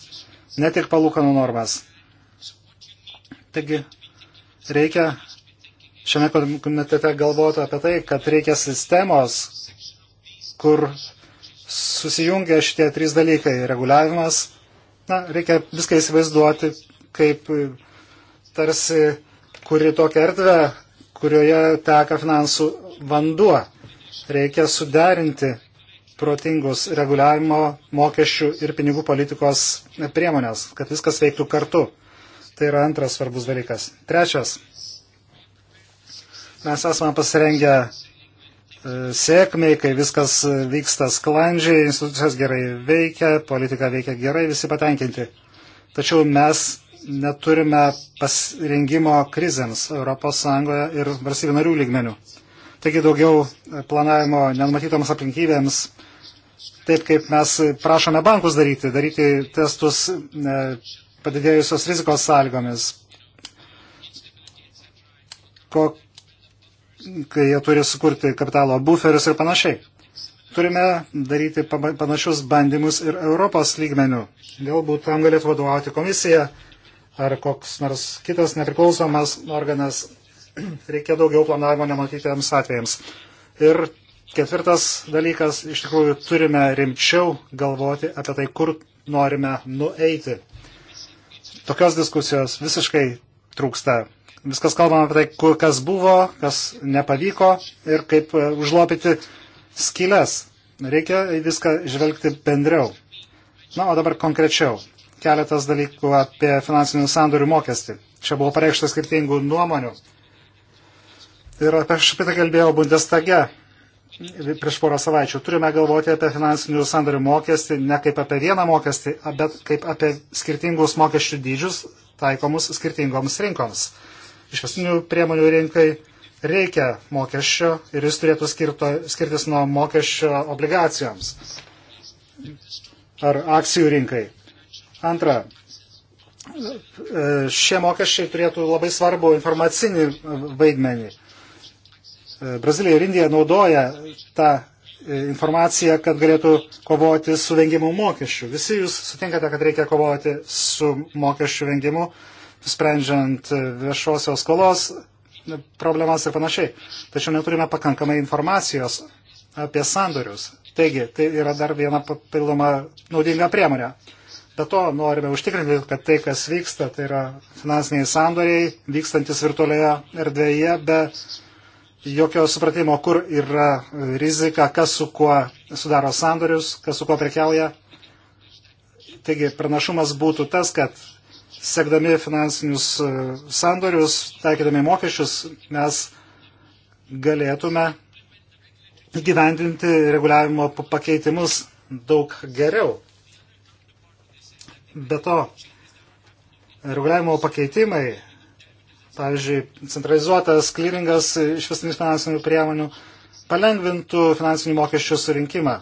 ne tik palūkanų normas. Taigi reikia šiame komitete galvoti apie tai, kad reikia sistemos, kur susijungia šitie trys dalykai - reguliavimas. Na, reikia viską įsivaizduoti, kaip e, tarsi kuri tokia erdvė, kurioje teka finansų vanduo. Reikia suderinti protingus reguliavimo mokesčių ir pinigų politikos priemonės, kad viskas veiktų kartu. Tai yra antras svarbus dalykas. Trečias. Mes esame pasirengę E, sėkmiai, kai viskas vyksta sklandžiai, institucijos gerai veikia, politika veikia gerai, visi patenkinti. Tačiau mes neturime pasirinkimo krizėms ES ir valstybių narių lygmenių. Taigi daugiau planavimo nenumatytoms aplinkybėms, taip kaip mes prašome bankus daryti, daryti testus e, padidėjusios rizikos sąlygomis. Ko, kai jie turi sukurti kapitalo buferius ir panašiai. Turime daryti panašius bandymus ir Europos lygmenių. Galbūt tam galėtų vadovauti komisija ar koks nors kitas nepriklausomas organas. Reikia daugiau planavimo nematytiems atvejams. Ir ketvirtas dalykas, iš tikrųjų turime rimčiau galvoti apie tai, kur norime nueiti. Tokios diskusijos visiškai trūksta Viskas kalbama apie tai, kas buvo, kas nepavyko ir kaip e, užlopyti skylės. Reikia viską žvelgti bendriau. Na, o dabar konkrečiau. Keletas dalykų apie finansinių sandorių mokestį. Čia buvo pareikšta skirtingų nuomonių. Ir aš apie tai kalbėjau Bundestage prieš porą savaičių. Turime galvoti apie finansinių sandorių mokestį ne kaip apie vieną mokestį, bet kaip apie skirtingus mokesčių dydžius taikomus skirtingoms rinkoms išvestinių priemonių rinkai reikia mokesčio ir jis turėtų skirto, skirtis nuo mokesčio obligacijoms ar akcijų rinkai. Antra, e, šie mokesčiai turėtų labai svarbu informacinį vaidmenį. E, Brazilija ir Indija naudoja tą e, informaciją, kad galėtų kovoti su vengimu mokesčių. Visi jūs sutinkate, kad reikia kovoti su mokesčių vengimu sprendžiant viešosios skolos problemas ir panašiai. Tačiau neturime pakankamai informacijos apie sandorius. Taigi, tai yra dar viena papildoma naudinga priemonė. Be to, norime užtikrinti, kad tai, kas vyksta, tai yra finansiniai sandoriai, vykstantis virtualioje erdvėje, be jokio supratimo, kur yra rizika, kas su kuo sudaro sandorius, kas su kuo prekiauja. Taigi, pranašumas būtų tas, kad sekdami finansinius e, sandorius, taikydami mokesčius, mes galėtume gyvendinti reguliavimo pakeitimus daug geriau. Be to, reguliavimo pakeitimai, pavyzdžiui, centralizuotas klyringas išvestinis finansinių priemonių, palengvintų finansinių mokesčių surinkimą.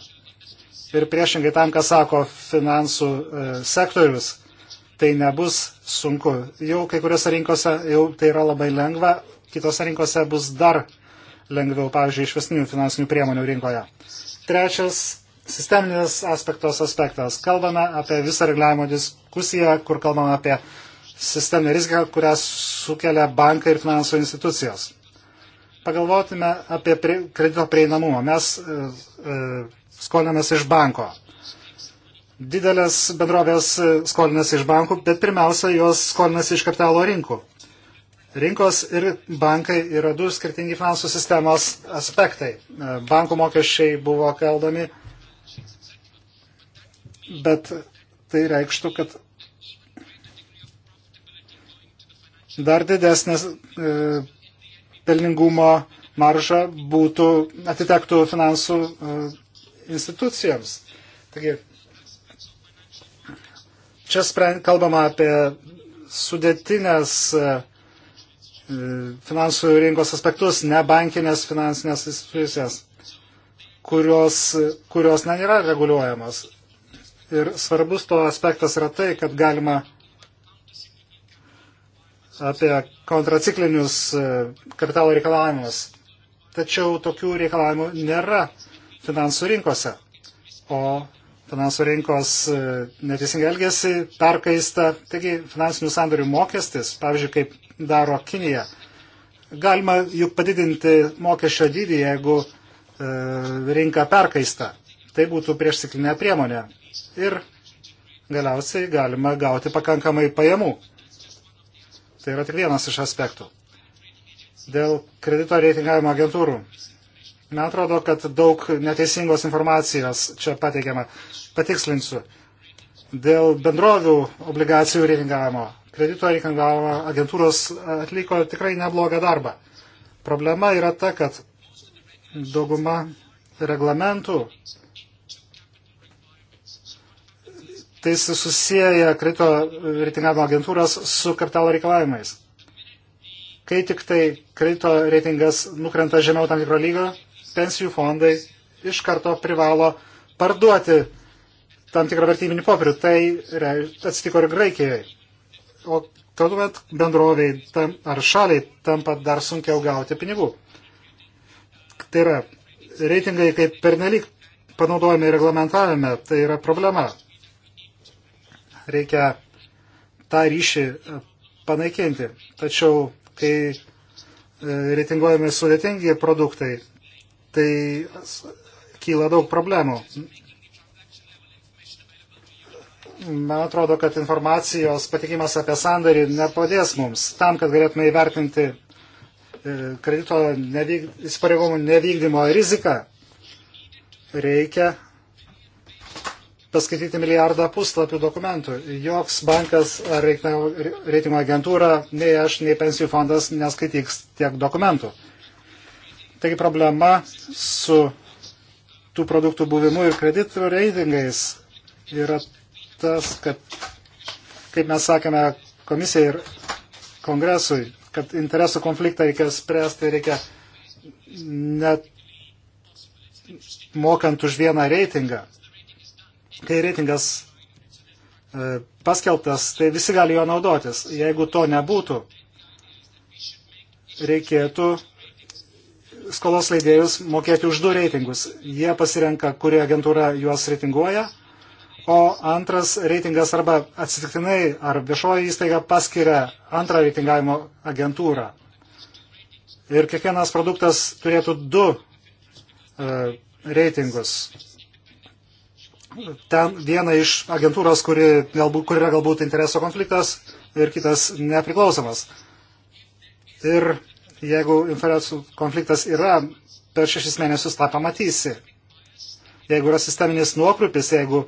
Ir priešingai tam, ką sako finansų e, sektorius, tai nebus sunku. Jau kai kuriuose rinkose jau tai yra labai lengva, kitose rinkose bus dar lengviau, pavyzdžiui, išvesnių finansinių priemonių rinkoje. Trečias sisteminis aspektos aspektas. Kalbame apie visą reguliavimo diskusiją, kur kalbame apie sisteminę riziką, kurią sukelia bankai ir finansų institucijos. Pagalvokime apie kredito prieinamumą. Mes e, e, skolinamės iš banko didelės bendrovės e, skolinasi iš bankų, bet pirmiausia, jos skolinasi iš kapitalo rinkų. Rinkos ir bankai yra du skirtingi finansų sistemos aspektai. E, bankų mokesčiai buvo keldami, bet tai reikštų, kad dar didesnės e, pelningumo marža būtų atitektų finansų e, institucijoms. Taigi, Čia spren, kalbama apie sudėtinės e, finansų rinkos aspektus, ne bankinės finansinės institucijas, kurios, kurios nėra reguliuojamos. Ir svarbus to aspektas yra tai, kad galima apie kontraciklinius e, kapitalo reikalavimus. Tačiau tokių reikalavimų nėra finansų rinkose. O finansų rinkos e, neteisingai elgesi, perkaista. Taigi finansinių sandorių mokestis, pavyzdžiui, kaip daro Kinija, galima juk padidinti mokesčio dydį, jeigu e, rinka perkaista. Tai būtų priešsiklinė priemonė. Ir galiausiai galima gauti pakankamai pajamų. Tai yra tik vienas iš aspektų. Dėl kredito reitingavimo agentūrų. Man atrodo, kad daug neteisingos informacijos čia pateikiama. Patikslinsiu. Dėl bendrovių obligacijų reitingavimo, kredito reitingavimo agentūros atliko tikrai neblogą darbą. Problema yra ta, kad dauguma reglamentų tai susiję kredito reitingavimo agentūras su kapitalo reikalavimais. Kai tik tai kredito reitingas nukrenta žemiau tam tikro lygio, pensijų fondai iš karto privalo parduoti tam tikrą vertybinį popierių. Tai atsitiko ir Graikijai. O tuomet bendroviai tam, ar šaliai tampa dar sunkiau gauti pinigų. Tai yra, reitingai kaip pernelyg panaudojami reglamentavime, tai yra problema. Reikia tą ryšį e, panaikinti. Tačiau, kai e, reitinguojami sudėtingi produktai, tai kyla daug problemų. Man atrodo, kad informacijos patikimas apie sandarį nepadės mums tam, kad galėtume įvertinti e, kredito nevyk, įsipareigomų nevykdymo riziką. Reikia paskaityti milijardą puslapių dokumentų. Joks bankas ar reitingo agentūra, nei aš, nei pensijų fondas neskaityks tiek dokumentų. Taigi problema su tų produktų buvimu ir kreditų reitingais yra tas, kad, kaip mes sakėme komisijai ir kongresui, kad interesų konfliktą reikia spręsti, reikia net mokant už vieną reitingą. Kai reitingas e, paskeltas, tai visi gali jo naudotis. Jeigu to nebūtų, reikėtų skolos leidėjus mokėti už du reitingus. Jie pasirenka, kuri agentūra juos reitinguoja, o antras reitingas arba atsitiktinai ar viešoji įstaiga paskiria antrą reitingavimo agentūrą. Ir kiekvienas produktas turėtų du e, reitingus. Ten viena iš agentūros, kuri, galbūt, kur yra galbūt intereso konfliktas ir kitas nepriklausomas. Ir jeigu interesų konfliktas yra, per šešis mėnesius tą pamatysi. Jeigu yra sisteminis nuokrupis, jeigu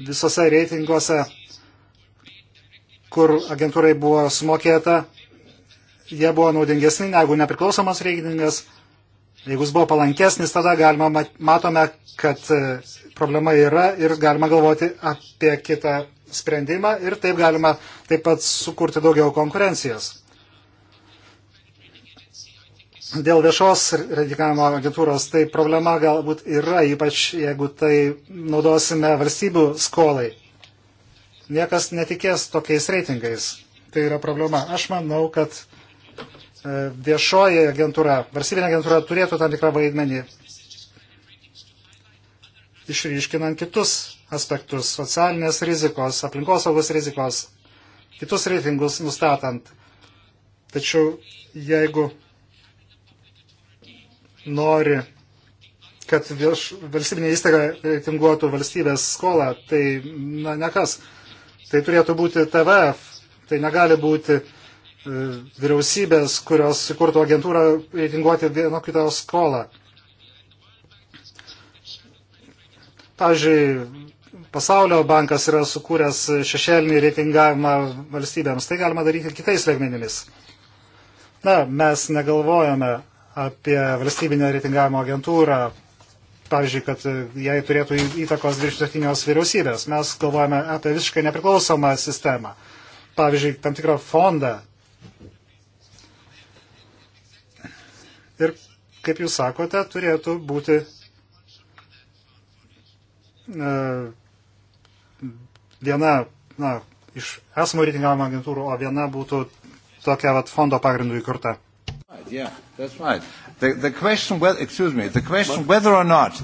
visose reitinguose, kur agentūrai buvo sumokėta, jie buvo naudingesni negu nepriklausomas reitingas, Jeigu jis buvo palankesnis, tada galima, matome, kad e, problema yra ir galima galvoti apie kitą sprendimą ir taip galima taip pat sukurti daugiau konkurencijos. Dėl viešos radikavimo agentūros tai problema galbūt yra, ypač jeigu tai naudosime valstybių skolai. Niekas netikės tokiais reitingais. Tai yra problema. Aš manau, kad e, viešoji agentūra, valstybinė agentūra turėtų tam tikrą vaidmenį, išryškinant kitus aspektus, socialinės rizikos, aplinkosaugos rizikos, kitus reitingus nustatant. Tačiau jeigu nori, kad vieš, valstybinė įstaiga reitinguotų valstybės skolą, tai na, nekas. Tai turėtų būti TVF, tai negali būti e, vyriausybės, kurios įkurtų agentūrą reitinguoti vieno kito skolą. Pavyzdžiui, pasaulio bankas yra sukūręs šešėlinį reitingavimą valstybėms. Tai galima daryti kitais lygmenimis. Na, mes negalvojame apie valstybinę reitingavimo agentūrą, pavyzdžiui, kad jai turėtų įtakos viršutinės vyriausybės. Mes galvojame apie visiškai nepriklausomą sistemą. Pavyzdžiui, tam tikrą fondą. Ir, kaip jūs sakote, turėtų būti e, viena na, iš esamų reitingavimo agentūrų, o viena būtų tokia vat, fondo pagrindų įkurta yeah, that's right. The, the question, well, excuse me, the question whether or not.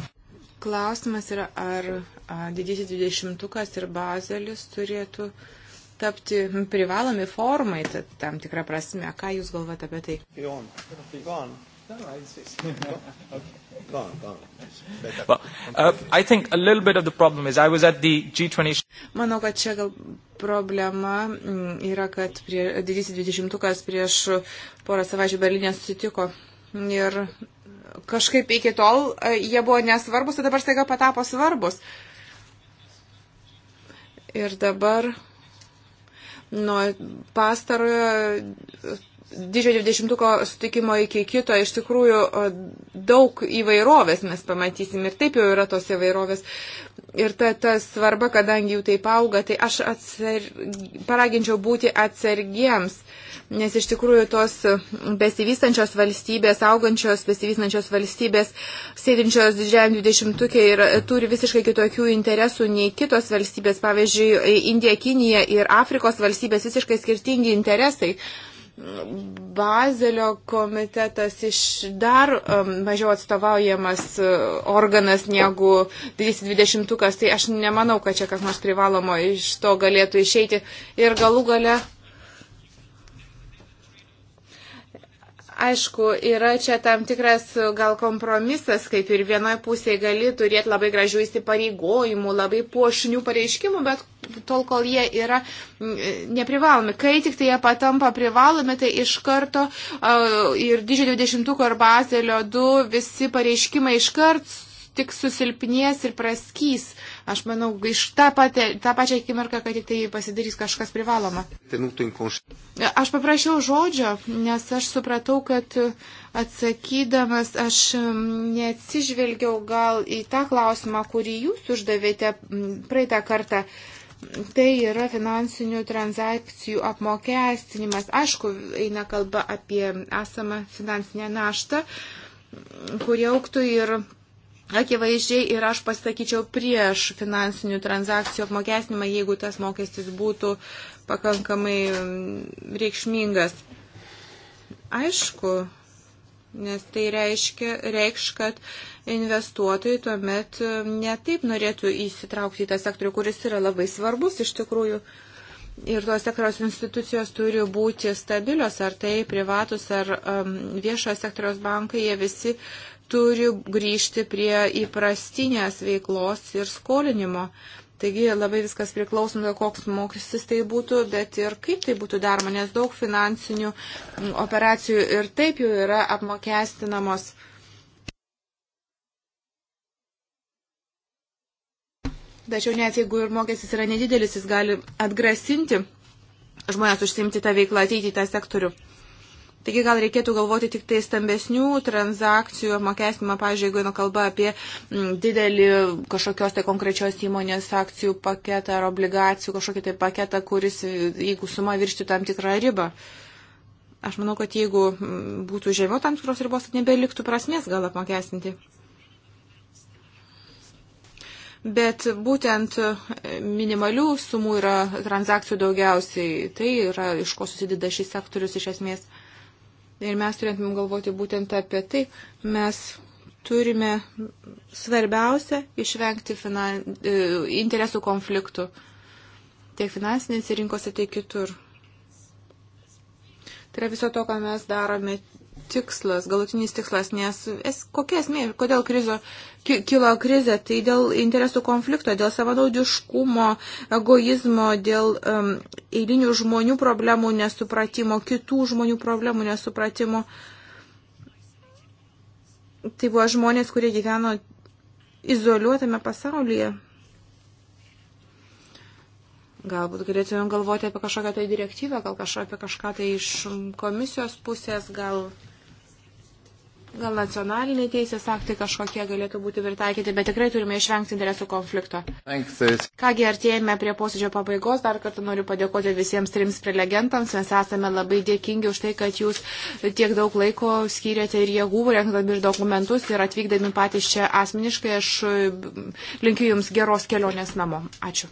Klausimas yra, ar didysis dvidešimtukas ir bazelis turėtų tapti privalomi formai, tad tam tikrą prasme. Ką Jūs galvate apie tai? okay go on, go on. Well, uh, I think a little bit of the problem is I was at the G20. Manau, kad čia gal problema mm, yra, kad prie, didysis dvidešimtukas prieš porą savaičių Berlinė susitiko ir kažkaip iki tol e, jie buvo nesvarbus, o dabar staiga patapo svarbus. Ir dabar nuo pastarojo didžiojo dvidešimtuko sutikimo iki kito iš tikrųjų daug įvairovės mes pamatysim ir taip jau yra tos įvairovės. Ir ta, ta svarba, kadangi jų taip auga, tai aš atsar... paraginčiau būti atsargiems, nes iš tikrųjų tos besivystančios valstybės, augančios besivystančios valstybės, sėdinčios didžiajam dvidešimtukė ir e, turi visiškai kitokių interesų nei kitos valstybės, pavyzdžiui, Indija, Kinija ir Afrikos valstybės visiškai skirtingi interesai. Bazelio komitetas iš dar um, mažiau atstovaujamas uh, organas negu 2020, tai aš nemanau, kad čia kas nors privalomo iš to galėtų išeiti. Ir galų gale Aišku, yra čia tam tikras gal kompromisas, kaip ir vienoje pusėje gali turėti labai gražių įsipareigojimų, labai puošnių pareiškimų, bet tol, kol jie yra neprivalomi. Kai tik tai jie patampa privalomi, tai iš karto ir didžiojo dešimtuko arba azelio du visi pareiškimai iš karto tik susilpnės ir praskys. Aš manau, iš tą, patę, tą pačią akimirką, kad tik tai pasidarys kažkas privaloma. Aš paprašiau žodžio, nes aš supratau, kad atsakydamas aš neatsižvelgiau gal į tą klausimą, kurį jūs uždavėte praeitą kartą tai yra finansinių transakcijų apmokestinimas. Aišku, eina kalba apie esamą finansinę naštą, kurie auktų ir Akivaizdžiai ir aš pasakyčiau prieš finansinių transakcijų apmokestinimą, jeigu tas mokestis būtų pakankamai mm, reikšmingas. Aišku, nes tai reiškia, reikš, kad investuotojai tuomet mm, netaip norėtų įsitraukti į tą sektorių, kuris yra labai svarbus iš tikrųjų. Ir tos sektoriaus institucijos turi būti stabilios, ar tai privatus, ar um, viešojo sektoriaus bankai, jie visi uh, turi grįžti prie įprastinės veiklos ir skolinimo. Taigi labai viskas priklauso nuo koks mokestis tai būtų, bet ir kaip tai būtų daroma, nes daug finansinių operacijų ir taip jau yra apmokestinamos. Tačiau net jeigu ir mokestis yra nedidelis, jis gali atgrasinti žmonės užsimti tą veiklą, ateiti į tą sektorių. Taigi gal reikėtų galvoti tik tai stambesnių transakcijų apmokestinimą, pavyzdžiui, jeigu eina kalba apie mm, didelį kažkokios tai konkrečios įmonės akcijų paketą ar obligacijų kažkokį tai paketą, kuris, jeigu suma viršti tam tikrą ribą. Aš manau, kad jeigu mm, būtų žemiau tam tikros ribos, tai nebeliktų prasmės gal apmokestinti. Bet būtent minimalių sumų yra transakcijų daugiausiai. Tai yra, iš ko susideda šis sektorius iš esmės. Ir mes turėtumėm galvoti būtent apie tai. Mes turime svarbiausia išvengti finan... E, interesų konfliktų tiek finansinėse rinkose, tiek kitur. Tai yra viso to, ką mes darome tikslas, galutinis tikslas, nes es, kokia esmė, kodėl krizo, ki, kilo krizė, tai dėl interesų konflikto, dėl savanaudiškumo, egoizmo, dėl um, eilinių žmonių problemų nesupratimo, kitų žmonių problemų nesupratimo. Tai buvo žmonės, kurie gyveno izoliuotame pasaulyje. Galbūt galėtumėm galvoti apie kažkokią tai direktyvą, gal kažką apie kažką tai iš komisijos pusės, gal Gal nacionaliniai teisės aktai kažkokie galėtų būti pritaikyti, bet tikrai turime išvengti interesų konflikto. Kągi, artėjame prie posėdžio pabaigos. Dar kartą noriu padėkoti visiems trims prelegentams. Mes esame labai dėkingi už tai, kad jūs tiek daug laiko skyrėte ir jėgų, renkdami ir dokumentus, ir atvykdami patys čia asmeniškai. Aš linkiu jums geros kelionės namo. Ačiū.